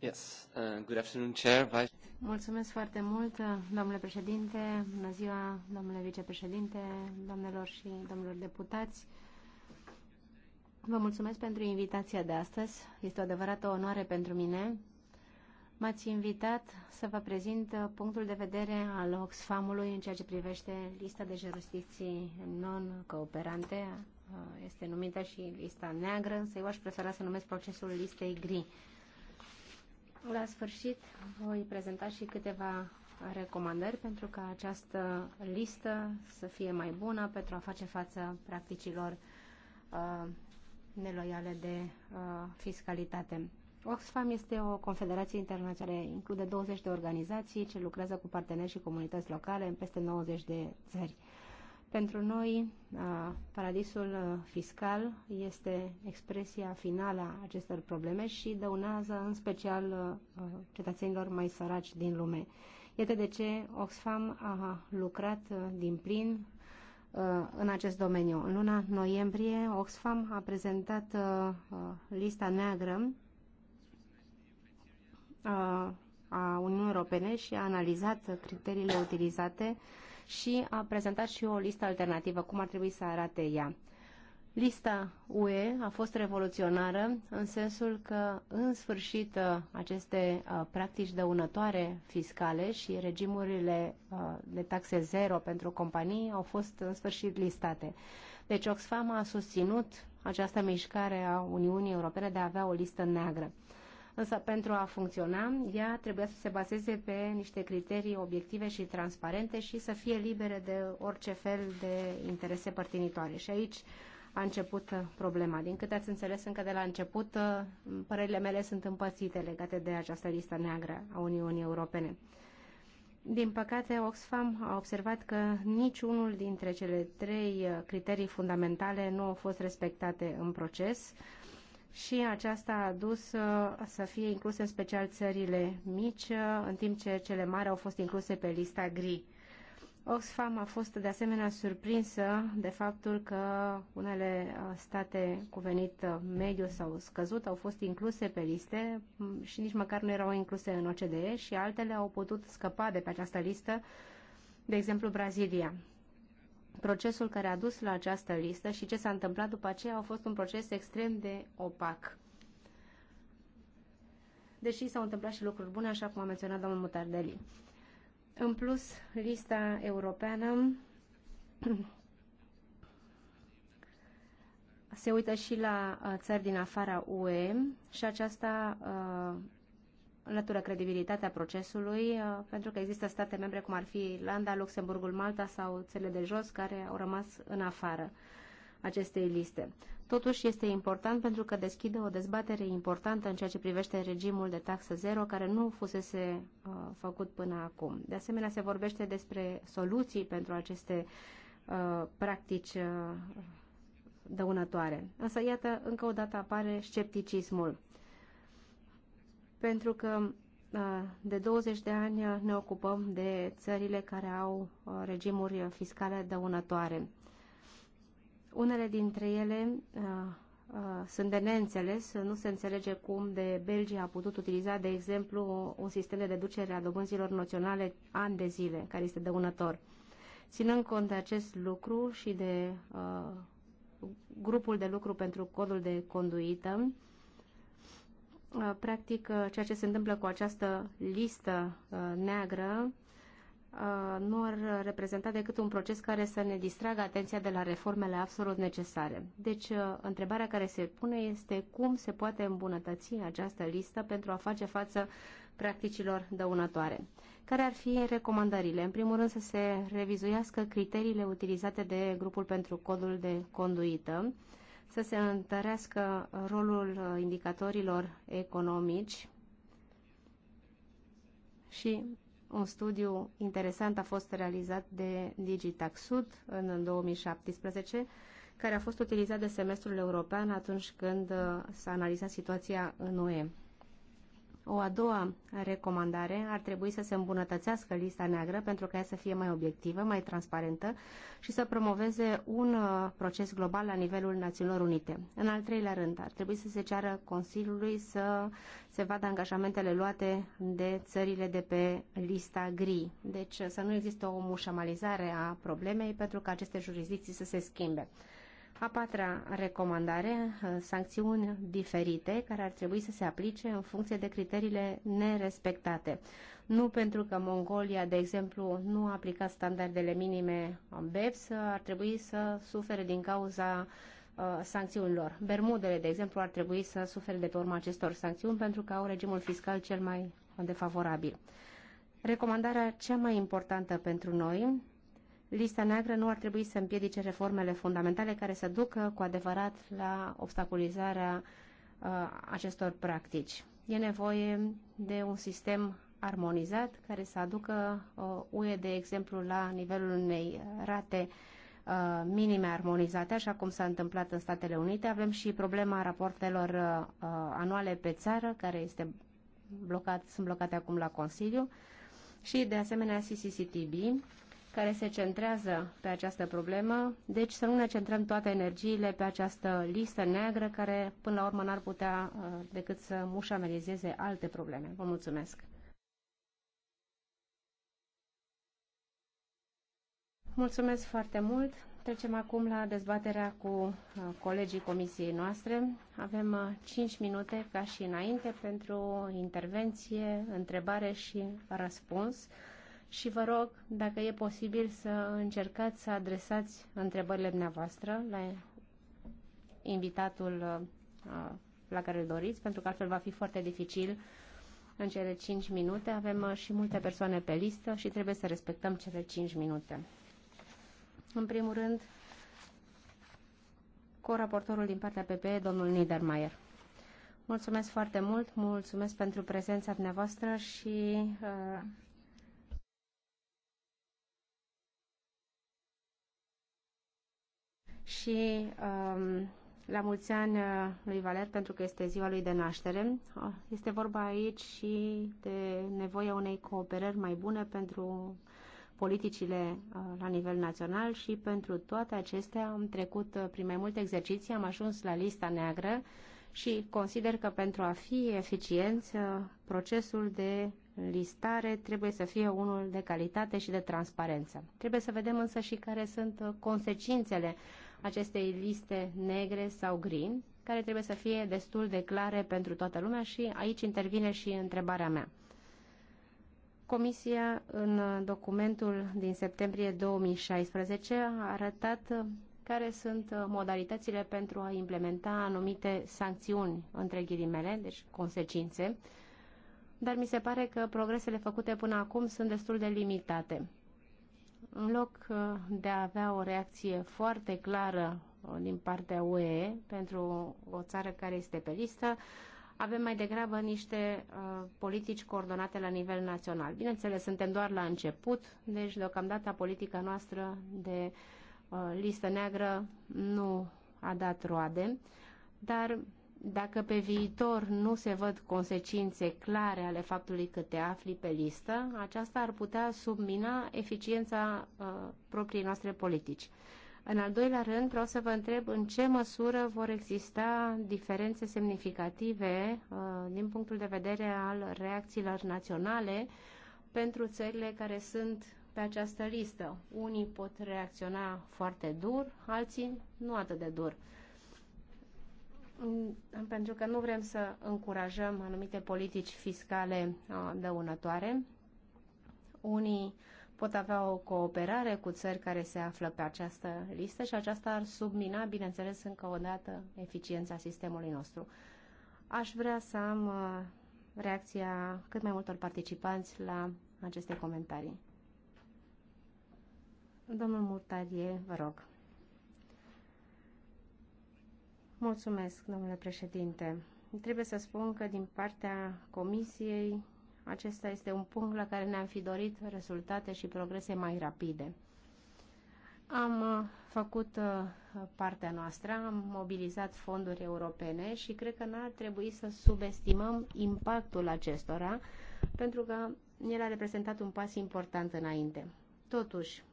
Yes. Uh, good afternoon, Chair. Vice... Mulțumesc foarte mult, uh, domnule președinte, bună ziua, domnule vicepreședinte, domnilor și domnilor deputați. Vă mulțumesc pentru invitația de astăzi. Este o adevărată onoare pentru mine m-ați invitat să vă prezint uh, punctul de vedere al Oxfamului în ceea ce privește lista de jurisdicții non-cooperante, uh, este numită și lista neagră, însă eu aș prefera să numesc procesul listei gri. La sfârșit voi prezenta și câteva recomandări pentru ca această listă să fie mai bună pentru a face față practicilor uh, neloiale de uh, fiscalitate. Oxfam este o confederație internațională, include 20 de organizații ce lucrează cu parteneri și comunități locale în peste 90 de țări. Pentru noi, paradisul fiscal este expresia finală a acestor probleme și dăunează în special cetățenilor mai săraci din lume. Iată de ce Oxfam a lucrat din plin în acest domeniu. În luna noiembrie, Oxfam a prezentat lista neagră a Uniunii Europene și a analizat criteriile utilizate și a prezentat și o listă alternativă, cum ar trebui să arate ea. Lista UE a fost revoluționară în sensul că, în sfârșit, aceste practici dăunătoare fiscale și regimurile de taxe zero pentru companii au fost, în sfârșit, listate. Deci Oxfam a susținut această mișcare a Uniunii Europene de a avea o listă neagră însă pentru a funcționa, ea trebuia să se bazeze pe niște criterii obiective și transparente și să fie libere de orice fel de interese părtinitoare. Și aici a început problema. Din câte ați înțeles încă de la început, părerile mele sunt împățite legate de această listă neagră a Uniunii Europene. Din păcate, Oxfam a observat că niciunul dintre cele trei criterii fundamentale nu au fost respectate în proces, și aceasta a dus uh, să fie incluse în special țările mici, uh, în timp ce cele mari au fost incluse pe lista gri. Oxfam a fost de asemenea surprinsă de faptul că unele uh, state cu venit mediu sau scăzut au fost incluse pe liste mm, și nici măcar nu erau incluse în OCDE și altele au putut scăpa de pe această listă, de exemplu Brazilia procesul care a dus la această listă și ce s-a întâmplat după aceea a fost un proces extrem de opac. Deși s-au întâmplat și lucruri bune, așa cum a menționat domnul Mutardeli. În plus, lista europeană se uită și la uh, țări din afara UE și aceasta uh, înlătură credibilitatea procesului, uh, pentru că există state membre cum ar fi Irlanda, Luxemburgul, Malta sau țările de jos care au rămas în afară acestei liste. Totuși este important pentru că deschide o dezbatere importantă în ceea ce privește regimul de taxă zero care nu fusese uh, făcut până acum. De asemenea, se vorbește despre soluții pentru aceste uh, practici uh, dăunătoare. Însă, iată, încă o dată apare scepticismul pentru că uh, de 20 de ani uh, ne ocupăm de țările care au uh, regimuri fiscale dăunătoare. Unele dintre ele sunt de neînțeles, nu se înțelege cum de Belgia a putut utiliza, de exemplu, un sistem de deducere a dobânzilor naționale ani de zile, care este dăunător. Ținând cont de acest lucru și de uh, grupul de lucru pentru codul de conduită, Uh, practic, uh, ceea ce se întâmplă cu această listă uh, neagră nu ar reprezenta decât un proces care să ne distragă atenția de la reformele absolut necesare. Deci, întrebarea care se pune este cum se poate îmbunătăți această listă pentru a face față practicilor dăunătoare. Care ar fi recomandările? În primul rând să se revizuiască criteriile utilizate de grupul pentru codul de conduită, să se întărească rolul uh, indicatorilor economici și un studiu interesant a fost realizat de DigitaxSud în 2017, care a fost utilizat de semestrul european atunci când uh, s-a analizat situația în UE. O a doua recomandare ar trebui să se îmbunătățească lista neagră pentru ca ea să fie mai obiectivă, mai transparentă și să promoveze un uh, proces global la nivelul Națiunilor Unite. În al treilea rând, ar trebui să se ceară Consiliului să se vadă angajamentele luate de țările de pe lista gri. Deci să nu există o mușamalizare a problemei pentru ca aceste jurisdicții să se schimbe. A patra recomandare, uh, sancțiuni diferite care ar trebui să se aplice în funcție de criteriile nerespectate. Nu pentru că Mongolia, de exemplu, nu a aplicat standardele minime BEPS, ar trebui să sufere din cauza uh, sancțiunilor. Bermudele, de exemplu, ar trebui să sufere de pe urma acestor sancțiuni pentru că au regimul fiscal cel mai defavorabil. Recomandarea cea mai importantă pentru noi Lista neagră nu ar trebui să împiedice reformele fundamentale care să ducă cu adevărat la obstaculizarea uh, acestor practici. E nevoie de un sistem armonizat care să aducă uh, UE, de exemplu, la nivelul unei rate uh, minime armonizate, așa cum s-a întâmplat în Statele Unite. Avem și problema raportelor uh, uh, anuale pe țară, care este blocat, sunt blocate acum la Consiliu, și, de asemenea, CCCTB, care se centrează pe această problemă, deci să nu ne centrăm toate energiile pe această listă neagră care până la urmă n-ar putea uh, decât să mușamelizeze alte probleme. Vă mulțumesc! Mulțumesc foarte mult! Trecem acum la dezbaterea cu uh, colegii comisiei noastre. Avem 5 uh, minute, ca și înainte, pentru intervenție, întrebare și răspuns și vă rog, dacă e posibil, să încercați să adresați întrebările dumneavoastră la invitatul uh, la care îl doriți, pentru că altfel va fi foarte dificil în cele 5 minute. Avem uh, și multe persoane pe listă și trebuie să respectăm cele 5 minute. În primul rând, co-raportorul din partea PPE, domnul Niedermayer. Mulțumesc foarte mult, mulțumesc pentru prezența dumneavoastră și uh, și um, la mulți ani uh, lui Valer pentru că este ziua lui de naștere. Uh, este vorba aici și de nevoia unei cooperări mai bune pentru politicile uh, la nivel național și pentru toate acestea am trecut prin mai multe exerciții, am ajuns la lista neagră și consider că pentru a fi eficienți, procesul de listare trebuie să fie unul de calitate și de transparență. Trebuie să vedem însă și care sunt consecințele acestei liste negre sau green, care trebuie să fie destul de clare pentru toată lumea și aici intervine și întrebarea mea. Comisia, în documentul din septembrie 2016, a arătat care sunt modalitățile pentru a implementa anumite sancțiuni, între ghilimele, deci consecințe, dar mi se pare că progresele făcute până acum sunt destul de limitate în loc uh, de a avea o reacție foarte clară uh, din partea UE pentru o țară care este pe listă, avem mai degrabă niște uh, politici coordonate la nivel național. Bineînțeles, suntem doar la început, deci deocamdată politica noastră de uh, listă neagră nu a dat roade, dar dacă pe viitor nu se văd consecințe clare ale faptului că te afli pe listă, aceasta ar putea submina eficiența uh, proprii noastre politici. În al doilea rând, vreau să vă întreb în ce măsură vor exista diferențe semnificative uh, din punctul de vedere al reacțiilor naționale pentru țările care sunt pe această listă. Unii pot reacționa foarte dur, alții nu atât de dur. Uh, Mm, pentru că nu vrem să încurajăm anumite politici fiscale dăunătoare. Unii pot avea o cooperare cu țări care se află pe această listă și aceasta ar submina, bineînțeles, încă o dată eficiența sistemului nostru. Aș vrea să am reacția cât mai multor participanți la aceste comentarii. Domnul Murtarie, vă rog. Mulțumesc, domnule președinte. Trebuie să spun că din partea Comisiei acesta este un punct la care ne-am fi dorit rezultate și progrese mai rapide. Am uh, făcut uh, partea noastră, am mobilizat fonduri europene și cred că n-ar trebui să subestimăm impactul acestora, pentru că el a reprezentat un pas important înainte. Totuși,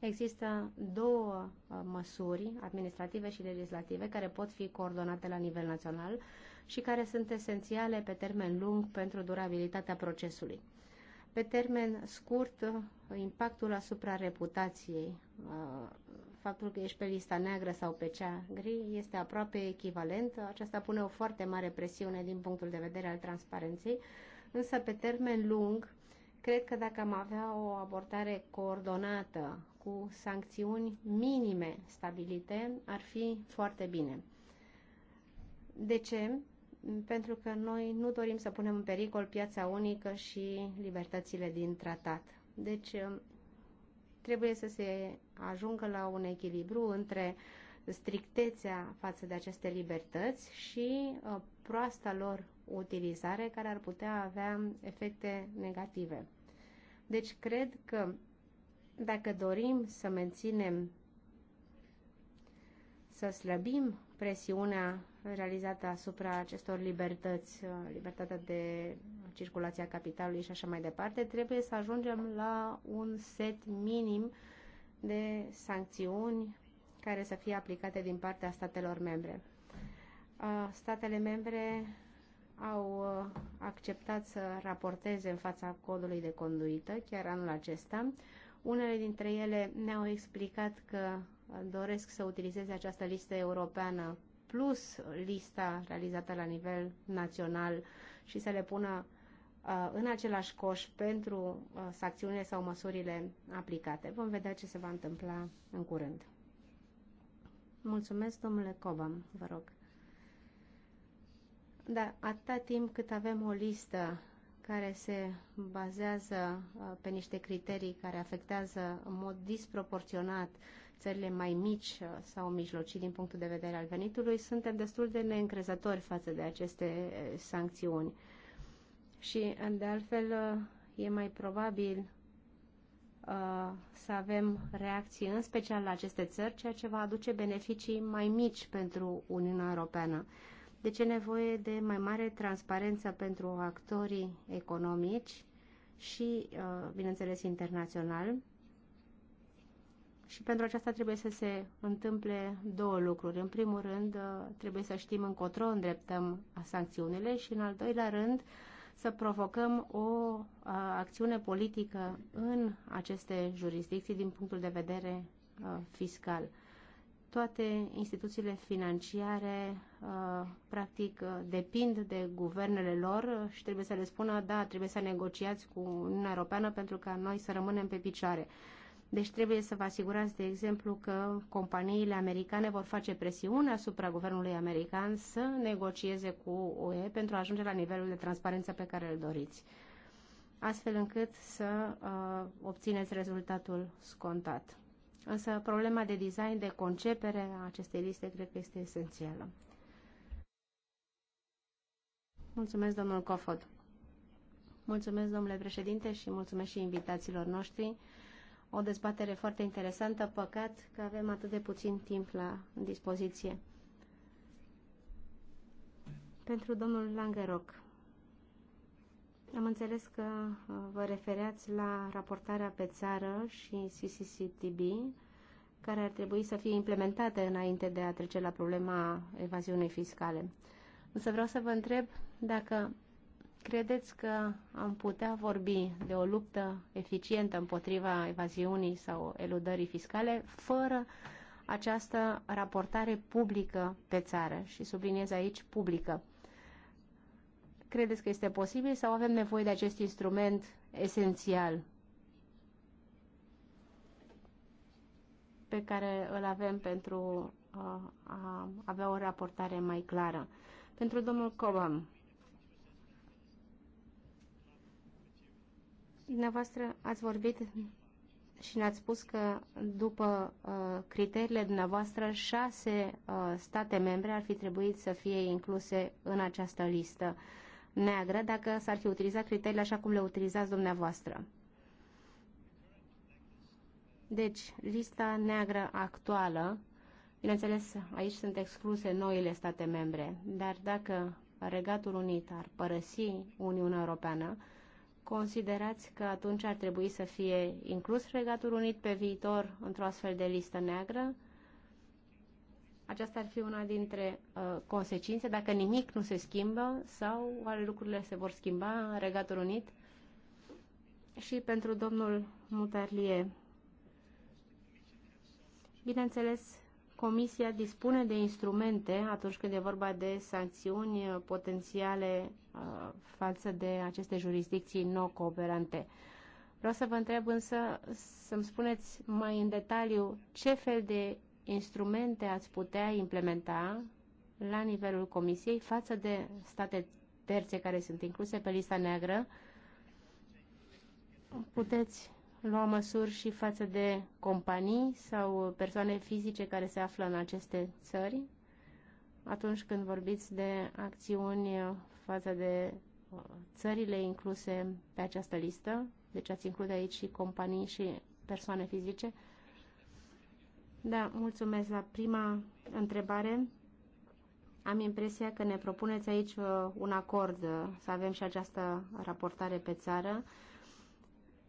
Există două uh, măsuri administrative și legislative care pot fi coordonate la nivel național și care sunt esențiale pe termen lung pentru durabilitatea procesului. Pe termen scurt, impactul asupra reputației, uh, faptul că ești pe lista neagră sau pe cea gri, este aproape echivalent. Aceasta pune o foarte mare presiune din punctul de vedere al transparenței, însă pe termen lung, cred că dacă am avea o abordare coordonată cu sancțiuni minime stabilite ar fi foarte bine. De ce? Pentru că noi nu dorim să punem în pericol piața unică și libertățile din tratat. Deci um, trebuie să se ajungă la un echilibru între strictețea față de aceste libertăți și uh, proasta lor utilizare care ar putea avea efecte negative. Deci cred că dacă dorim să menținem, să slăbim presiunea realizată asupra acestor libertăți, uh, libertatea de circulație a capitalului și așa mai departe, trebuie să ajungem la un set minim de sancțiuni care să fie aplicate din partea statelor membre. Uh, statele membre au uh, acceptat să raporteze în fața codului de conduită chiar anul acesta, unele dintre ele ne-au explicat că doresc să utilizeze această listă europeană plus lista realizată la nivel național și să le pună uh, în același coș pentru uh, sancțiunile sau măsurile aplicate. Vom vedea ce se va întâmpla în curând. Mulțumesc, domnule Cobam, vă rog. Da, atâta timp cât avem o listă care se bazează uh, pe niște criterii care afectează în mod disproporționat țările mai mici uh, sau mijlocii din punctul de vedere al venitului, suntem destul de neîncrezători față de aceste uh, sancțiuni. Și, de altfel, e mai probabil să avem reacții în special la aceste țări, ceea ce va aduce beneficii mai mici pentru Uniunea Europeană. Deci ce nevoie de mai mare transparență pentru actorii economici și, uh, bineînțeles, internațional. Și pentru aceasta trebuie să se întâmple două lucruri. În primul rând, uh, trebuie să știm încotro îndreptăm sancțiunile și, în al doilea rând, să provocăm o uh, acțiune politică în aceste jurisdicții din punctul de vedere fiscal toate instituțiile financiare uh, practic uh, depind de guvernele lor și trebuie să le spună, da, trebuie să negociați cu Uniunea Europeană pentru ca noi să rămânem pe picioare. Deci trebuie să vă asigurați, de exemplu, că companiile americane vor face presiune asupra guvernului american să negocieze cu UE pentru a ajunge la nivelul de transparență pe care îl doriți, astfel încât să uh, obțineți rezultatul scontat. Însă problema de design, de concepere a acestei liste, cred că este esențială. Mulțumesc, domnul Cofod. Mulțumesc, domnule președinte, și mulțumesc și invitațiilor noștri. O dezbatere foarte interesantă. Păcat că avem atât de puțin timp la dispoziție. Pentru domnul Langeroc. Am înțeles că uh, vă refereați la raportarea pe țară și CCCTB, care ar trebui să fie implementate înainte de a trece la problema evaziunii fiscale. Însă vreau să vă întreb dacă credeți că am putea vorbi de o luptă eficientă împotriva evaziunii sau eludării fiscale fără această raportare publică pe țară și subliniez aici publică. Credeți că este posibil sau avem nevoie de acest instrument esențial pe care îl avem pentru uh, a avea o raportare mai clară? Pentru domnul Cobham, dumneavoastră ați vorbit și ne-ați spus că după uh, criteriile dumneavoastră, șase uh, state membre ar fi trebuit să fie incluse în această listă. Uh, neagră dacă s-ar fi utilizat criteriile așa cum le utilizați dumneavoastră. Deci, lista neagră actuală, bineînțeles, aici sunt excluse noile state membre, dar dacă Regatul Unit ar părăsi Uniunea Europeană, considerați că atunci ar trebui să fie inclus Regatul Unit pe viitor într-o astfel de listă neagră? Aceasta ar fi una dintre uh, consecințe dacă nimic nu se schimbă sau oare lucrurile se vor schimba în Regatul Unit. Și pentru domnul Mutarlie, bineînțeles, Comisia dispune de instrumente atunci când e vorba de sancțiuni uh, potențiale uh, față de aceste jurisdicții non-cooperante. Vreau să vă întreb însă să-mi spuneți mai în detaliu ce fel de instrumente ați putea implementa la nivelul Comisiei față de state terțe care sunt incluse pe lista neagră? Puteți lua măsuri și față de companii sau persoane fizice care se află în aceste țări atunci când vorbiți de acțiuni față de uh, țările incluse pe această listă? Deci ați include aici și companii și persoane fizice? Da, mulțumesc. La prima întrebare am impresia că ne propuneți aici uh, un acord, uh, să avem și această raportare pe țară.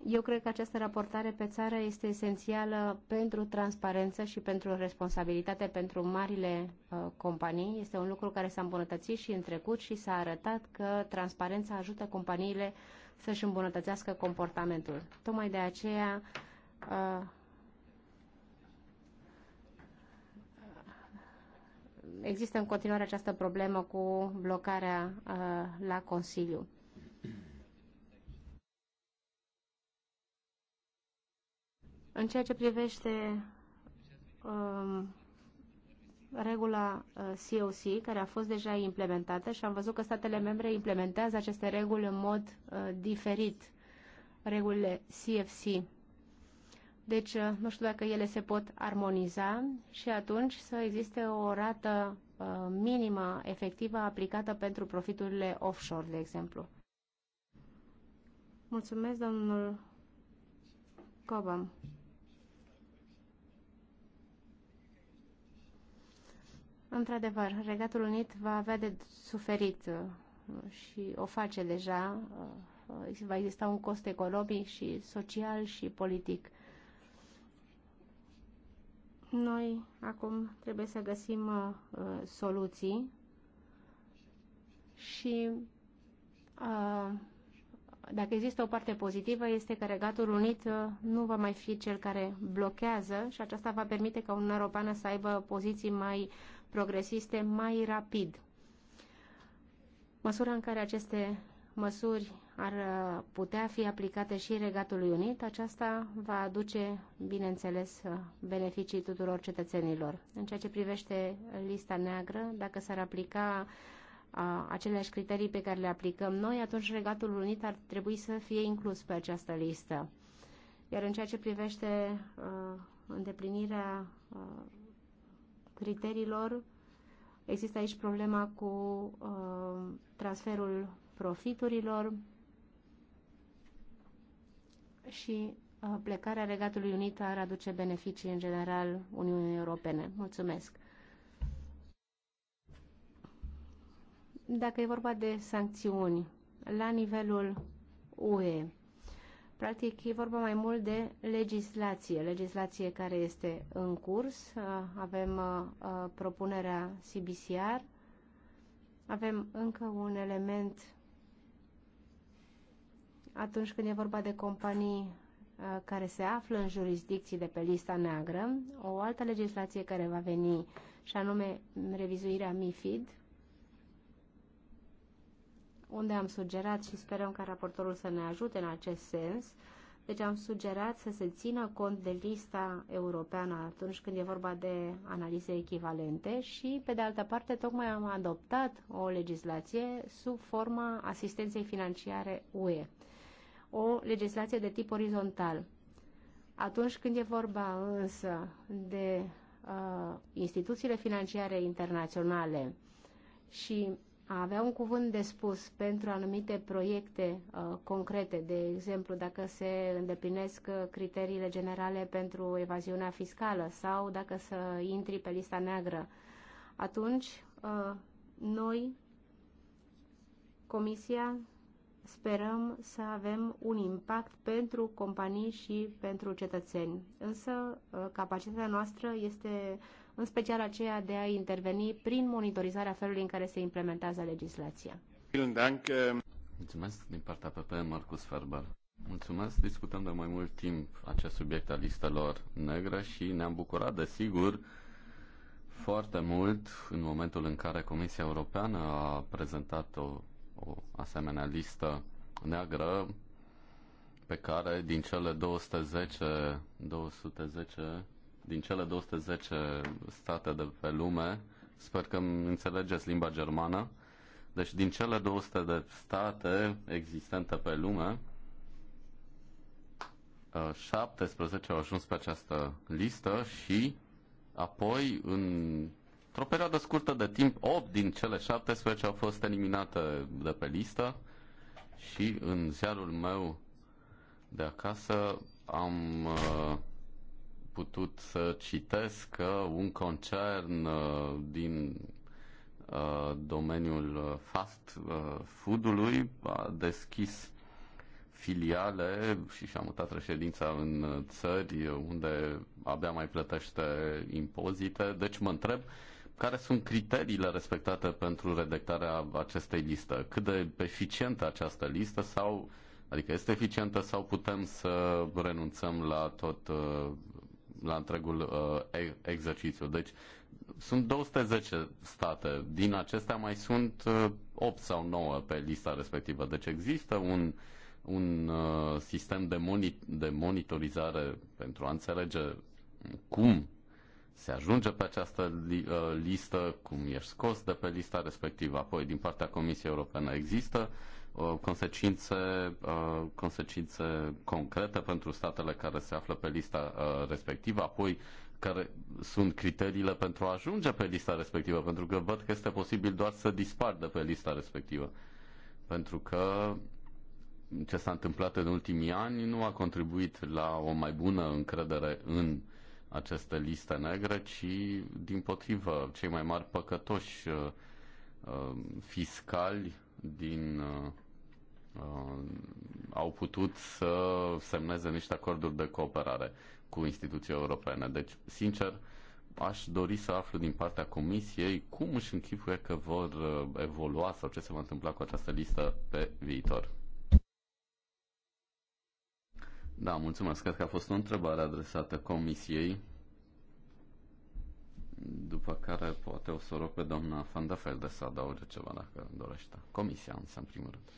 Eu cred că această raportare pe țară este esențială pentru transparență și pentru responsabilitate pentru marile uh, companii. Este un lucru care s-a îmbunătățit și în trecut și s-a arătat că transparența ajută companiile să-și îmbunătățească comportamentul. Tocmai de aceea uh, există în continuare această problemă cu blocarea uh, la Consiliu. În ceea ce privește um, regula COC, uh, care a fost deja implementată și am văzut că statele membre implementează aceste reguli în mod uh, diferit, regulile CFC. Deci, uh, nu știu dacă ele se pot armoniza și atunci să existe o rată uh, minimă efectivă aplicată pentru profiturile offshore, de exemplu. Mulțumesc, domnul Cobham. Într-adevăr, Regatul Unit va avea de suferit uh, și o face deja. Va exista un cost economic și social și politic. Noi acum trebuie să găsim uh, soluții și uh, dacă există o parte pozitivă este că Regatul Unit uh, nu va mai fi cel care blochează și aceasta va permite ca Uniunea Europeană să aibă poziții mai progresiste mai rapid. Măsura în care aceste măsuri ar uh, putea fi aplicate și Regatului Unit, aceasta va aduce, bineînțeles, uh, beneficii tuturor cetățenilor. În ceea ce privește lista neagră, dacă s-ar aplica uh, aceleași criterii pe care le aplicăm noi, atunci Regatul Unit ar trebui să fie inclus pe această listă. Iar în ceea ce privește uh, îndeplinirea uh, criteriilor, există aici problema cu uh, transferul profiturilor și uh, plecarea Regatului Unit ar aduce beneficii în general Uniunii Europene. Mulțumesc! Dacă e vorba de sancțiuni la nivelul UE, practic e vorba mai mult de legislație, legislație care este în curs. Uh, avem uh, propunerea CBCR, avem încă un element atunci când e vorba de companii uh, care se află în jurisdicții de pe lista neagră, o altă legislație care va veni, și anume revizuirea MIFID, unde am sugerat și sperăm ca raportorul să ne ajute în acest sens, deci am sugerat să se țină cont de lista europeană atunci când e vorba de analize echivalente și, pe de altă parte, tocmai am adoptat o legislație sub forma asistenței financiare UE o legislație de tip orizontal. Atunci când e vorba însă de uh, instituțiile financiare internaționale și a avea un cuvânt de spus pentru anumite proiecte uh, concrete, de exemplu, dacă se îndeplinesc uh, criteriile generale pentru evaziunea fiscală sau dacă să intri pe lista neagră, atunci uh, noi, Comisia sperăm să avem un impact pentru companii și pentru cetățeni. Însă, ă, capacitatea noastră este în special aceea de a interveni prin monitorizarea felului în care se implementează legislația. Ă. Mulțumesc din partea PP, Marcus Ferber. Mulțumesc, discutăm de mai mult timp acest subiect al listelor negre și ne-am bucurat, desigur, foarte mult în momentul în care Comisia Europeană a prezentat o o asemenea listă neagră pe care din cele 210, 210 din cele 210 state de pe lume, sper că înțelegeți limba germană, deci din cele 200 de state existente pe lume, 17 uh, au ajuns pe această listă și apoi în Într-o perioadă scurtă de timp, 8 din cele 17 au fost eliminate de pe listă și în ziarul meu de acasă am uh, putut să citesc că un concern uh, din uh, domeniul fast food-ului a deschis filiale și și-a mutat reședința în țări unde abia mai plătește impozite. Deci mă întreb care sunt criteriile respectate pentru redactarea acestei liste? Cât de eficientă această listă sau, adică este eficientă sau putem să renunțăm la tot, uh, la întregul uh, exercițiu? Deci sunt 210 state, din acestea mai sunt 8 uh, sau 9 pe lista respectivă. Deci există un, un uh, sistem de, moni- de monitorizare pentru a înțelege cum se ajunge pe această uh, listă, cum ești scos de pe lista respectivă. Apoi, din partea Comisiei Europene există uh, consecințe, uh, consecințe concrete pentru statele care se află pe lista respectivă, apoi care sunt criteriile pentru a ajunge pe lista respectivă, pentru că văd că este posibil doar să dispar de pe lista respectivă. Pentru că ce s-a întâmplat în ultimii ani nu a contribuit la o mai bună încredere în aceste liste negre, ci din potrivă cei mai mari păcătoși uh, uh, fiscali din uh, au putut să semneze niște acorduri de cooperare cu instituții europene. Deci, sincer, aș dori să aflu din partea Comisiei cum își închipuie că vor evolua sau ce se va întâmpla cu această listă pe viitor. Da, mulțumesc. Cred că a fost o întrebare adresată Comisiei, după care poate o să rog pe doamna Van de să adauge ceva dacă dorește. Comisia însă, în primul rând.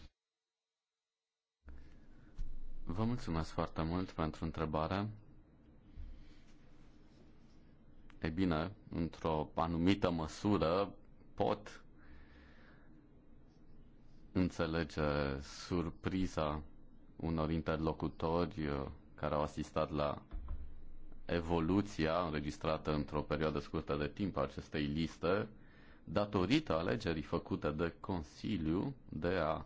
Vă mulțumesc foarte mult pentru întrebare. E bine, într-o anumită măsură pot înțelege surpriza unor interlocutori uh, care au asistat la evoluția înregistrată într-o perioadă scurtă de timp a acestei liste, datorită alegerii făcute de Consiliu de a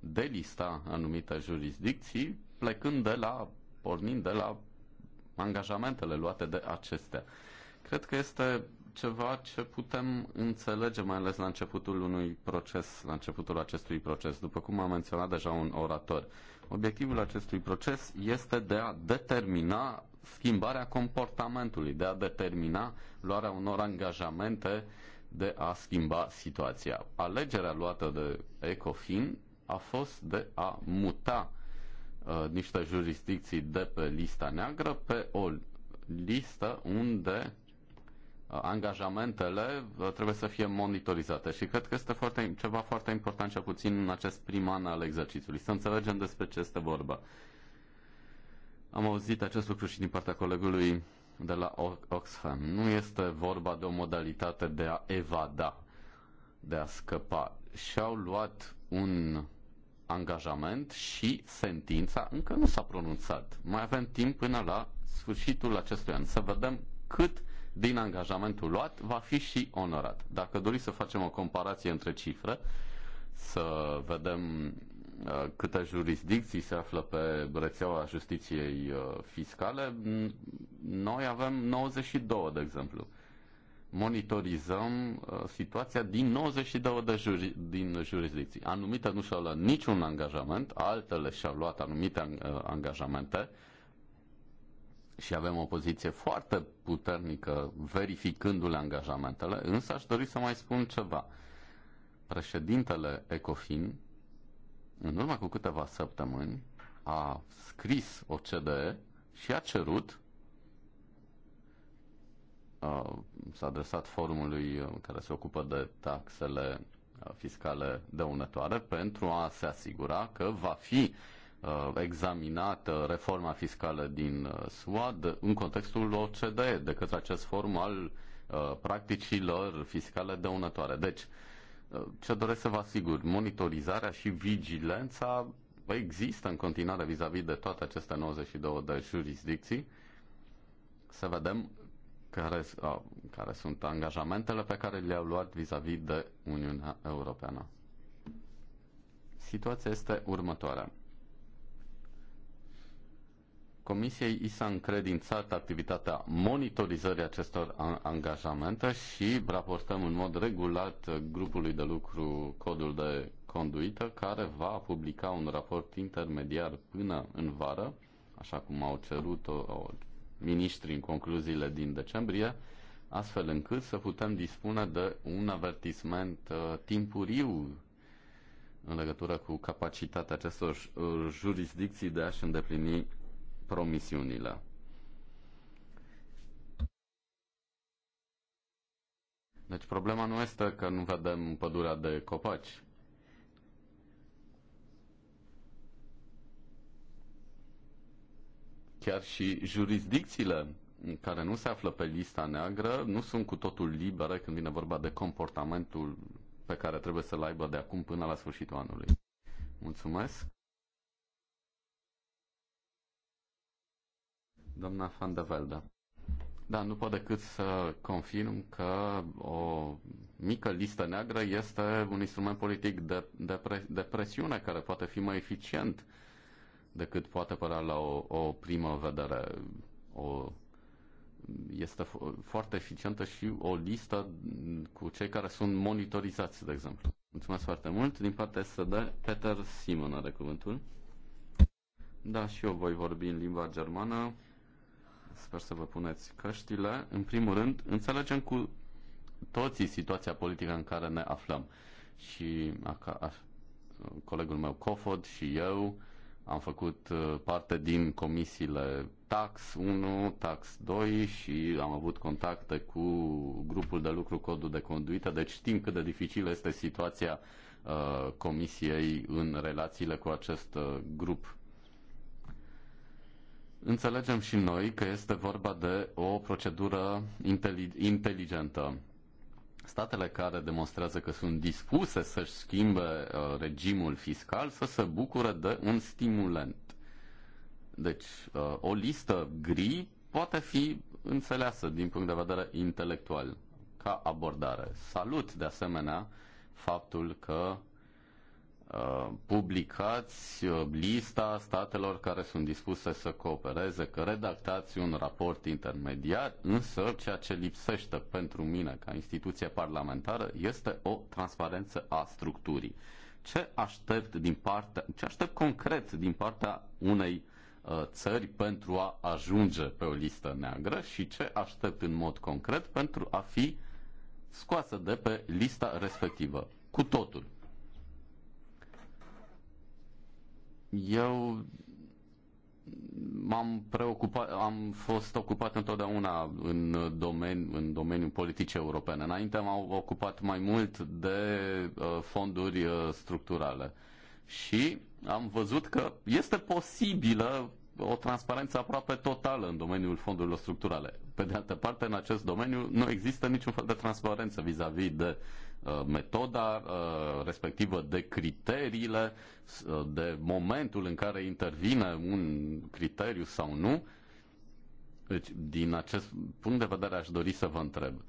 delista anumite jurisdicții, plecând de la, pornind de la angajamentele luate de acestea. Cred că este ceva ce putem înțelege, mai ales la începutul unui proces, la începutul acestui proces, după cum a menționat deja un orator. Obiectivul acestui proces este de a determina schimbarea comportamentului, de a determina luarea unor angajamente de a schimba situația. Alegerea luată de Ecofin a fost de a muta uh, niște jurisdicții de pe lista neagră pe o listă unde angajamentele uh, trebuie să fie monitorizate și cred că este foarte, ceva foarte important, cel puțin în acest prim an al exercițiului, să înțelegem despre ce este vorba. Am auzit acest lucru și din partea colegului de la Oxfam. Nu este vorba de o modalitate de a evada, de a scăpa. Și-au luat un angajament și sentința încă nu s-a pronunțat. Mai avem timp până la sfârșitul acestui an să vedem cât din angajamentul luat va fi și onorat. Dacă doriți să facem o comparație între cifre, să vedem uh, câte jurisdicții se află pe rețeaua justiției uh, fiscale, noi avem 92, de exemplu. Monitorizăm uh, situația din 92 de juri, din jurisdicții. Anumite nu și-au luat niciun angajament, altele și-au luat anumite angajamente și avem o poziție foarte puternică verificându-le angajamentele, însă aș dori să mai spun ceva. Președintele Ecofin, în urmă cu câteva săptămâni, a scris o CDE și a cerut s-a adresat forumului care se ocupă de taxele fiscale dăunătoare pentru a se asigura că va fi uh, Uh, examinată reforma fiscală din uh, SUA în contextul OCDE de către acest forum al uh, practicilor fiscale dăunătoare. Deci, ce doresc să vă asigur, monitorizarea și vigilența există în continuare vis-a-vis -vis de toate aceste 92 de jurisdicții. Să vedem care, care sunt angajamentele pe care le-au luat vis-a-vis -vis de Uniunea Europeană. Situația este următoarea. Comisiei i s-a încredințat activitatea monitorizării acestor angajamente și raportăm în mod regulat grupului de lucru codul de conduită care va publica un raport intermediar până în vară, așa cum au cerut-o în concluziile din decembrie, astfel încât să putem dispune de un avertisment uh, timpuriu în legătură cu capacitatea acestor uh, jurisdicții de a-și îndeplini promisiunile. Deci problema nu este că nu vedem pădurea de copaci. Chiar și jurisdicțiile care nu se află pe lista neagră nu sunt cu totul libere când vine vorba de comportamentul pe care trebuie să-l aibă de acum până la sfârșitul anului. Mulțumesc! Doamna Van de Velde. Da, nu pot decât să confirm că o mică listă neagră este un instrument politic de, de, pre, de presiune care poate fi mai eficient decât poate părea la o, o primă vedere. O, este fo- foarte eficientă și o listă cu cei care sunt monitorizați, de exemplu. Mulțumesc foarte mult. Din partea SD, Peter Simon are cuvântul. Da, și eu voi vorbi în limba germană sper să vă puneți căștile. În primul rând, înțelegem cu toții situația politică în care ne aflăm. Și a, a, colegul meu Cofod și eu am făcut uh, parte din comisiile Tax 1, Tax 2 și am avut contacte cu grupul de lucru Codul de Conduită, deci știm cât de dificilă este situația uh, comisiei în relațiile cu acest uh, grup Înțelegem și noi că este vorba de o procedură inteligentă. Statele care demonstrează că sunt dispuse să-și schimbe uh, regimul fiscal să se bucure de un stimulent. Deci, uh, o listă gri poate fi înțeleasă din punct de vedere intelectual ca abordare. Salut, de asemenea, faptul că Uh, publicați uh, lista statelor care sunt dispuse să coopereze, că redactați un raport intermediar, însă ceea ce lipsește pentru mine ca instituție parlamentară este o transparență a structurii. Ce aștept, din partea, ce aștept concret din partea unei uh, țări pentru a ajunge pe o listă neagră și ce aștept în mod concret pentru a fi scoasă de pe lista respectivă. Cu totul. Eu m-am preocupat, am fost ocupat întotdeauna în, domeni, în domeniul politice europene. Înainte m-am ocupat mai mult de uh, fonduri uh, structurale. Și am văzut că este posibilă o transparență aproape totală în domeniul fondurilor structurale. Pe de altă parte, în acest domeniu nu există niciun fel de transparență vis-a-vis -vis de uh, Uh, metoda uh, respectivă, de criteriile, uh, de momentul în care intervine un criteriu sau nu. Deci, din acest punct de vedere, aș dori să vă întreb.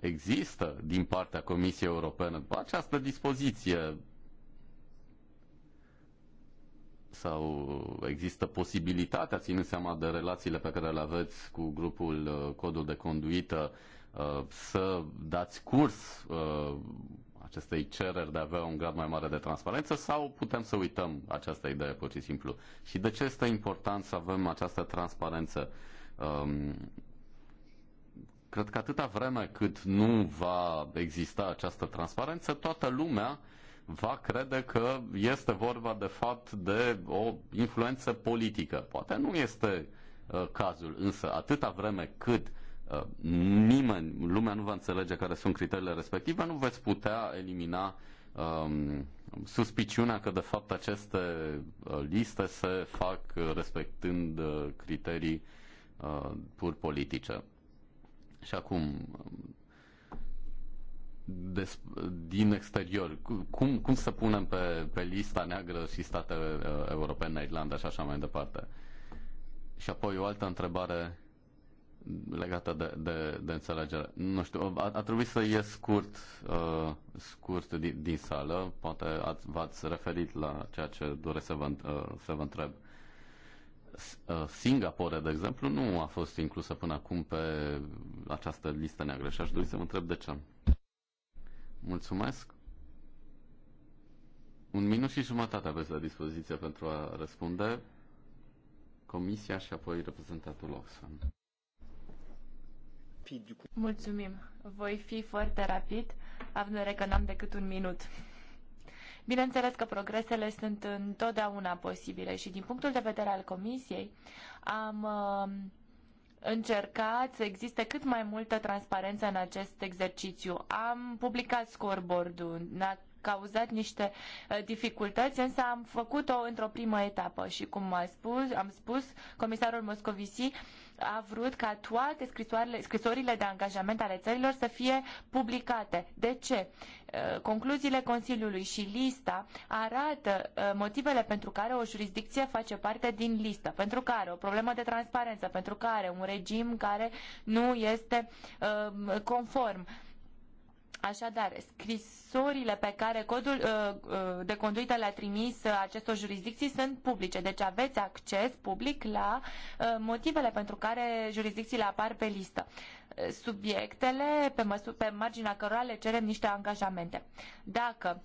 Există din partea Comisiei Europene această dispoziție sau există posibilitatea, ținând seama de relațiile pe care le aveți cu grupul Codul de Conduită, Uh, să dați curs uh, acestei cereri de a avea un grad mai mare de transparență sau putem să uităm această idee pur și simplu? Și de ce este important să avem această transparență? Um, cred că atâta vreme cât nu va exista această transparență, toată lumea va crede că este vorba de fapt de o influență politică. Poate nu este uh, cazul, însă atâta vreme cât Uh, nimeni, lumea nu va înțelege care sunt criteriile respective, nu veți putea elimina um, suspiciunea că de fapt aceste uh, liste se fac respectând uh, criterii uh, pur politice. Și acum, um, des, din exterior, cum, cum să punem pe, pe lista neagră și statele uh, europene, Irlanda și așa mai departe? Și apoi o altă întrebare legată de, de, de înțelegere. Nu știu, a, a trebuit să ies scurt, uh, scurt din, din sală, poate ați, v-ați referit la ceea ce doresc să vă, uh, să vă întreb. Uh, Singapore, de exemplu, nu a fost inclusă până acum pe această listă neagră și aș dori să vă întreb de ce. Mulțumesc. Un minut și jumătate aveți la dispoziție pentru a răspunde Comisia și apoi reprezentatul Oxfam. Mulțumim. Voi fi foarte rapid, având în că n-am decât un minut. Bineînțeles că progresele sunt întotdeauna posibile și din punctul de vedere al Comisiei am uh, încercat să existe cât mai multă transparență în acest exercițiu. Am publicat scoreboard-ul, cauzat niște uh, dificultăți, însă am făcut-o într-o primă etapă și, cum a spus, am spus, comisarul Moscovici a vrut ca toate scrisorile de angajament ale țărilor să fie publicate. De ce? Uh, concluziile Consiliului și lista arată uh, motivele pentru care o jurisdicție face parte din listă, pentru care o problemă de transparență, pentru care un regim care nu este conform. Uh, Așadar, scrisorile pe care codul uh, uh, de conduită le-a trimis uh, acestor jurisdicții sunt publice, deci aveți acces public la motivele pentru care jurisdicțiile apar pe listă subiectele pe, măsu- pe marginea cărora le cerem niște angajamente. Dacă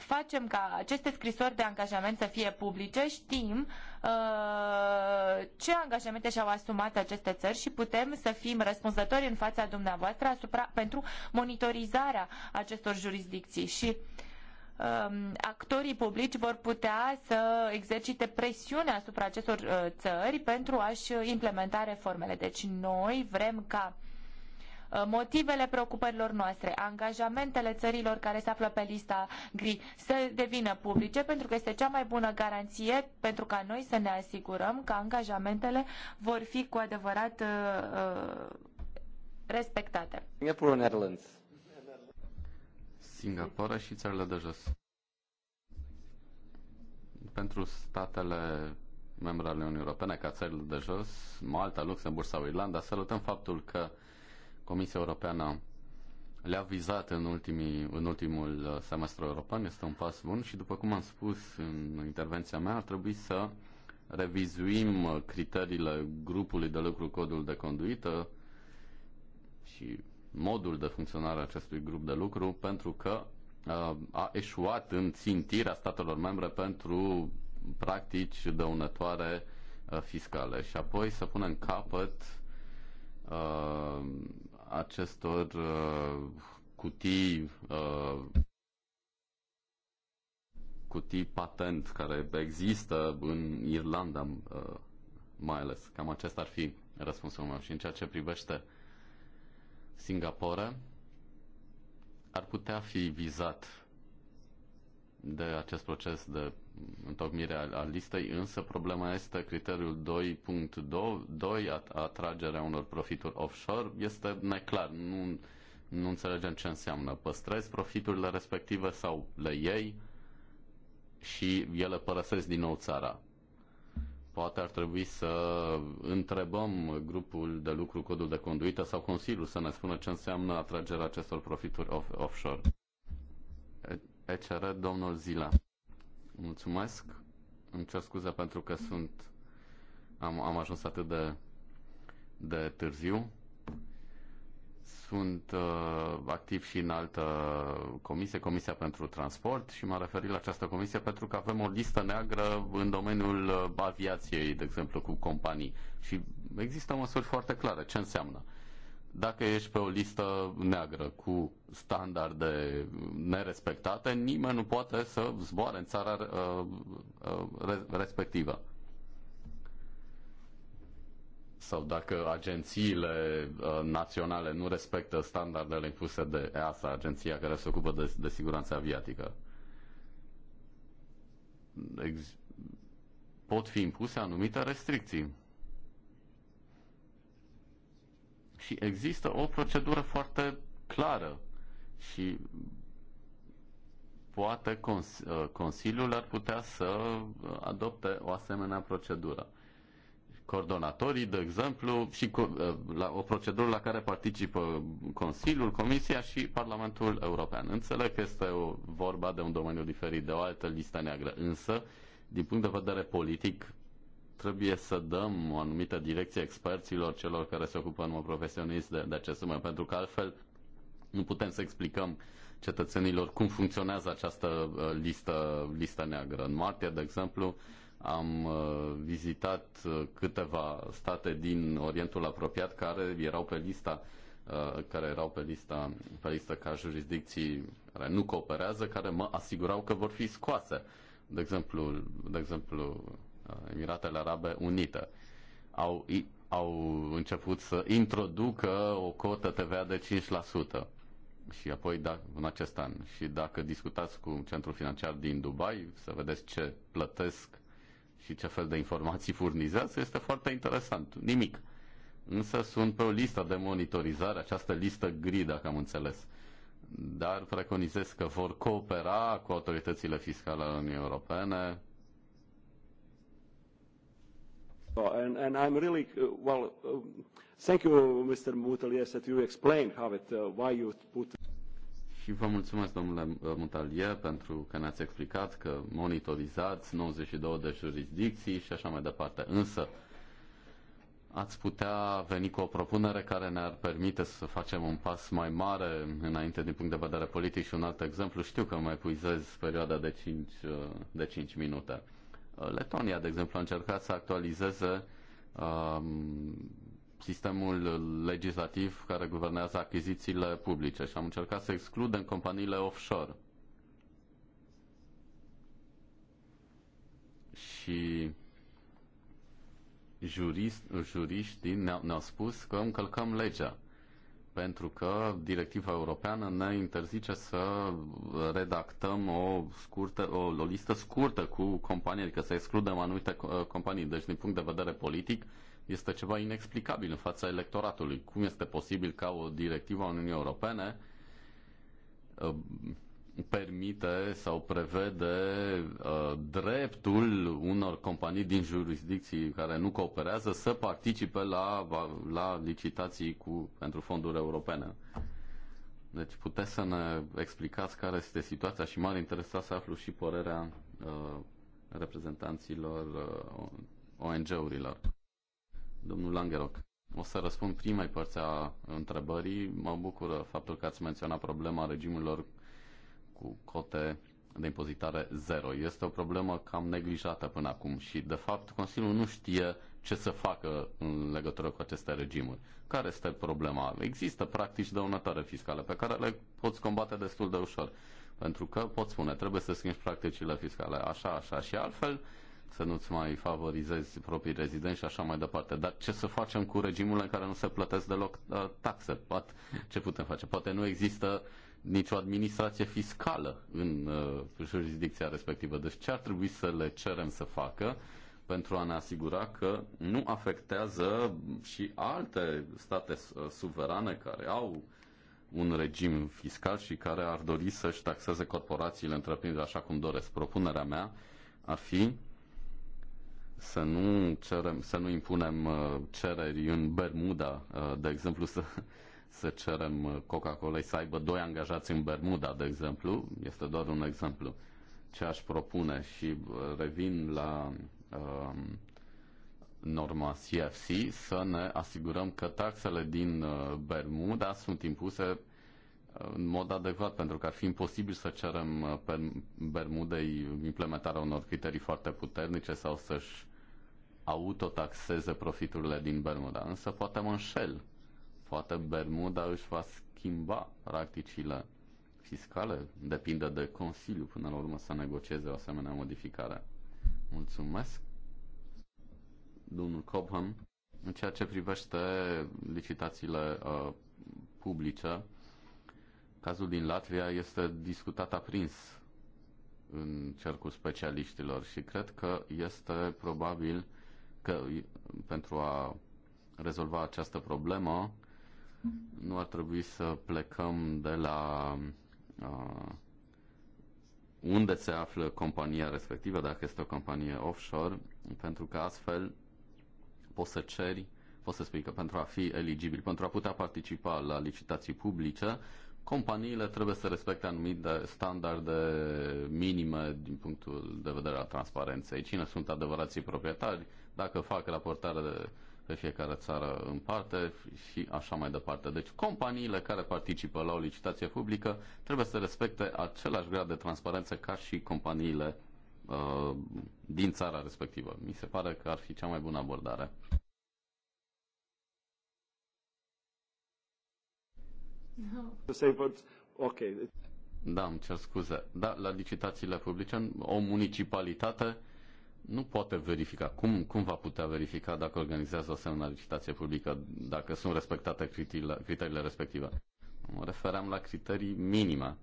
facem ca aceste scrisori de angajament să fie publice, știm uh, ce angajamente și-au asumat aceste țări și putem să fim răspunzători în fața dumneavoastră asupra, pentru monitorizarea acestor jurisdicții și um, actorii publici vor putea să exercite presiune asupra acestor uh, țări pentru a-și implementa reformele. Deci noi vrem ca uh, Uh, motivele preocupărilor noastre, angajamentele țărilor care se află pe lista gri să devină publice, pentru că este cea mai bună garanție pentru ca noi să ne asigurăm că angajamentele vor fi cu adevărat uh, uh, respectate. Singapore, Netherlands. Singapore și țările de jos. Pentru statele membre ale Uniunii Europene, ca țările de jos, Malta, Luxemburg sau Irlanda, salutăm faptul că Comisia Europeană le-a vizat în, ultimii, în ultimul uh, semestru european, este un pas bun și, după cum am spus în intervenția mea, ar trebui să revizuim uh, criteriile grupului de lucru, codul de conduită și modul de funcționare a acestui grup de lucru, pentru că uh, a eșuat în țintirea statelor membre pentru practici dăunătoare fiscale și apoi să punem capăt acestor uh, cutii uh, cutii patent care există în Irlanda uh, mai ales. Cam acesta ar fi răspunsul meu. Și în ceea ce privește Singapore, ar putea fi vizat de acest proces de întocmire a, a listei, însă problema este criteriul 2.2, atragerea unor profituri offshore, este neclar. Nu, nu înțelegem ce înseamnă. Păstrezi profiturile respective sau le iei și ele părăsesc din nou țara. Poate ar trebui să întrebăm grupul de lucru, codul de conduită sau Consiliul să ne spună ce înseamnă atragerea acestor profituri off- offshore. ECR, domnul Zila. Mulțumesc. Îmi cer scuze pentru că sunt am, am ajuns atât de, de târziu. Sunt uh, activ și în altă comisie, Comisia pentru Transport, și m-am referit la această comisie pentru că avem o listă neagră în domeniul uh, aviației, de exemplu, cu companii. Și există măsuri foarte clare ce înseamnă. Dacă ești pe o listă neagră cu standarde nerespectate, nimeni nu poate să zboare în țara uh, uh, respectivă sau dacă agențiile uh, naționale nu respectă standardele impuse de EASA, agenția care se ocupă de, de siguranța aviatică, pot fi impuse anumite restricții. Și există o procedură foarte clară și poate cons- uh, Consiliul ar putea să uh, adopte o asemenea procedură. Coordonatorii, de exemplu, și cu, uh, la, o procedură la care participă Consiliul, Comisia și Parlamentul European. Înțeleg că este o, vorba de un domeniu diferit de o altă listă neagră, însă, din punct de vedere politic, trebuie să dăm o anumită direcție experților, celor care se ocupă în mod profesionist de, de acest sumă, pentru că altfel nu putem să explicăm cetățenilor cum funcționează această uh, listă, listă neagră. În martie, de exemplu, am uh, vizitat uh, câteva state din Orientul apropiat care erau pe lista care erau pe lista, pe lista ca jurisdicții care nu cooperează, care mă asigurau că vor fi scoase. De exemplu, de exemplu Emiratele Arabe Unite. Au, au început să introducă o cotă TVA de 5% și apoi da, în acest an. Și dacă discutați cu centrul financiar din Dubai, să vedeți ce plătesc și ce fel de informații furnizează, este foarte interesant. Nimic. Însă sunt pe o listă de monitorizare, această listă gri, dacă am înțeles. Dar preconizez că vor coopera cu autoritățile fiscale ale Uniunii Europene Oh, and, and I'm really, uh, well, uh, thank you, Mr. Mutalier, that you explained how it, uh, why you put... Și vă mulțumesc, domnule uh, Mutalier, pentru că ne-ați explicat că monitorizați 92 de jurisdicții și așa mai departe. Însă, ați putea veni cu o propunere care ne-ar permite să facem un pas mai mare înainte din punct de vedere politic și un alt exemplu. Știu că mai puizez perioada de 5, uh, de 5 minute. Uh, Letonia, de exemplu, a încercat să actualizeze um, sistemul legislativ care guvernează achizițiile publice și am încercat să excludem companiile offshore. Și jurist, juriștii ne-au, ne spus că încălcăm legea pentru că directiva europeană ne interzice să redactăm o, scurtă, o, o listă scurtă cu companii, adică să excludem anumite companii. Deci, din punct de vedere politic, este ceva inexplicabil în fața electoratului. Cum este posibil ca o directivă a Uniunii Europene permite sau prevede uh, dreptul unor companii din jurisdicții care nu cooperează să participe la, la licitații cu, pentru fonduri europene. Deci puteți să ne explicați care este situația și m-ar interesa să aflu și părerea uh, reprezentanților uh, ONG-urilor. Domnul Langeroc, o să răspund primei părți a întrebării. Mă bucură faptul că ați menționat problema regimurilor cu cote de impozitare zero. Este o problemă cam neglijată până acum și, de fapt, Consiliul nu știe ce să facă în legătură cu aceste regimuri. Care este problema? Există practici dăunătoare fiscale pe care le poți combate destul de ușor. Pentru că, pot spune, trebuie să schimbi practicile fiscale așa, așa și altfel, să nu-ți mai favorizezi proprii rezidenți și așa mai departe. Dar ce să facem cu regimurile în care nu se plătesc deloc uh, taxe? Ce putem face? Poate nu există uh, nicio administrație fiscală în uh, jurisdicția respectivă. Deci ce ar trebui să le cerem să facă pentru a ne asigura că nu afectează și alte state uh, suverane care au un regim fiscal și care ar dori să-și taxeze corporațiile întreprinderi așa cum doresc. Propunerea mea ar fi să nu, cerem, să nu impunem uh, cereri în Bermuda, uh, de exemplu, să, să cerem uh, Coca-Cola să aibă doi angajați în Bermuda, de exemplu, este doar un exemplu. Ce aș propune și uh, revin la uh, norma CFC, să ne asigurăm că taxele din uh, Bermuda sunt impuse în mod adecvat, pentru că ar fi imposibil să cerem pe Bermudei implementarea unor criterii foarte puternice sau să-și autotaxeze profiturile din Bermuda. Însă poate mă înșel Poate Bermuda își va schimba practicile fiscale, depinde de Consiliu până la urmă să negocieze o asemenea modificare. Mulțumesc. Domnul Cobham, în ceea ce privește licitațiile uh, publice, cazul din Latvia este discutat aprins în cercul specialiștilor și cred că este probabil că pentru a rezolva această problemă nu ar trebui să plecăm de la uh, unde se află compania respectivă, dacă este o companie offshore, pentru că astfel poți să ceri, poți să spui că pentru a fi eligibil, pentru a putea participa la licitații publice, companiile trebuie să respecte anumite standarde minime din punctul de vedere al transparenței. Cine sunt adevărații proprietari, dacă fac raportare de pe fiecare țară în parte și așa mai departe. Deci companiile care participă la o licitație publică trebuie să respecte același grad de transparență ca și companiile uh, din țara respectivă. Mi se pare că ar fi cea mai bună abordare. No. Da, îmi cer scuze. Da, la licitațiile publice, o municipalitate nu poate verifica. Cum, cum va putea verifica dacă organizează o asemenea licitație publică, dacă sunt respectate criteriile, criteriile respective? Mă referam la criterii minime.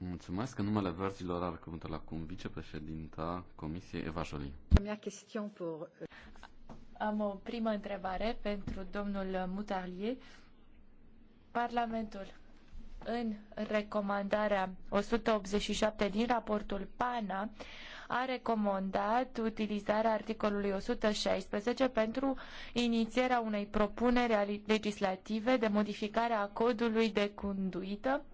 Mulțumesc. În numele verzilor are cuvântul acum vicepreședinta Comisiei Eva Jolie. Am o primă întrebare pentru domnul Mutarlier. Parlamentul în recomandarea 187 din raportul PANA a recomandat utilizarea articolului 116 pentru inițierea unei propuneri legislative de modificare a codului de conduită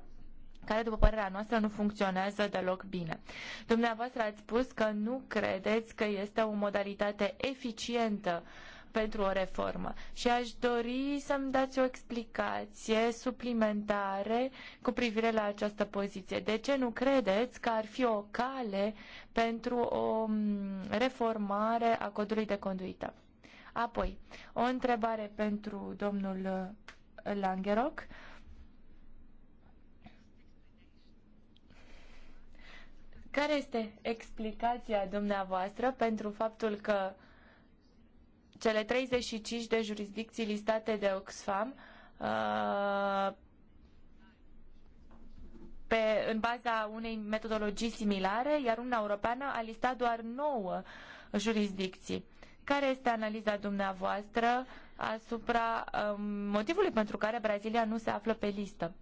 care, după părerea noastră, nu funcționează deloc bine. Dumneavoastră ați spus că nu credeți că este o modalitate eficientă uh, pentru o reformă. Și aș dori să-mi dați o explicație suplimentare cu privire la această poziție. De ce nu credeți că ar fi o cale pentru o mm, reformare a codului de conduită? Apoi, o întrebare pentru domnul Langeroc. Care este explicația dumneavoastră pentru faptul că cele 35 de jurisdicții listate de Oxfam uh, pe, în baza unei metodologii similare, iar Uniunea Europeană a listat doar 9 jurisdicții. Care este analiza dumneavoastră asupra um, motivului pentru care Brazilia nu se află pe listă?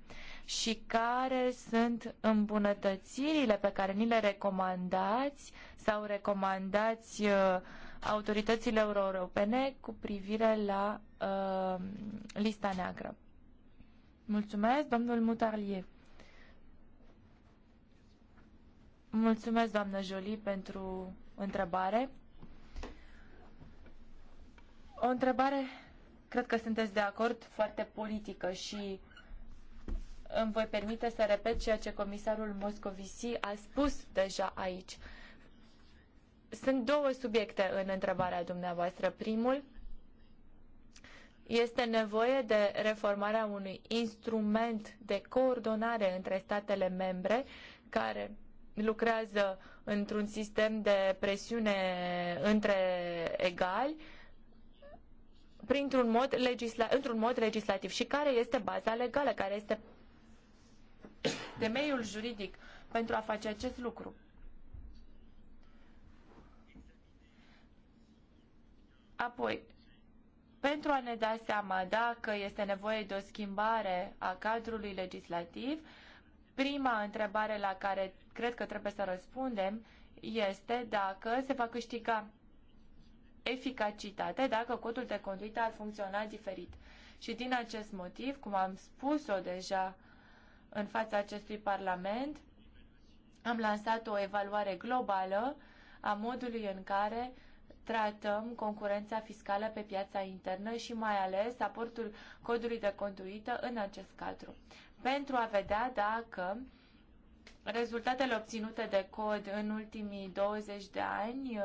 Și care sunt îmbunătățirile pe care ni le recomandați sau recomandați uh, autoritățile euro-europene cu privire la uh, lista neagră. Mulțumesc, domnul Mutarlier. Mulțumesc, doamnă Jolie, pentru întrebare. O întrebare, cred că sunteți de acord, foarte politică și îmi voi permite să repet ceea ce comisarul Moscovici a spus deja aici. Uh, sunt două subiecte în întrebarea dumneavoastră. Primul este nevoie de reformarea unui instrument de coordonare între statele membre care lucrează într-un sistem de presiune între egali printr-un mod, legisla- într-un mod legislativ și care este baza legală, care este temeiul juridic pentru a face acest lucru. Apoi, pentru a ne da seama dacă este nevoie de o schimbare a cadrului legislativ, prima întrebare la care cred că trebuie să răspundem este dacă se va câștiga eficacitate, dacă codul de conduită ar funcționa diferit. Și din acest motiv, cum am spus-o deja în fața acestui Parlament, am lansat o evaluare globală a modului în care tratăm concurența fiscală pe piața internă și mai ales aportul codului de conduită în acest cadru, pentru a vedea dacă rezultatele obținute de cod în ultimii 20 de ani, uh,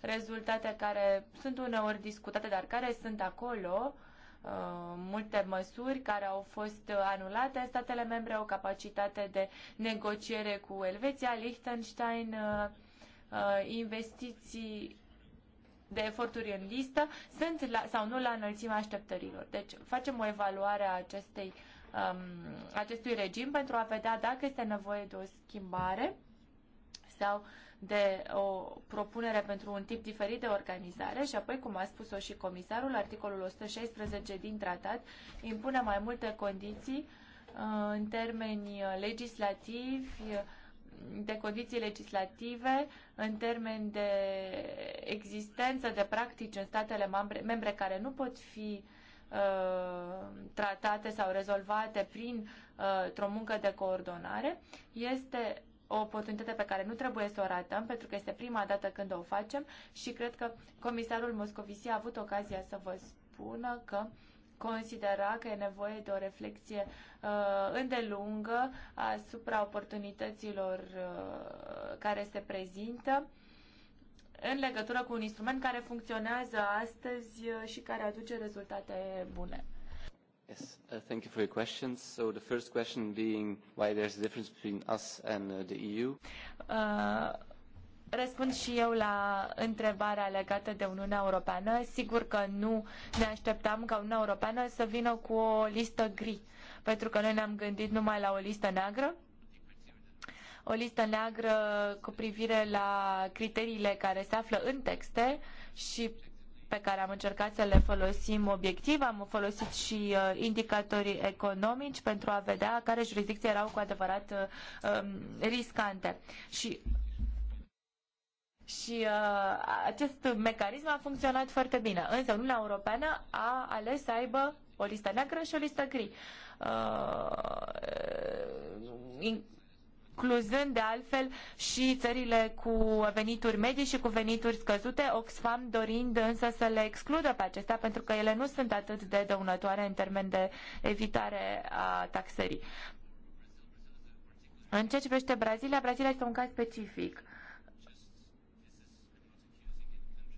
rezultate care sunt uneori discutate, dar care sunt acolo, uh, multe măsuri care au fost anulate în statele membre, o capacitate de negociere cu Elveția, Liechtenstein, uh, investiții de eforturi în listă sunt la, sau nu la înălțimea așteptărilor. Deci facem o evaluare a acestei, um, acestui regim pentru a vedea dacă este nevoie de o schimbare sau de o propunere pentru un tip diferit de organizare și apoi, cum a spus-o și comisarul, articolul 116 din tratat impune mai multe condiții uh, în termeni uh, legislativi, uh, de condiții legislative în termen de existență de practici în statele membre care nu pot fi uh, tratate sau rezolvate prin uh, o muncă de coordonare, este o oportunitate pe care nu trebuie să o ratăm, pentru că este prima dată când o facem și cred că comisarul Moscovici a avut ocazia să vă spună că uh, considera că e nevoie de o reflexie uh, îndelungă asupra oportunităților uh, care se prezintă în legătură cu un instrument care funcționează astăzi uh, și care aduce rezultate bune. Yes, uh, thank you for your questions. So the first question being why there's a difference between us and uh, the EU. Uh, Răspund și eu la întrebarea legată de Uniunea Europeană. Sigur că nu ne așteptam ca Uniunea Europeană să vină cu o listă gri, pentru că noi ne-am gândit numai la o listă neagră, o listă neagră cu privire la criteriile care se află în texte și pe care am încercat să le folosim obiectiv. Am folosit și uh, indicatorii economici pentru a vedea care jurisdicții erau cu adevărat uh, um, riscante. Și și uh, acest mecanism a funcționat foarte bine. Însă Uniunea Europeană a ales să aibă o listă neagră și o listă gri. Uh, incluzând de altfel și țările cu venituri medii și cu venituri scăzute, Oxfam dorind însă să le excludă pe acestea pentru că ele nu sunt atât de dăunătoare în termen de evitare a taxării. În ceea ce privește Brazilia, Brazilia este un caz specific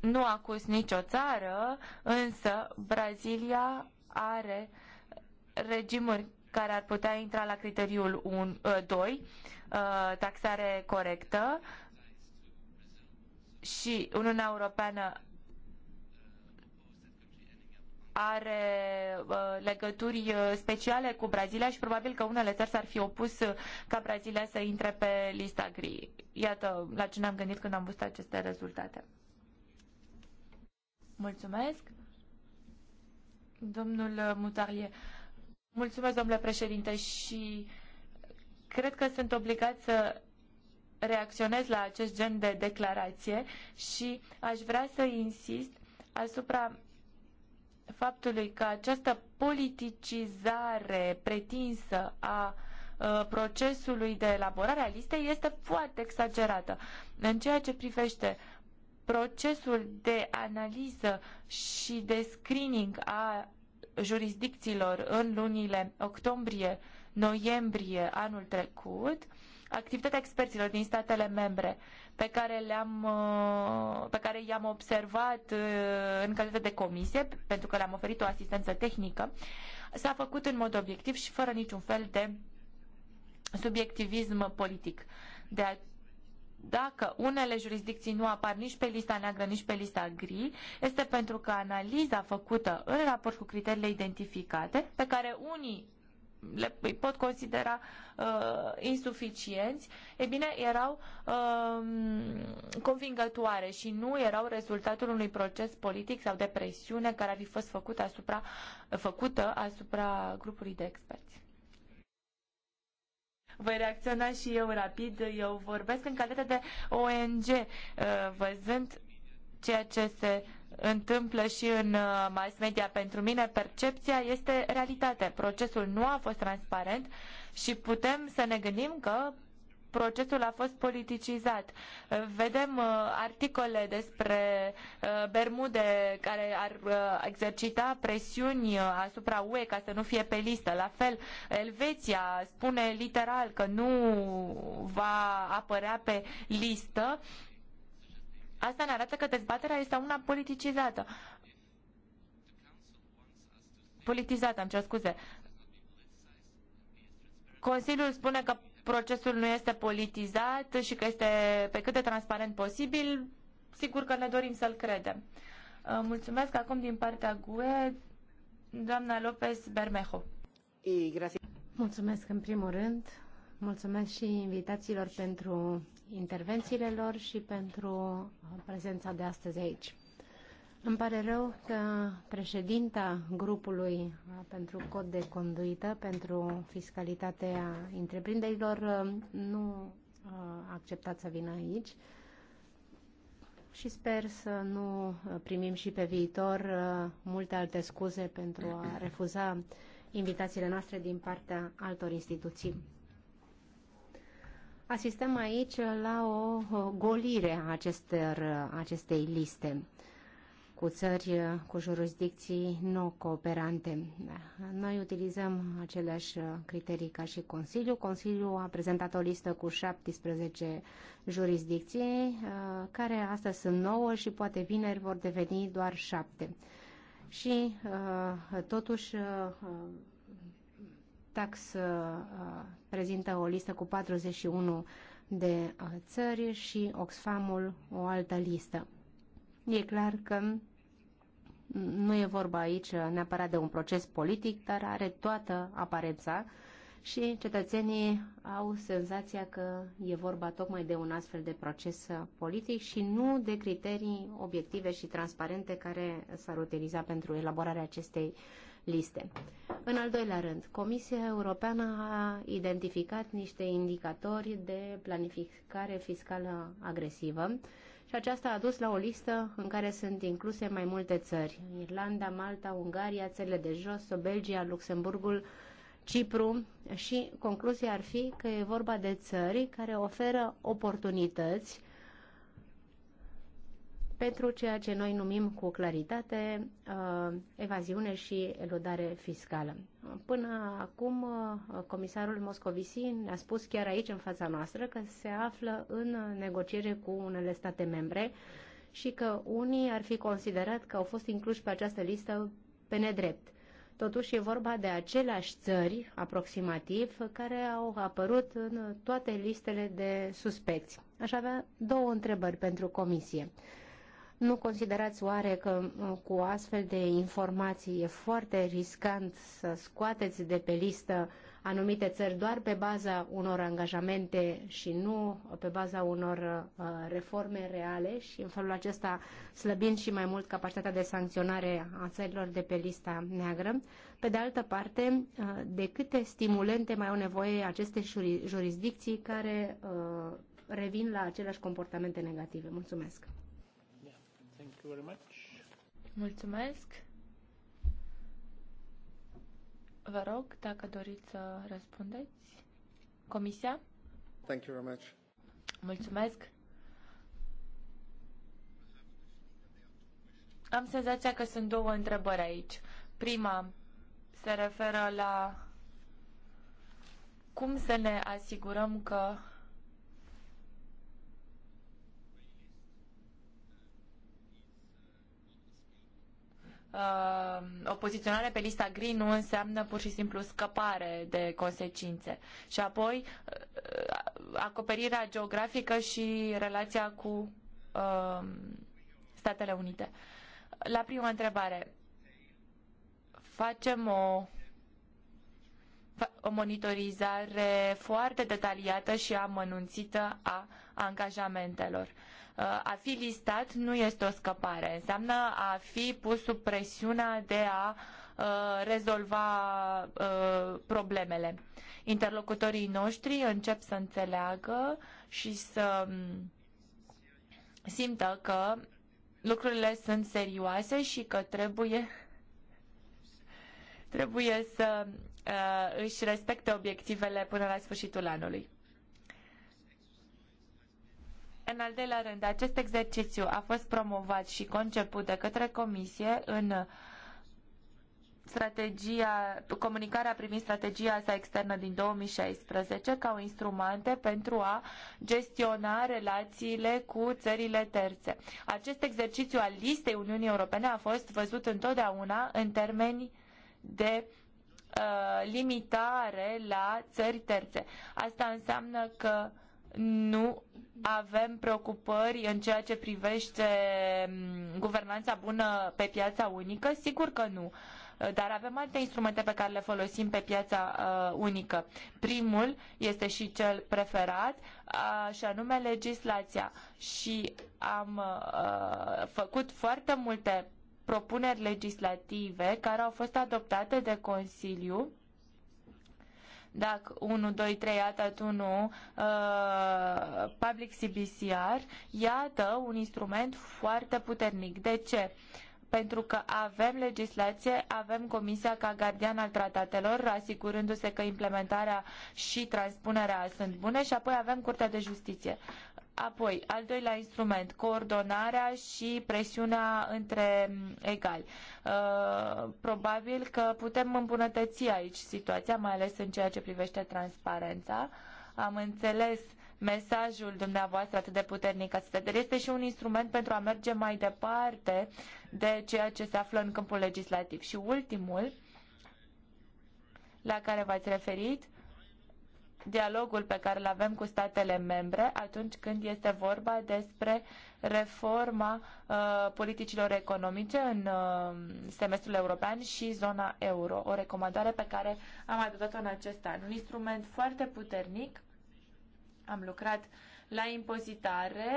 nu a cus nicio țară, însă Brazilia are regimuri care ar putea intra la criteriul 1, 2, ă, ă, taxare corectă și Uniunea Europeană are ă, legături speciale cu Brazilia și probabil că unele țări s-ar fi opus ca Brazilia să intre pe lista gri. Iată la ce ne-am gândit când am văzut aceste rezultate. Mulțumesc. Domnul Mutarie, mulțumesc, domnule președinte, și cred că sunt obligat să reacționez la acest gen de declarație și aș vrea să insist asupra faptului că această politicizare pretinsă a ă, procesului de elaborare a listei este foarte exagerată. În ceea ce privește uh, procesul de analiză și de screening a jurisdicțiilor în lunile octombrie-noiembrie anul trecut, activitatea experților din statele membre pe care, le-am, uh, pe care i-am observat uh, în calitate de comisie, pentru că le-am oferit o asistență tehnică, s-a făcut în mod obiectiv și fără niciun fel de subiectivism politic. De dacă unele jurisdicții nu apar nici pe lista neagră, nici pe lista gri, este pentru că analiza făcută în raport cu criteriile identificate, pe care unii le îi pot considera uh, insuficienți, e bine, erau uh, convingătoare și nu erau rezultatul unui proces politic sau de presiune care ar fi fost făcut asupra, făcută asupra grupului de experți. Voi reacționa și eu rapid. Eu vorbesc în calitate de ONG, uh, văzând ceea ce se întâmplă și în uh, mass media. Pentru mine, percepția este realitate. Procesul nu a fost transparent și putem să ne gândim că procesul a fost politicizat. Vedem uh, articole despre uh, Bermude care ar uh, exercita presiuni asupra UE ca să nu fie pe listă. La fel, Elveția spune literal că nu va apărea pe listă. Asta ne arată că dezbaterea este una politicizată. Politizată, am cer scuze. Consiliul spune că procesul nu este politizat și că este pe cât de transparent posibil, sigur că ne dorim să-l credem. Uh, mulțumesc acum din partea GUE, doamna Lopez Bermejo. Mulțumesc în primul rând, mulțumesc și invitațiilor pentru intervențiile lor și pentru prezența de astăzi aici. Îmi pare rău că președinta grupului pentru cod de conduită, pentru fiscalitatea întreprinderilor, nu a acceptat să vină aici și sper să nu primim și pe viitor multe alte scuze pentru a refuza invitațiile noastre din partea altor instituții. Asistăm aici la o golire a acestor, acestei liste cu țări uh, cu jurisdicții nu cooperante. Noi utilizăm aceleași uh, criterii ca și Consiliul. Consiliul a prezentat o listă cu 17 jurisdicții, uh, care astăzi sunt 9 și poate vineri vor deveni doar 7. Și totuși Tax prezintă o listă cu 41 de țări și Oxfamul o altă listă. E clar că nu e vorba aici neapărat de un proces politic, dar are toată aparența și cetățenii au senzația că e vorba tocmai de un astfel de proces politic și nu de criterii obiective și transparente care s-ar utiliza pentru elaborarea acestei liste. În al doilea rând, Comisia Europeană a identificat niște indicatori de planificare fiscală agresivă și aceasta a dus la o listă în care sunt incluse mai multe țări. Irlanda, Malta, Ungaria, țările de jos, Belgia, Luxemburgul, Cipru și concluzia ar fi că e vorba de țări care oferă oportunități pentru ceea ce noi numim cu claritate uh, evaziune și eludare fiscală. Până acum, uh, comisarul Moscovici ne-a spus chiar aici, în fața noastră, că se află în negociere cu unele state membre și că unii ar fi considerat că au fost incluși pe această listă pe nedrept. Totuși e vorba de aceleași țări, aproximativ, care au apărut în toate listele de suspecți. Aș avea două întrebări pentru comisie. Nu considerați oare că uh, cu astfel de informații e foarte riscant să scoateți de pe listă anumite țări doar pe baza unor angajamente și nu pe baza unor uh, reforme reale și în felul acesta slăbind și mai mult capacitatea de sancționare a țărilor de pe lista neagră. Pe de altă parte, uh, de câte stimulente mai au nevoie aceste jurisdicții care revin la aceleași comportamente negative? Mulțumesc! you very much. Mulțumesc. Vă rog, dacă doriți să răspundeți. Comisia? Thank you very much. Mulțumesc. Am senzația că sunt două întrebări aici. Prima se referă la cum să ne asigurăm că Uh, o poziționare pe lista green nu înseamnă pur și simplu scăpare de consecințe. Și apoi uh, acoperirea geografică și relația cu uh, Statele Unite. La prima întrebare, facem o, o monitorizare foarte detaliată și amănunțită a angajamentelor. Uh, a fi listat nu este o scăpare, înseamnă a fi pus sub presiunea de a rezolva problemele. Interlocutorii noștri încep să înțeleagă și să simtă că lucrurile sunt serioase și că trebuie trebuie să uh, își respecte obiectivele până la sfârșitul anului. În al doilea rând, acest exercițiu a fost promovat și conceput de către Comisie în strategia, comunicarea privind strategia sa externă din 2016 ca o instrumente pentru a gestiona relațiile cu țările terțe. Acest exercițiu al listei Uniunii Europene a fost văzut întotdeauna în termeni de uh, limitare la țări terțe. Asta înseamnă că nu avem preocupări în ceea ce privește mm, guvernanța bună pe piața unică? Sigur că nu. Dar avem alte instrumente pe care le folosim pe piața uh, unică. Primul este și cel preferat, uh, și anume legislația. Și am uh, făcut foarte multe propuneri legislative care au fost adoptate de Consiliu DAC 1, 2, 3, ATAT 1, uh, Public CBCR, iată un instrument foarte puternic. De ce? pentru că avem legislație, avem Comisia ca gardian al tratatelor, asigurându-se că implementarea și transpunerea sunt bune și apoi avem Curtea de Justiție. Apoi, al doilea instrument, coordonarea și presiunea între egali. Uh, probabil că putem îmbunătăți aici situația, mai ales în ceea ce privește transparența. Am înțeles mesajul dumneavoastră atât de puternic astăzi, dar este și un instrument pentru a merge mai departe de ceea ce se află în câmpul legislativ. Și ultimul, la care v-ați referit, dialogul pe care îl avem cu statele membre atunci când este vorba despre reforma uh, politicilor economice în uh, semestrul european și zona euro. O recomandare pe care am adoptat-o în acest an. Un instrument foarte puternic am lucrat la impozitare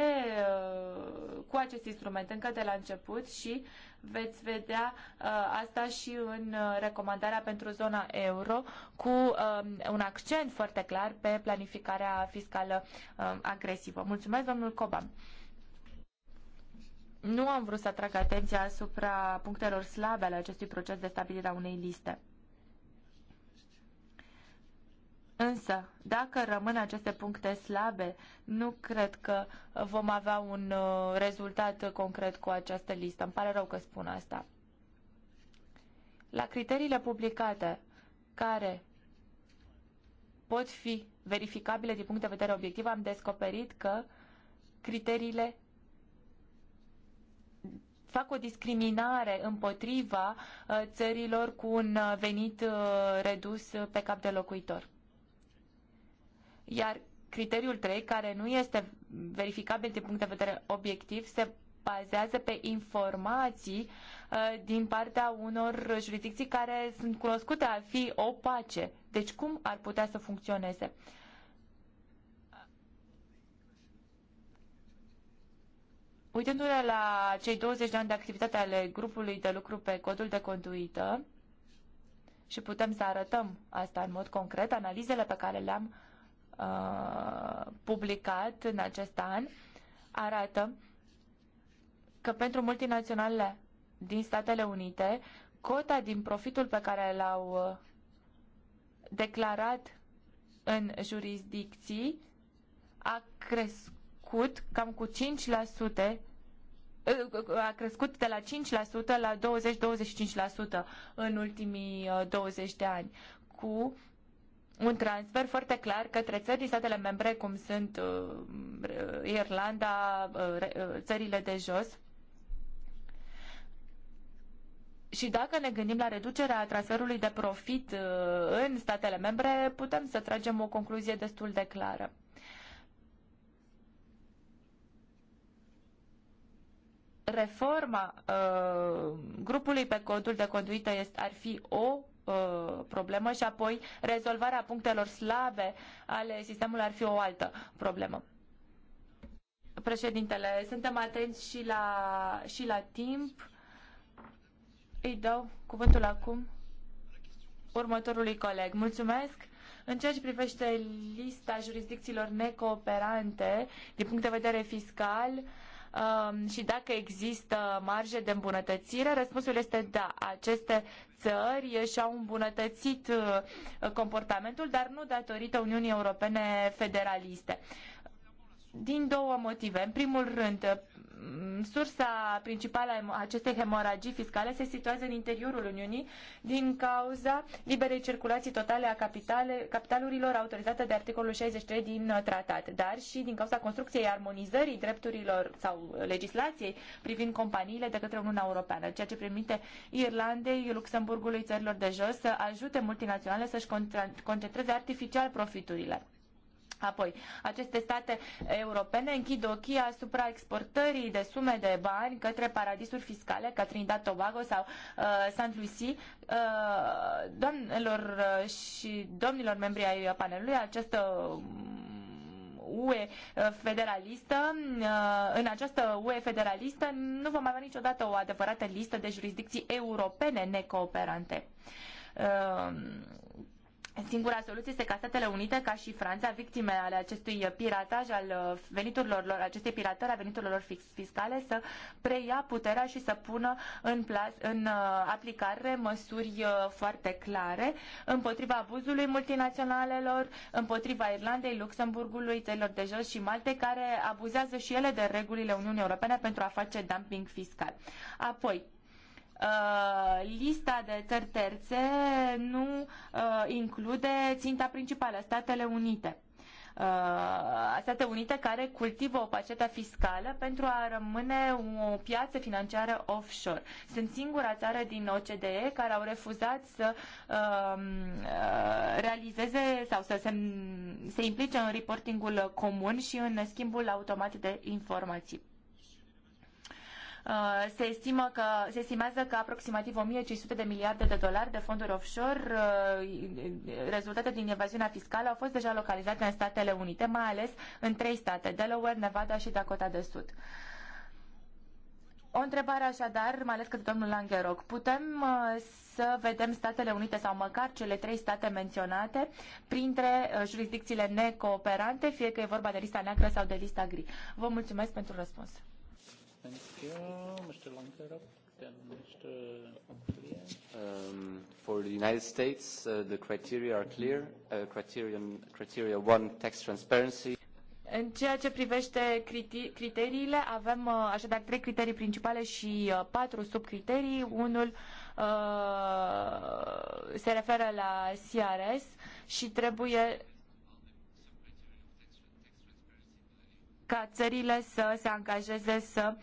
uh, cu acest instrument încă de la început și veți vedea uh, asta și în uh, recomandarea pentru zona euro cu un accent foarte clar pe planificarea fiscală agresivă. Mulțumesc, domnul Coban. Nu am vrut să atrag atenția asupra punctelor slabe ale acestui proces de stabilire a unei liste. Însă, dacă rămân aceste puncte slabe, nu cred că vom avea un uh, rezultat concret cu această listă. Îmi pare rău că spun asta. La criteriile publicate, care pot fi verificabile din punct de vedere obiectiv, am descoperit că criteriile fac o discriminare împotriva uh, țărilor cu un uh, venit redus pe cap de locuitor. Iar criteriul 3, care nu este verificabil din punct de vedere obiectiv, se bazează pe informații uh, din partea unor jurisdicții care sunt cunoscute a fi opace. Deci cum ar putea să funcționeze? Uitându-ne la cei 20 de ani de activitate ale grupului de lucru pe codul de conduită, și putem să arătăm asta în mod concret, analizele pe care le-am uh, Uh, publicat în acest an arată că pentru multinaționalele din Statele Unite, cota din profitul pe care l-au uh, declarat în jurisdicții a crescut cam cu 5%, uh, a crescut de la 5% la 20-25% în ultimii 20 de ani, cu un transfer foarte clar către țări din statele membre, cum sunt uh, Irlanda, uh, uh, țările de jos. Și dacă ne gândim la reducerea transferului de profit în statele membre, putem să tragem o concluzie destul de clară. Reforma uh, grupului pe codul de conduită este, ar fi o Uh, problemă și apoi rezolvarea punctelor slabe ale sistemului ar fi o altă problemă. Președintele, suntem atenți și la, și la timp. Îi dau cuvântul acum următorului coleg. Mulțumesc! În ceea ce privește lista jurisdicțiilor necooperante din punct de vedere fiscal, uh, Um, și dacă există marge de îmbunătățire? Răspunsul este da. Aceste țări și-au îmbunătățit uh, comportamentul, dar nu datorită Uniunii Europene federaliste. Din două motive. În primul rând, Mm, sursa principală a acestei hemoragii fiscale se situează în interiorul Uniunii din cauza liberei circulații totale a capitale, capitalurilor autorizată de articolul 63 din uh, tratat, dar și din cauza construcției armonizării drepturilor sau uh, legislației privind companiile de către Uniunea Europeană, ceea ce permite Irlandei, Luxemburgului, țărilor de jos să ajute multinaționale să-și concentreze artificial profiturile. Apoi, aceste state europene închid ochii asupra exportării de sume de bani către paradisuri fiscale ca Trinidad Tobago sau uh, St. Lucie. Uh, doamnelor uh, și domnilor membri ai panelului, această UE um, uh, federalistă, uh, în această UE federalistă nu vom avea niciodată o adevărată listă de jurisdicții europene necooperante Singura soluție este ca Statele Unite, ca și Franța, victime ale acestui pirataj al uh, veniturilor lor, acestei piratări a veniturilor lor fiscale, să preia puterea și să pună în, plas, în uh, aplicare măsuri uh, foarte clare împotriva abuzului multinaționalelor, împotriva Irlandei, Luxemburgului, țărilor de jos și Malte, care abuzează și ele de regulile Uniunii Europene pentru a face dumping fiscal. Apoi, Uh, lista de țări terțe nu uh, include ținta principală, Statele Unite. Uh, State Unite care cultivă o pacetă fiscală pentru a rămâne o piață financiară offshore. Sunt singura țară din OCDE care au refuzat să um, uh, realizeze sau să se, se implice în reportingul comun și în schimbul automat de informații. Uh, se, estimă că, se estimează că aproximativ 1500 de miliarde de dolari de fonduri offshore uh, rezultate din evaziunea fiscală au fost deja localizate în Statele Unite, mai ales în trei state, Delaware, Nevada și Dakota de Sud. O întrebare așadar, mai ales către domnul Langeroc. Putem uh, să vedem Statele Unite sau măcar cele trei state menționate printre jurisdicțiile necooperante, fie că e vorba de lista neagră sau de lista gri. Vă mulțumesc pentru răspuns. Mr. Lankerop. Then Mr. Um, for the United States, uh, the criteria are clear. Uh, criterion, criteria one, tax transparency. În ceea ce privește criteri criteriile, avem uh, așadar trei criterii principale și uh, patru subcriterii. Unul uh, se referă la CRS și trebuie ca țările să se angajeze să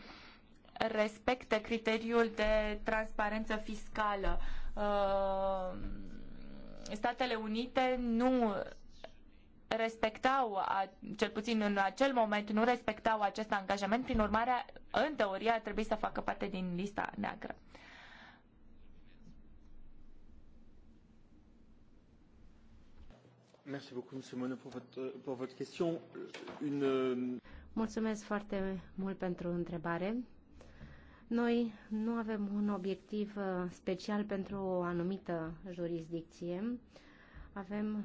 respecte criteriul de transparență fiscală. Uh, Statele Unite nu respectau, cel puțin în acel moment, nu respectau acest angajament, prin urmare, în teorie, ar trebui să facă parte din lista neagră. Merci beaucoup, Monsieur Monod, pour votre, pour votre question. Une... Euh, Mulțumesc foarte mult pentru întrebare. Noi nu avem un obiectiv uh, special pentru o anumită jurisdicție. Avem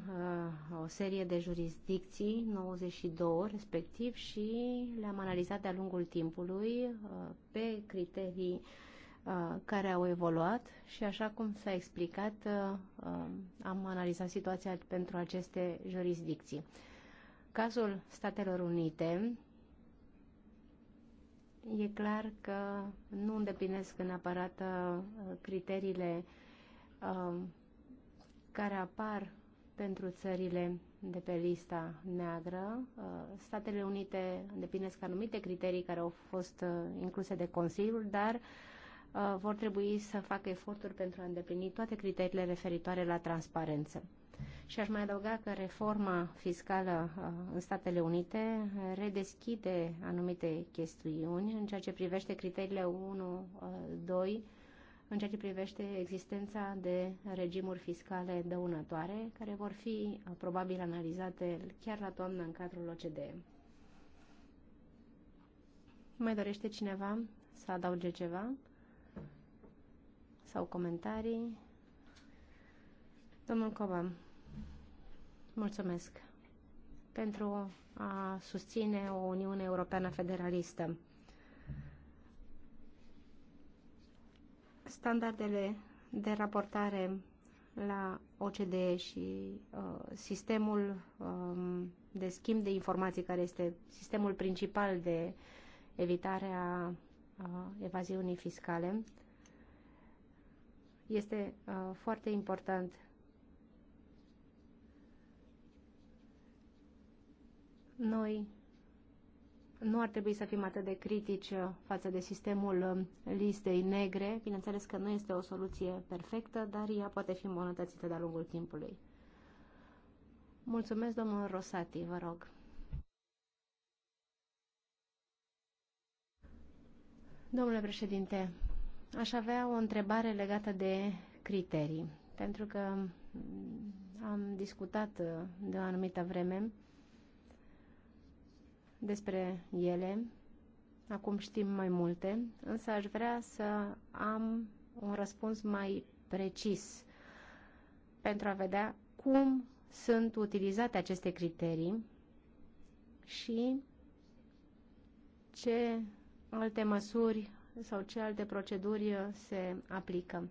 uh, o serie de jurisdicții, 92 respectiv, și le-am analizat de-a lungul timpului uh, pe criterii uh, Uh, care au evoluat și așa cum s-a explicat, uh, uh, am analizat situația pentru aceste jurisdicții. Cazul Statelor Unite e clar că nu îndeplinesc neapărat criteriile care apar pentru țările de pe lista neagră. Statele Unite îndeplinesc anumite criterii care au fost incluse de Consiliul, dar uh, Uh, vor trebui să facă eforturi pentru a îndeplini toate criteriile referitoare la transparență. Și aș mai adăuga că reforma fiscală uh, în Statele Unite redeschide anumite chestiuni în ceea ce privește criteriile 1, 2, uh, în ceea ce privește existența de regimuri fiscale dăunătoare, care vor fi probabil analizate chiar la toamnă în cadrul OCDE. Mai dorește cineva să adauge ceva? sau comentarii? Domnul Coban, mulțumesc pentru a susține o Uniune Europeană Federalistă. Standardele de raportare la OCDE și uh, sistemul uh, de schimb de informații, care este sistemul principal de evitare a uh, evaziunii fiscale, este uh, foarte important. Noi nu ar trebui să fim atât de critici uh, față de sistemul um, listei negre. Bineînțeles că nu este o soluție perfectă, dar ea poate fi îmbunătățită de-a lungul timpului. Mulțumesc, domnul Rosati, vă rog. Domnule președinte, aș avea o întrebare legată de criterii, pentru că mm, am discutat uh, de o anumită vreme despre ele. Acum știm mai multe, însă aș vrea să am un răspuns mai precis pentru a vedea cum sunt utilizate aceste criterii și ce alte măsuri sau ce alte proceduri uh, se aplică.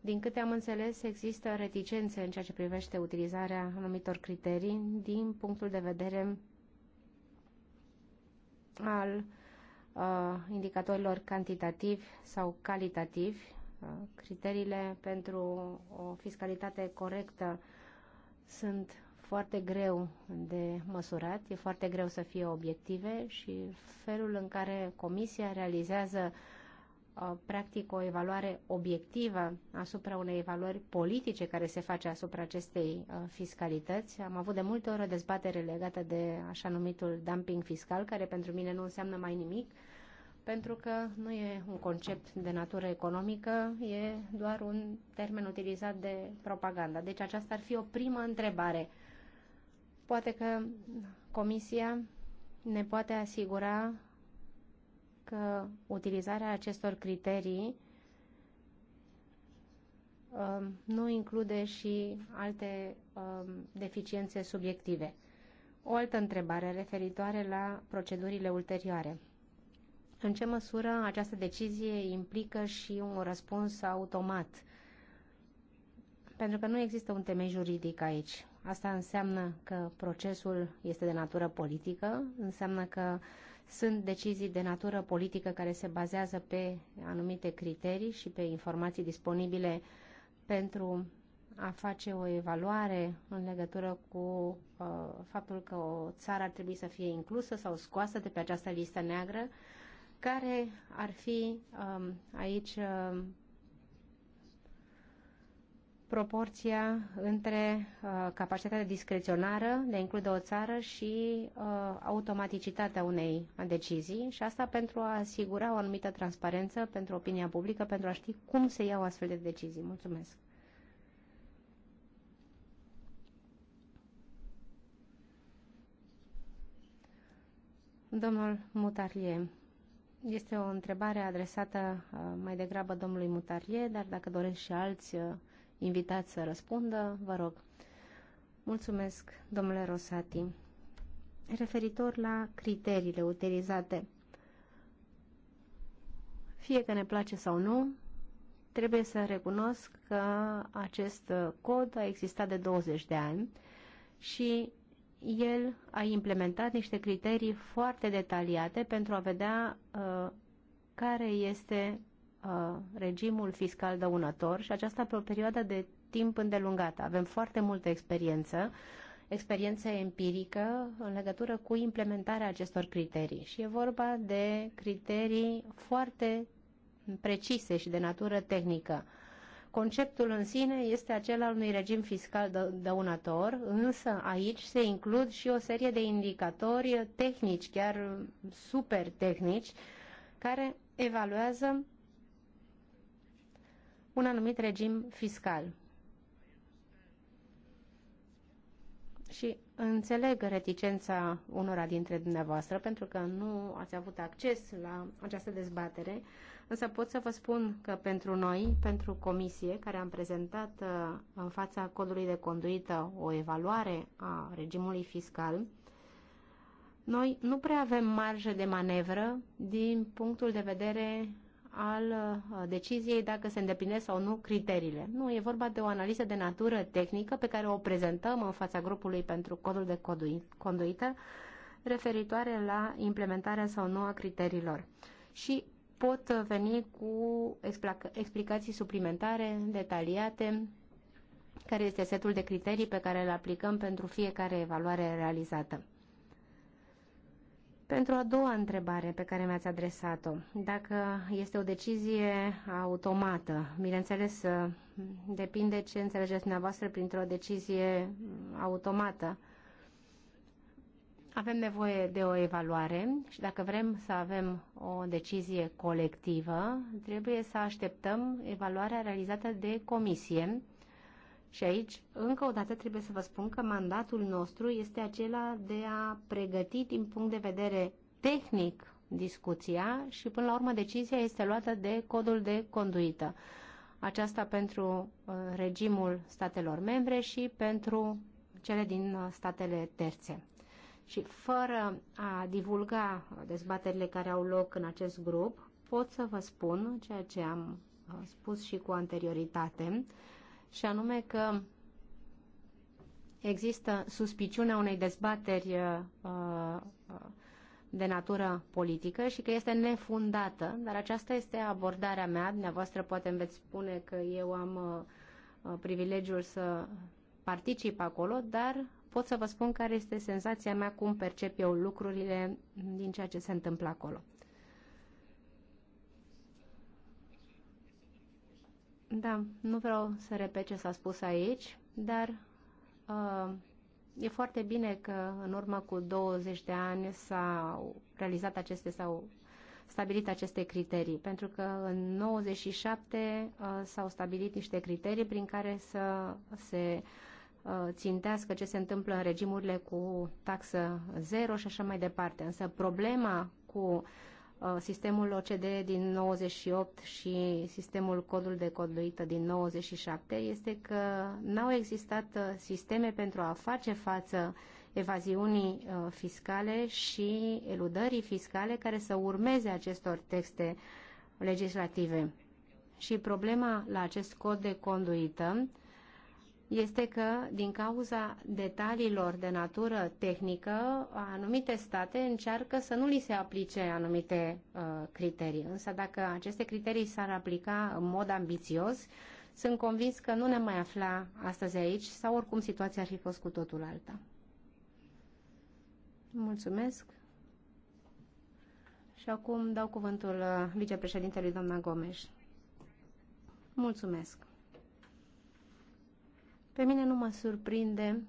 Din câte am înțeles, există reticențe în ceea ce privește utilizarea anumitor criterii din punctul de vedere al uh, indicatorilor cantitativi sau calitativi, uh, criteriile pentru o fiscalitate corectă sunt foarte greu de măsurat, e foarte greu să fie obiective și felul în care comisia realizează uh, practic o evaluare obiectivă asupra unei evaluări politice care se face asupra acestei uh, fiscalități. Am avut de multe ori o dezbatere legată de așa numitul dumping fiscal, care pentru mine nu înseamnă mai nimic, pentru că nu e un concept de natură economică, e doar un termen utilizat de propaganda. Deci aceasta ar fi o primă întrebare. Poate că Comisia ne poate asigura că utilizarea acestor criterii um, nu include și alte um, deficiențe subiective. O altă întrebare referitoare la procedurile ulterioare. În ce măsură această decizie implică și un răspuns automat pentru că nu există un temei juridic aici. Asta înseamnă că procesul este de natură politică, înseamnă că sunt decizii de natură politică care se bazează pe anumite criterii și pe informații disponibile pentru a face o evaluare în legătură cu uh, faptul că o țară ar trebui să fie inclusă sau scoasă de pe această listă neagră, care ar fi um, aici uh, proporția între uh, capacitatea discreționară de a include o țară și uh, automaticitatea unei decizii și asta pentru a asigura o anumită transparență pentru opinia publică, pentru a ști cum se iau astfel de decizii. Mulțumesc! Domnul Mutarie, este o întrebare adresată uh, mai degrabă domnului Mutarie, dar dacă doresc și alți uh, invitat să răspundă, vă rog. Mulțumesc, domnule Rosati. Referitor la criteriile utilizate, fie că ne place sau nu, trebuie să recunosc că acest cod a existat de 20 de ani și el a implementat niște criterii foarte detaliate pentru a vedea uh, care este uh, regimul fiscal dăunător și aceasta pe o perioadă de timp îndelungată. Avem foarte multă experiență, experiență empirică în legătură cu implementarea acestor criterii și e vorba de criterii foarte precise și de natură tehnică. Conceptul în sine este acela al unui regim fiscal dăunător, însă aici se includ și o serie de indicatori tehnici, chiar super tehnici, care evaluează un anumit regim fiscal. Și înțeleg reticența unora dintre dumneavoastră, pentru că nu ați avut acces la această dezbatere, însă pot să vă spun că pentru noi, pentru comisie, care am prezentat uh, în fața codului de conduită o evaluare a regimului fiscal, noi nu prea avem marjă de manevră din punctul de vedere al uh, deciziei dacă se îndeplinesc sau nu criteriile. Nu, e vorba de o analiză de natură tehnică pe care o prezentăm în fața grupului pentru codul de conduită referitoare la implementarea sau nu a criteriilor. Și pot uh, veni cu explicații suplimentare, detaliate, care este setul de criterii pe care le aplicăm pentru fiecare evaluare realizată. Pentru a doua întrebare pe care mi-ați adresat-o, dacă este o decizie automată, bineînțeles, depinde ce înțelegeți dumneavoastră printr-o decizie automată. Avem nevoie de o evaluare și dacă vrem să avem o decizie colectivă, trebuie să așteptăm evaluarea realizată de comisie și aici, încă o dată, trebuie să vă spun că mandatul nostru este acela de a pregăti din punct de vedere tehnic discuția și, până la urmă, decizia este luată de codul de conduită. Aceasta pentru uh, regimul statelor membre și pentru cele din uh, statele terțe. Și fără a divulga dezbaterile care au loc în acest grup, pot să vă spun ceea ce am uh, spus și cu anterioritate, uh, și anume că există suspiciunea unei dezbateri uh, uh, de natură politică și că este nefundată, dar aceasta este abordarea mea. Dumneavoastră poate îmi veți spune că eu am uh, privilegiul să particip acolo, dar pot să vă spun care este senzația mea, cum percep eu lucrurile din ceea ce se întâmplă acolo. Da, nu vreau să repet ce s-a spus aici, dar uh, e foarte bine că în urmă cu 20 de ani s-au realizat aceste sau stabilit aceste criterii, pentru că în 97 uh, s-au stabilit niște criterii prin care să se uh, țintească ce se întâmplă în regimurile cu taxă zero și așa mai departe. Însă problema cu uh, Uh, sistemul OCD din 98 și sistemul codul de conduită din 97 este că n-au existat uh, sisteme pentru a face față evaziunii uh, fiscale și eludării fiscale care să urmeze acestor texte legislative. Și problema la acest cod de conduită este că, din cauza detaliilor de natură tehnică, anumite state încearcă să nu li se aplice anumite uh, criterii. Însă, dacă aceste criterii s-ar aplica în mod ambițios, sunt convins că nu ne mai afla astăzi aici sau oricum situația ar fi fost cu totul alta. Mulțumesc. Și acum dau cuvântul uh, vicepreședintelui doamna Gomes. Mulțumesc. Pe mine nu mă surprinde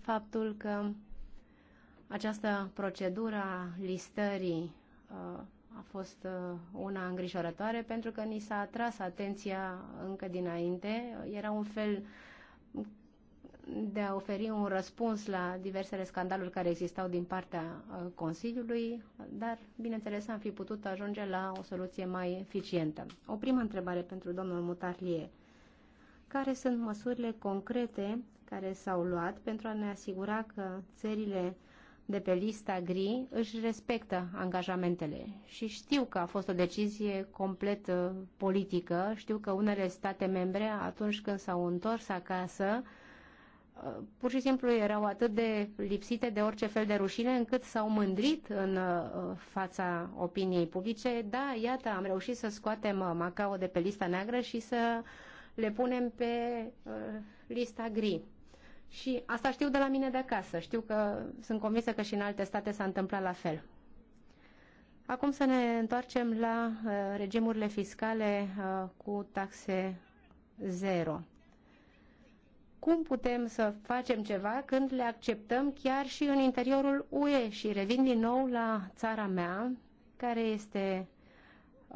faptul că această procedură a listării uh, a fost uh, una îngrijorătoare pentru că ni s-a atras atenția încă dinainte. Era un fel de a oferi un răspuns la diversele scandaluri care existau din partea uh, Consiliului, dar, bineînțeles, am fi putut ajunge la o soluție mai eficientă. O primă întrebare pentru domnul Mutarlie care sunt măsurile concrete care s-au luat pentru a ne asigura că țările de pe lista gri își respectă angajamentele. Și știu că a fost o decizie complet uh, politică, știu că unele state membre, atunci când s-au întors acasă, uh, pur și simplu erau atât de lipsite de orice fel de rușine încât s-au mândrit în uh, fața opiniei publice. Da, iată, am reușit să scoatem Macao de pe lista neagră și să le punem pe uh, lista gri. Și asta știu de la mine de acasă. Știu că sunt convinsă că și în alte state s-a întâmplat la fel. Acum să ne întoarcem la uh, regimurile fiscale uh, cu taxe zero. Cum putem să facem ceva când le acceptăm chiar și în interiorul UE? Și revin din nou la țara mea, care este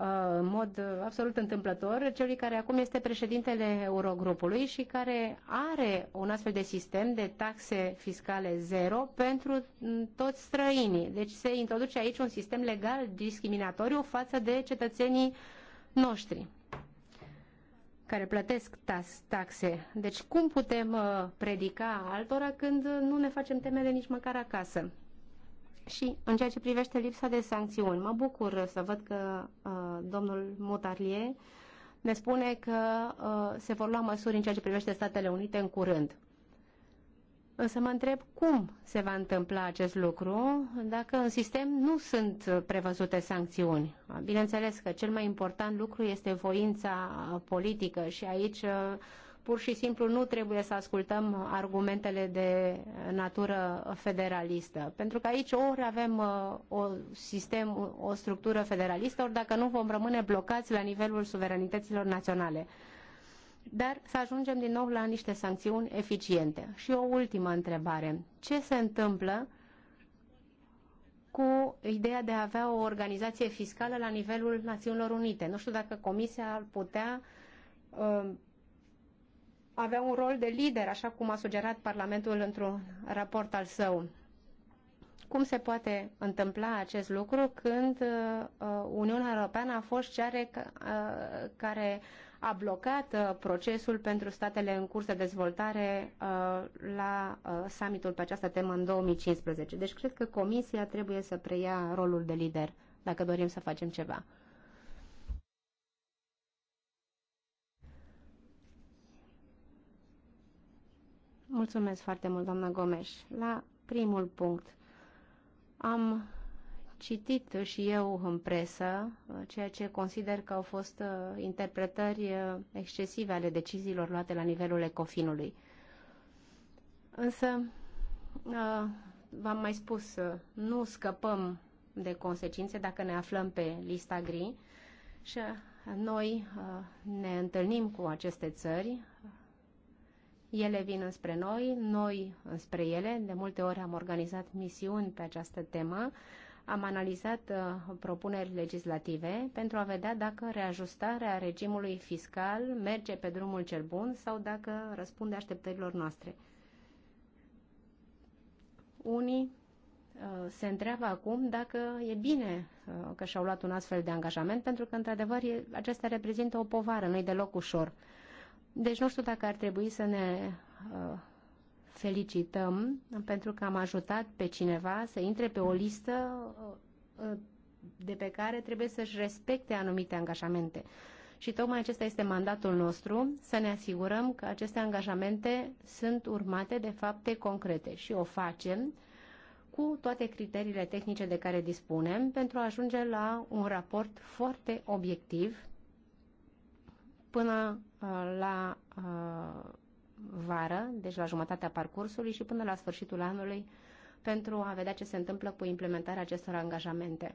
Uh, în mod absolut întâmplător celui care acum este președintele Eurogrupului și care are un astfel de sistem de taxe fiscale zero pentru toți străinii. Deci se introduce aici un sistem legal discriminatoriu față de cetățenii noștri care plătesc taxe. Deci cum putem uh, predica altora când nu ne facem temele nici măcar acasă? Și în ceea ce privește lipsa de sancțiuni, mă bucur să văd că uh, domnul Mutarlie ne spune că uh, se vor lua măsuri în ceea ce privește Statele Unite în curând. Însă mă întreb cum se va întâmpla acest lucru dacă în sistem nu sunt prevăzute sancțiuni. Bineînțeles că cel mai important lucru este voința politică și aici uh, pur și simplu nu trebuie să ascultăm argumentele de natură federalistă. Pentru că aici ori avem uh, o sistem, o structură federalistă, ori dacă nu vom rămâne blocați la nivelul suveranităților naționale. Dar să ajungem din nou la niște sancțiuni eficiente. Și o ultimă întrebare. Ce se întâmplă cu ideea de a avea o organizație fiscală la nivelul Națiunilor Unite. Nu știu dacă Comisia ar putea uh, avea un rol de lider, așa cum a sugerat Parlamentul într-un raport al său. Cum se poate întâmpla acest lucru când uh, uh, Uniunea Europeană a fost cea uh, care a blocat procesul pentru statele în curs de dezvoltare la summitul pe această temă în 2015. Deci cred că Comisia trebuie să preia rolul de lider dacă dorim să facem ceva. Mulțumesc foarte mult, doamna Gomes. La primul punct, am citit și eu în presă uh, ceea ce consider că au fost uh, interpretări uh, excesive ale deciziilor luate la nivelul ecofinului. Însă, v-am mai spus, nu scăpăm de consecințe dacă ne aflăm pe lista gri și noi ne întâlnim cu aceste țări ele vin înspre noi, noi înspre ele. De multe ori am organizat misiuni pe această temă. Am analizat uh, propuneri legislative pentru a vedea dacă reajustarea regimului fiscal merge pe drumul cel bun sau dacă răspunde așteptărilor noastre. Unii uh, se întreabă acum dacă e bine uh, că și-au luat un astfel de angajament, pentru că, într-adevăr, acesta reprezintă o povară, nu-i deloc ușor. Deci nu știu dacă ar trebui să ne uh, felicităm pentru că am ajutat pe cineva să intre pe o listă uh, uh, de pe care trebuie să-și respecte anumite angajamente. Și tocmai acesta este mandatul nostru, să ne asigurăm că aceste angajamente sunt urmate de fapte concrete și o facem cu toate criteriile tehnice de care dispunem pentru a ajunge la un raport foarte obiectiv până Uh, la uh, vară, deci la jumătatea parcursului și până la sfârșitul anului pentru a vedea ce se întâmplă cu implementarea acestor angajamente.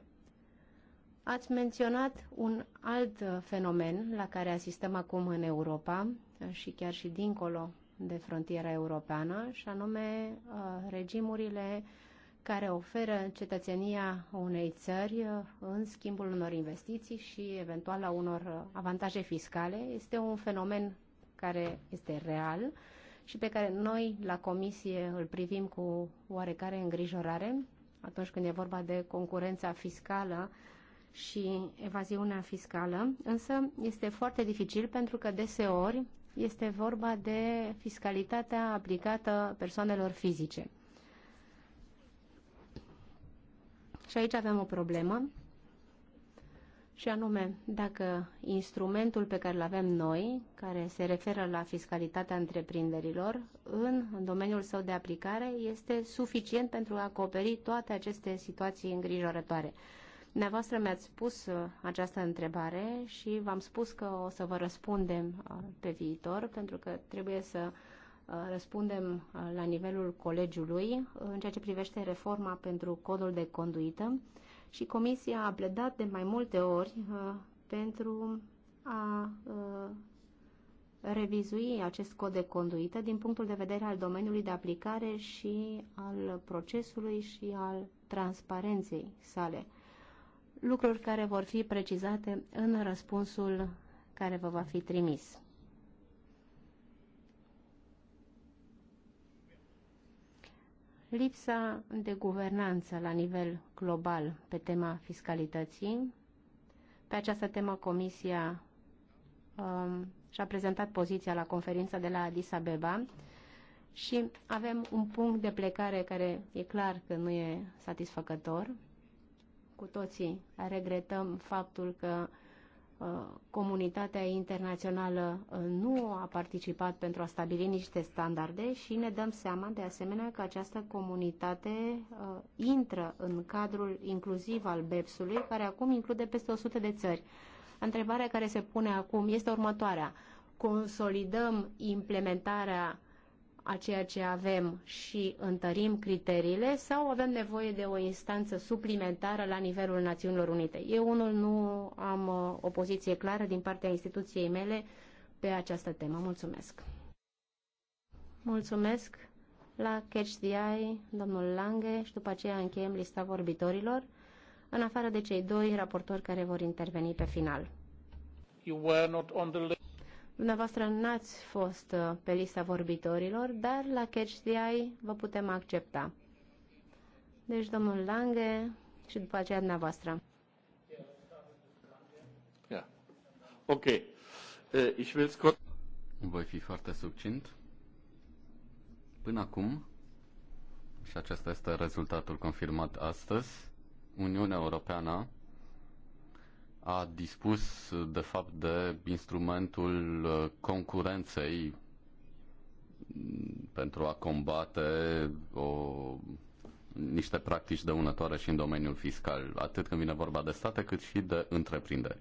Ați menționat un alt fenomen la care asistăm acum în Europa și chiar și dincolo de frontiera europeană, și anume uh, regimurile care oferă cetățenia unei țări uh, în schimbul unor investiții și eventual la unor uh, avantaje fiscale. Este un fenomen care este real și pe care noi la comisie îl privim cu oarecare îngrijorare atunci când e vorba de concurența fiscală și evaziunea fiscală, însă este foarte dificil pentru că deseori este vorba de fiscalitatea aplicată persoanelor fizice. Și aici avem o problemă, și anume, dacă instrumentul pe care îl avem noi, care se referă la fiscalitatea întreprinderilor, în domeniul său de aplicare, este suficient pentru a acoperi toate aceste situații îngrijorătoare. Dumneavoastră mi-ați spus uh, această întrebare și v-am spus că o să vă răspundem uh, pe viitor, pentru că trebuie să Uh, răspundem uh, la nivelul colegiului uh, în ceea ce privește reforma pentru codul de conduită și Comisia a pledat de mai multe ori pentru a revizui acest cod de conduită din punctul de vedere al domeniului de aplicare și al procesului și al transparenței sale. Lucruri care vor fi precizate în răspunsul care vă va fi trimis. lipsa de guvernanță la nivel global pe tema fiscalității. Pe această temă Comisia um, și-a prezentat poziția la conferința de la Addis Abeba și avem un punct de plecare care e clar că nu e satisfăcător. Cu toții regretăm faptul că Uh, comunitatea internațională uh, nu a participat pentru a stabili niște standarde și ne dăm seama de asemenea că această comunitate uh, intră în cadrul inclusiv al BEPS-ului, care acum include peste 100 de țări. Întrebarea care se pune acum este următoarea. Consolidăm implementarea a ceea ce avem și întărim criteriile sau avem nevoie de o instanță suplimentară la nivelul Națiunilor Unite. Eu unul nu am uh, o poziție clară din partea instituției mele pe această temă. Mulțumesc! Mulțumesc la Catch the Eye, domnul Lange și după aceea încheiem lista vorbitorilor, în afară de cei doi raportori care vor interveni pe final. You were not on the Dumneavoastră n-ați fost uh, pe lista vorbitorilor, dar la Catch the Eye vă putem accepta. Deci, domnul Lange și după aceea dumneavoastră. Yeah. Ok. Uh, ich will scot... Voi fi foarte succint. Până acum, și acesta este rezultatul confirmat astăzi, Uniunea Europeană a dispus de fapt de instrumentul uh, concurenței mm, pentru a combate o, niște practici dăunătoare și în domeniul fiscal, atât când vine vorba de state, cât și de întreprinderi.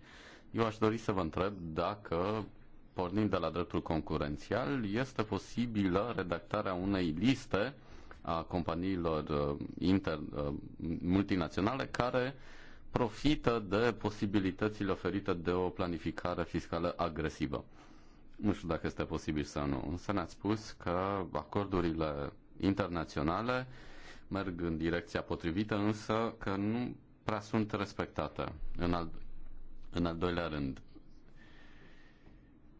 Eu aș dori să vă întreb dacă, pornind de la dreptul concurențial, este posibilă redactarea unei liste a companiilor uh, inter, uh, multinaționale care uh, profită de posibilitățile oferite de o planificare fiscală agresivă. Nu știu dacă este posibil sau nu, însă ne-ați spus că acordurile internaționale merg în direcția potrivită, însă că nu prea sunt respectate. În al, în al doilea rând,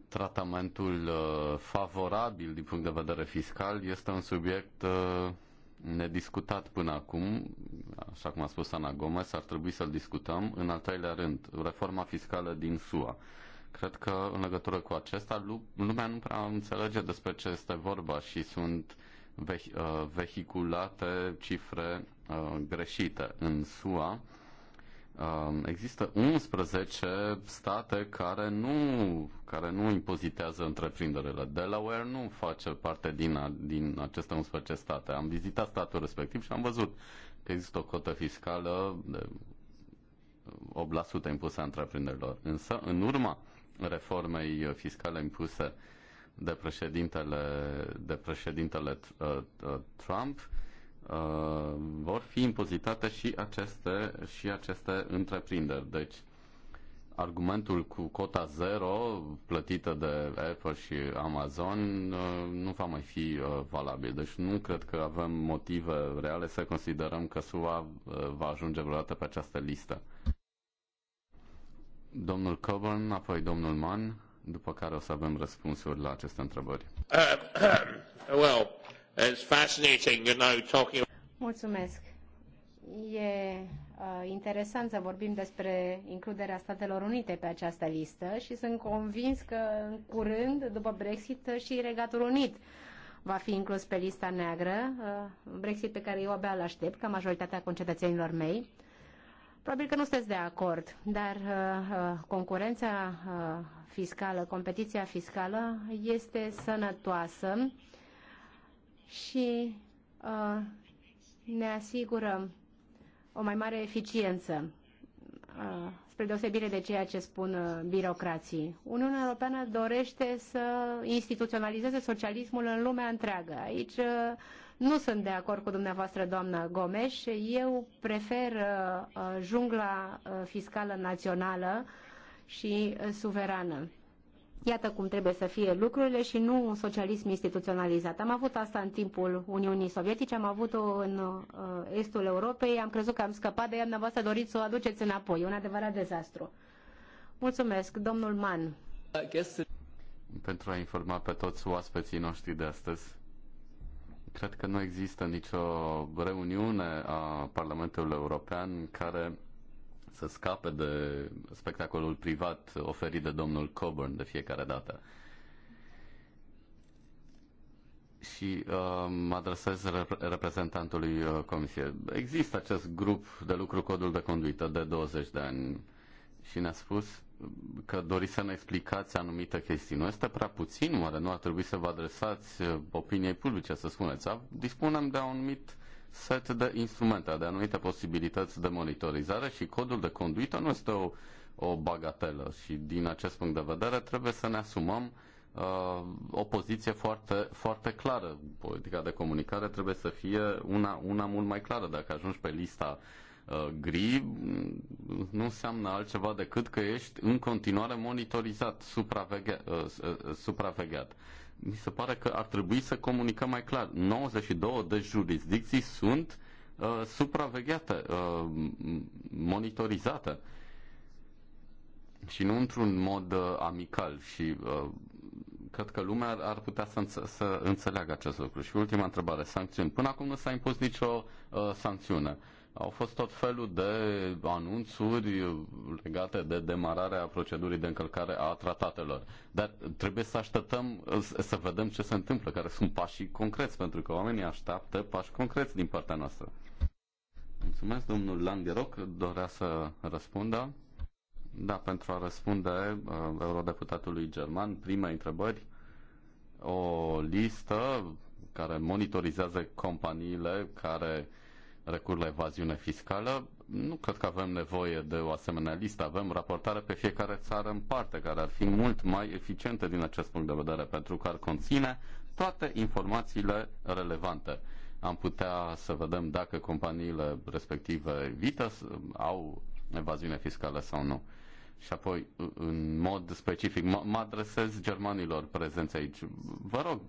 tratamentul uh, favorabil din punct de vedere fiscal este un subiect uh, nediscutat până acum, așa cum a spus Ana Gomez, ar trebui să-l discutăm. În al treilea rând, reforma fiscală din SUA. Cred că în legătură cu acesta lumea nu prea înțelege despre ce este vorba și sunt uh, vehiculate cifre uh, greșite. În SUA, Um, există 11 state care nu, care nu impozitează întreprinderile. Delaware nu face parte din, din aceste 11 state. Am vizitat statul respectiv și am văzut că există o cotă fiscală de 8% impusă a întreprinderilor. Însă, în urma reformei fiscale impuse de președintele, de președintele uh, uh, Trump, Uh, vor fi impozitate și aceste, și aceste întreprinderi. Deci, argumentul cu cota zero plătită de Apple și Amazon uh, nu va mai fi uh, valabil. Deci nu cred că avem motive reale să considerăm că SUA va ajunge vreodată pe această listă. Domnul Coburn, apoi domnul Mann, după care o să avem răspunsuri la aceste întrebări. well, It's fascinating, you know, talking... Mulțumesc. E uh, interesant să vorbim despre includerea Statelor Unite pe această listă și sunt convins că în curând, după Brexit, și Regatul Unit va fi inclus pe lista neagră, uh, Brexit pe care eu abia îl aștept, ca majoritatea concetățenilor mei. Probabil că nu sunteți de acord, dar uh, uh concurența uh, fiscală, competiția fiscală este sănătoasă și uh, ne asigură o mai mare eficiență, uh, spre deosebire de ceea ce spun uh, birocrații. Uniunea Europeană dorește să instituționalizeze socialismul în lumea întreagă. Aici nu sunt de acord cu dumneavoastră, doamnă Gomes. Eu prefer jungla fiscală națională și suverană. Iată cum trebuie să fie lucrurile și nu un socialism instituționalizat. Am avut asta în timpul Uniunii Sovietice, am avut-o în uh, estul Europei, am crezut că am scăpat de ea, să doriți să o aduceți înapoi. E un adevărat dezastru. Mulțumesc, domnul Mann. Pentru a informa pe toți oaspeții noștri de astăzi, cred că nu există nicio reuniune a Parlamentului European care să scape de spectacolul privat oferit de domnul Coburn de fiecare dată. Și uh, mă adresez rep- reprezentantului uh, Comisiei. Există acest grup de lucru, codul de conduită, de 20 de ani și ne-a spus că doriți să ne explicați anumite chestii. Nu este prea puțin, oare nu ar trebui să vă adresați uh, opiniei publice, să spuneți. Dispunem de un anumit set de instrumente, de anumite posibilități de monitorizare și codul de conduită nu este o, o bagatelă și din acest punct de vedere trebuie să ne asumăm uh, o poziție foarte, foarte clară. Politica de comunicare trebuie să fie una, una mult mai clară. Dacă ajungi pe lista uh, gri, mm, nu înseamnă altceva decât că ești în continuare monitorizat, supraveghe, uh, uh supravegheat mi se pare că ar trebui să comunicăm mai clar. 92 de jurisdicții sunt uh, supravegheate, uh, monitorizate și nu într-un mod uh, amical și uh, cred că lumea ar, ar putea să, înțe- să înțeleagă acest lucru. Și ultima întrebare, sancțiuni. Până acum nu s-a impus nicio uh, sancțiune. Uh, au fost tot felul de anunțuri legate de demararea procedurii de încălcare a tratatelor. Dar trebuie să așteptăm să vedem ce se întâmplă, care sunt pașii concreți, pentru că oamenii așteaptă pași concreți din partea noastră. Mulțumesc, domnul Langeroc dorea să răspundă. Da, pentru a răspunde uh, eurodeputatului german, prima întrebări, o listă care monitorizează companiile care recur la evaziune fiscală. Nu cred că avem nevoie de o asemenea listă. Avem raportare pe fiecare țară în parte, care ar fi mult mai eficientă din acest punct de vedere, pentru că ar conține toate informațiile relevante. Am putea să vedem dacă companiile respective evită, au evaziune fiscală sau nu. Și apoi, în mod specific, mă adresez germanilor prezenți aici. Vă rog,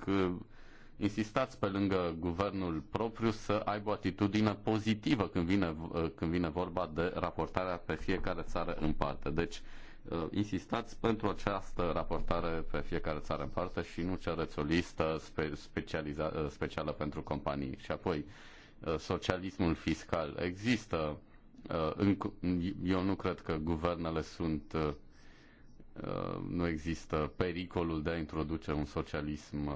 insistați pe lângă guvernul propriu să aibă o atitudine pozitivă când vine, uh, când vine vorba de raportarea pe fiecare țară în parte. Deci, uh, insistați pentru această raportare pe fiecare țară în parte și nu cereți o listă specializa- uh, specială pentru companii. Și apoi, socialismul fiscal există. Eu nu cred că guvernele sunt nu există pericolul de a introduce un socialism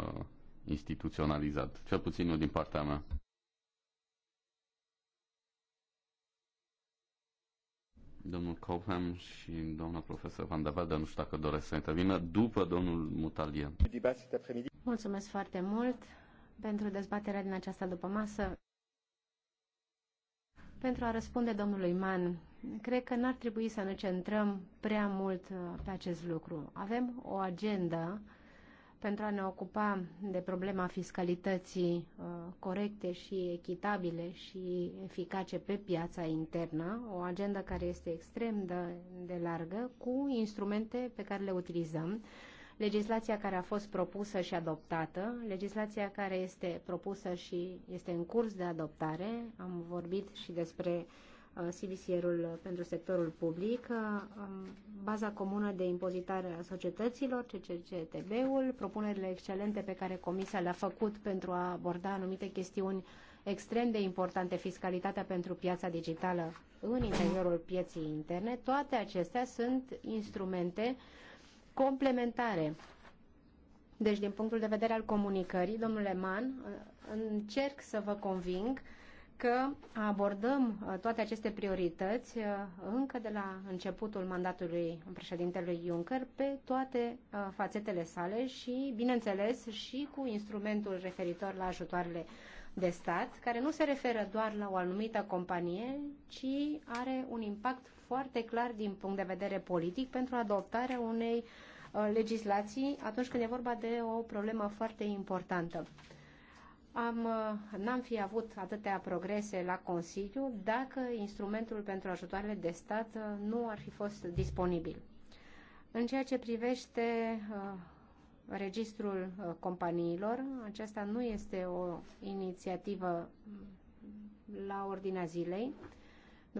instituționalizat, cel puțin nu din partea mea. Domnul Copham și doamna profesor Van de Velde, nu știu dacă doresc să intervină, după domnul Mutalie. Mulțumesc foarte mult pentru dezbaterea din această după masă. Pentru a răspunde domnului Mann, cred că n-ar trebui să ne centrăm prea mult uh, pe acest lucru. Avem o agendă pentru a ne ocupa de problema fiscalității uh, corecte și echitabile și eficace pe piața internă, o agendă care este extrem de, de largă, cu instrumente pe care le utilizăm, legislația care a fost propusă și adoptată, legislația care este propusă și este în curs de adoptare, am vorbit și despre uh, CDCR-ul uh, pentru sectorul public, uh, um, baza comună de impozitare a societăților, CCCTB-ul, propunerile excelente pe care Comisia le-a făcut pentru a aborda anumite chestiuni extrem de importante, fiscalitatea pentru piața digitală în interiorul pieții interne, toate acestea sunt instrumente complementare. Deci, din punctul de vedere al comunicării, domnule Man, uh, încerc să vă conving că abordăm uh, toate aceste priorități uh, încă de la începutul mandatului președintelui Juncker pe toate uh, fațetele sale și, bineînțeles, și cu instrumentul referitor la ajutoarele de stat, care nu se referă doar la o anumită companie, ci are un impact foarte clar din punct de vedere politic pentru adoptarea unei legislații atunci când e vorba de o problemă foarte importantă am, uh, n-am fi avut atâtea progrese la Consiliu dacă instrumentul pentru ajutoarele de stat uh, nu ar fi fost disponibil. În ceea ce privește uh, registrul companiilor, aceasta nu este o inițiativă mm, la ordinea zilei,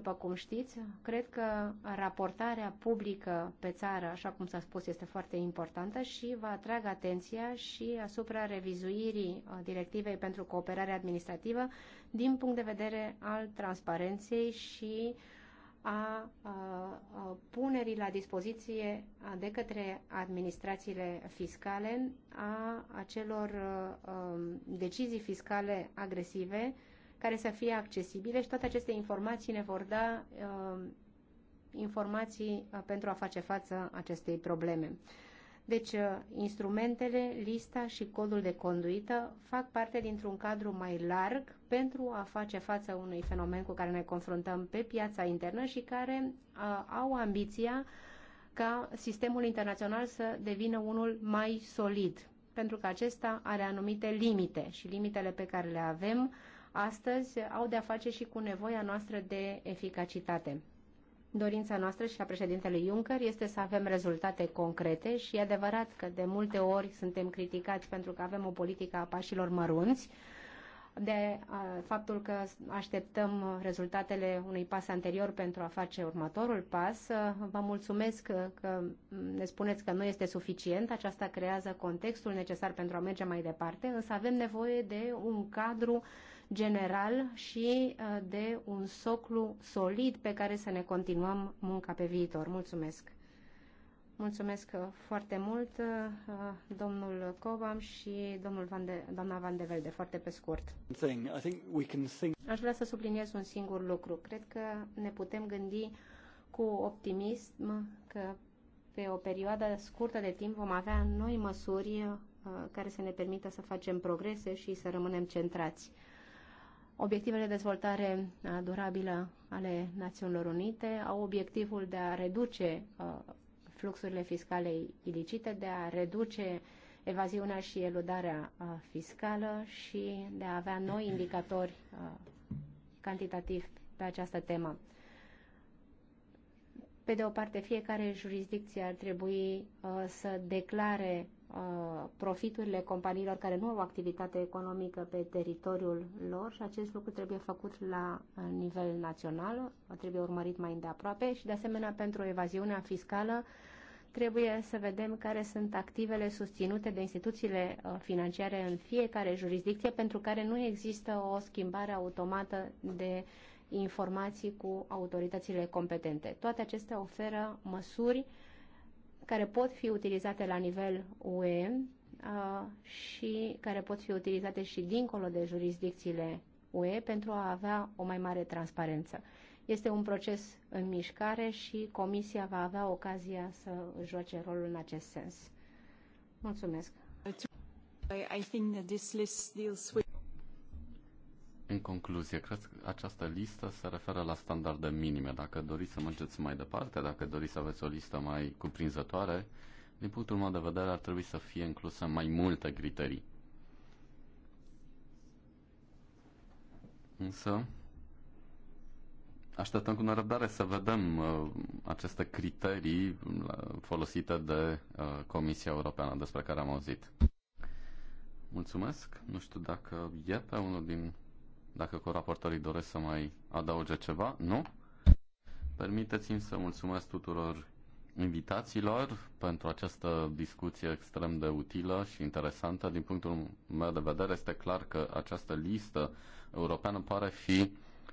după cum știți, cred că raportarea publică pe țară, așa cum s-a spus, este foarte importantă și va atrag atenția și asupra revizuirii uh, directivei pentru cooperare administrativă din punct de vedere al transparenței și a, a, uh, a punerii la dispoziție de către administrațiile fiscale a acelor a, uh, um, decizii fiscale agresive care să fie accesibile și toate aceste informații ne vor da uh, informații uh, pentru a face față acestei probleme. Deci, uh, instrumentele, lista și codul de conduită fac parte dintr-un cadru mai larg pentru a face față unui fenomen cu care ne confruntăm pe piața internă și care uh, au ambiția ca sistemul internațional să devină unul mai solid, pentru că acesta are anumite limite și limitele pe care le avem uh, astăzi au de-a face și cu nevoia noastră de eficacitate. Dorința noastră și a președintelui Juncker este să avem rezultate concrete și e adevărat că de multe ori suntem criticați pentru că avem o politică a pașilor mărunți, de faptul că așteptăm rezultatele unui pas anterior pentru a face următorul pas. Vă mulțumesc că ne spuneți că nu este suficient, aceasta creează contextul necesar pentru a merge mai departe, însă avem nevoie de un cadru uh, general și uh, de un soclu solid pe care să ne continuăm munca pe viitor. Mulțumesc! Mulțumesc uh, foarte mult, uh, domnul Covam și domnul Van de, doamna Van de Velde, foarte pe scurt. Aș vrea să subliniez un singur lucru. Cred că ne putem gândi cu optimism că pe o perioadă scurtă de timp vom avea noi măsuri care să ne permită să facem progrese și să rămânem centrați. Obiectivele de dezvoltare uh, durabilă ale Națiunilor Unite au obiectivul de a reduce uh, fluxurile fiscale ilicite, de a reduce evaziunea și eludarea uh, fiscală și de a avea noi indicatori cantitativ pe această temă. Pe de o parte, fiecare jurisdicție ar trebui să declare Uh, profiturile companiilor care nu au activitate economică pe teritoriul lor și acest lucru trebuie făcut la uh, nivel național, uh, trebuie urmărit mai îndeaproape și de asemenea pentru evaziunea fiscală trebuie să vedem care sunt activele susținute de instituțiile financiare în fiecare jurisdicție pentru care nu există o schimbare automată de informații cu autoritățile competente. Toate acestea oferă măsuri care pot fi utilizate la nivel UE și care pot fi utilizate și dincolo de jurisdicțiile UE pentru a avea o mai mare transparență. Este un proces în mișcare și Comisia va avea ocazia să joace rolul în acest sens. Mulțumesc! I think that this list deals with în concluzie, cred că această listă se referă la standarde minime. Dacă doriți să mergeți mai departe, dacă doriți să aveți o listă mai cuprinzătoare, din punctul meu de vedere ar trebui să fie inclusă mai multe criterii. Însă, așteptăm cu nerăbdare să vedem uh, aceste criterii uh, folosite de uh, Comisia Europeană despre care am auzit. Mulțumesc. Nu știu dacă e pe unul din dacă coraportorii doresc să mai adauge ceva, nu? Permiteți-mi să mulțumesc tuturor invitațiilor pentru această discuție extrem de utilă și interesantă. Din punctul meu de vedere, este clar că această listă europeană pare fi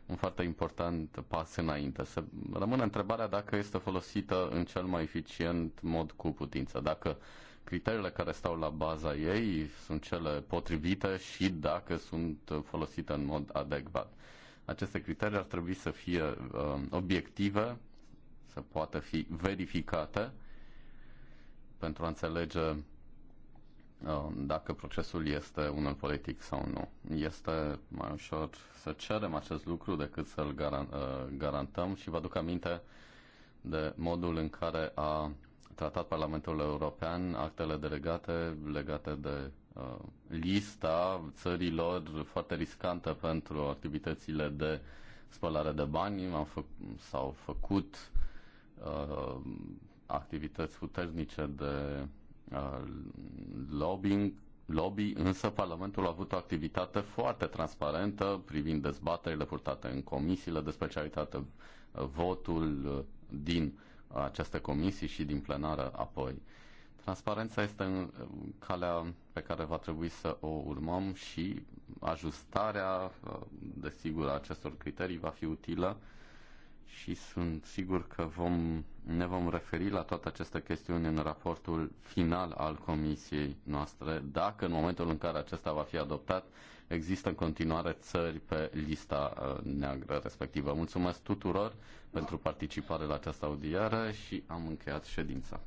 un foarte important pas înainte. Se rămâne întrebarea dacă este folosită în cel mai eficient mod cu putință, dacă criteriile care stau la baza ei sunt cele potrivite și dacă sunt folosite în mod adecvat. Aceste criterii ar trebui să fie uh, obiective, să poată fi verificate pentru a înțelege uh, dacă procesul este unul politic sau nu. Este mai ușor să cerem acest lucru decât să-l garan- uh, garantăm și vă aduc aminte de modul în care a tratat Parlamentul European actele delegate legate de uh, lista țărilor foarte riscante pentru activitățile de spălare de bani. Am fă, s-au făcut uh, activități puternice de uh, lobbying lobby, însă Parlamentul a avut o activitate foarte transparentă privind dezbaterile purtate în comisiile de specialitate, votul din uh, aceste comisii și din plenară apoi. Transparența este în calea pe care va trebui să o urmăm și ajustarea, uh, desigur, a acestor criterii va fi utilă și sunt sigur că vom, ne vom referi la toate aceste chestiuni în raportul final al comisiei noastre, dacă în momentul în care acesta va fi adoptat există în continuare țări pe lista uh, neagră respectivă. Mulțumesc tuturor pentru participare la această audiere și am încheiat ședința.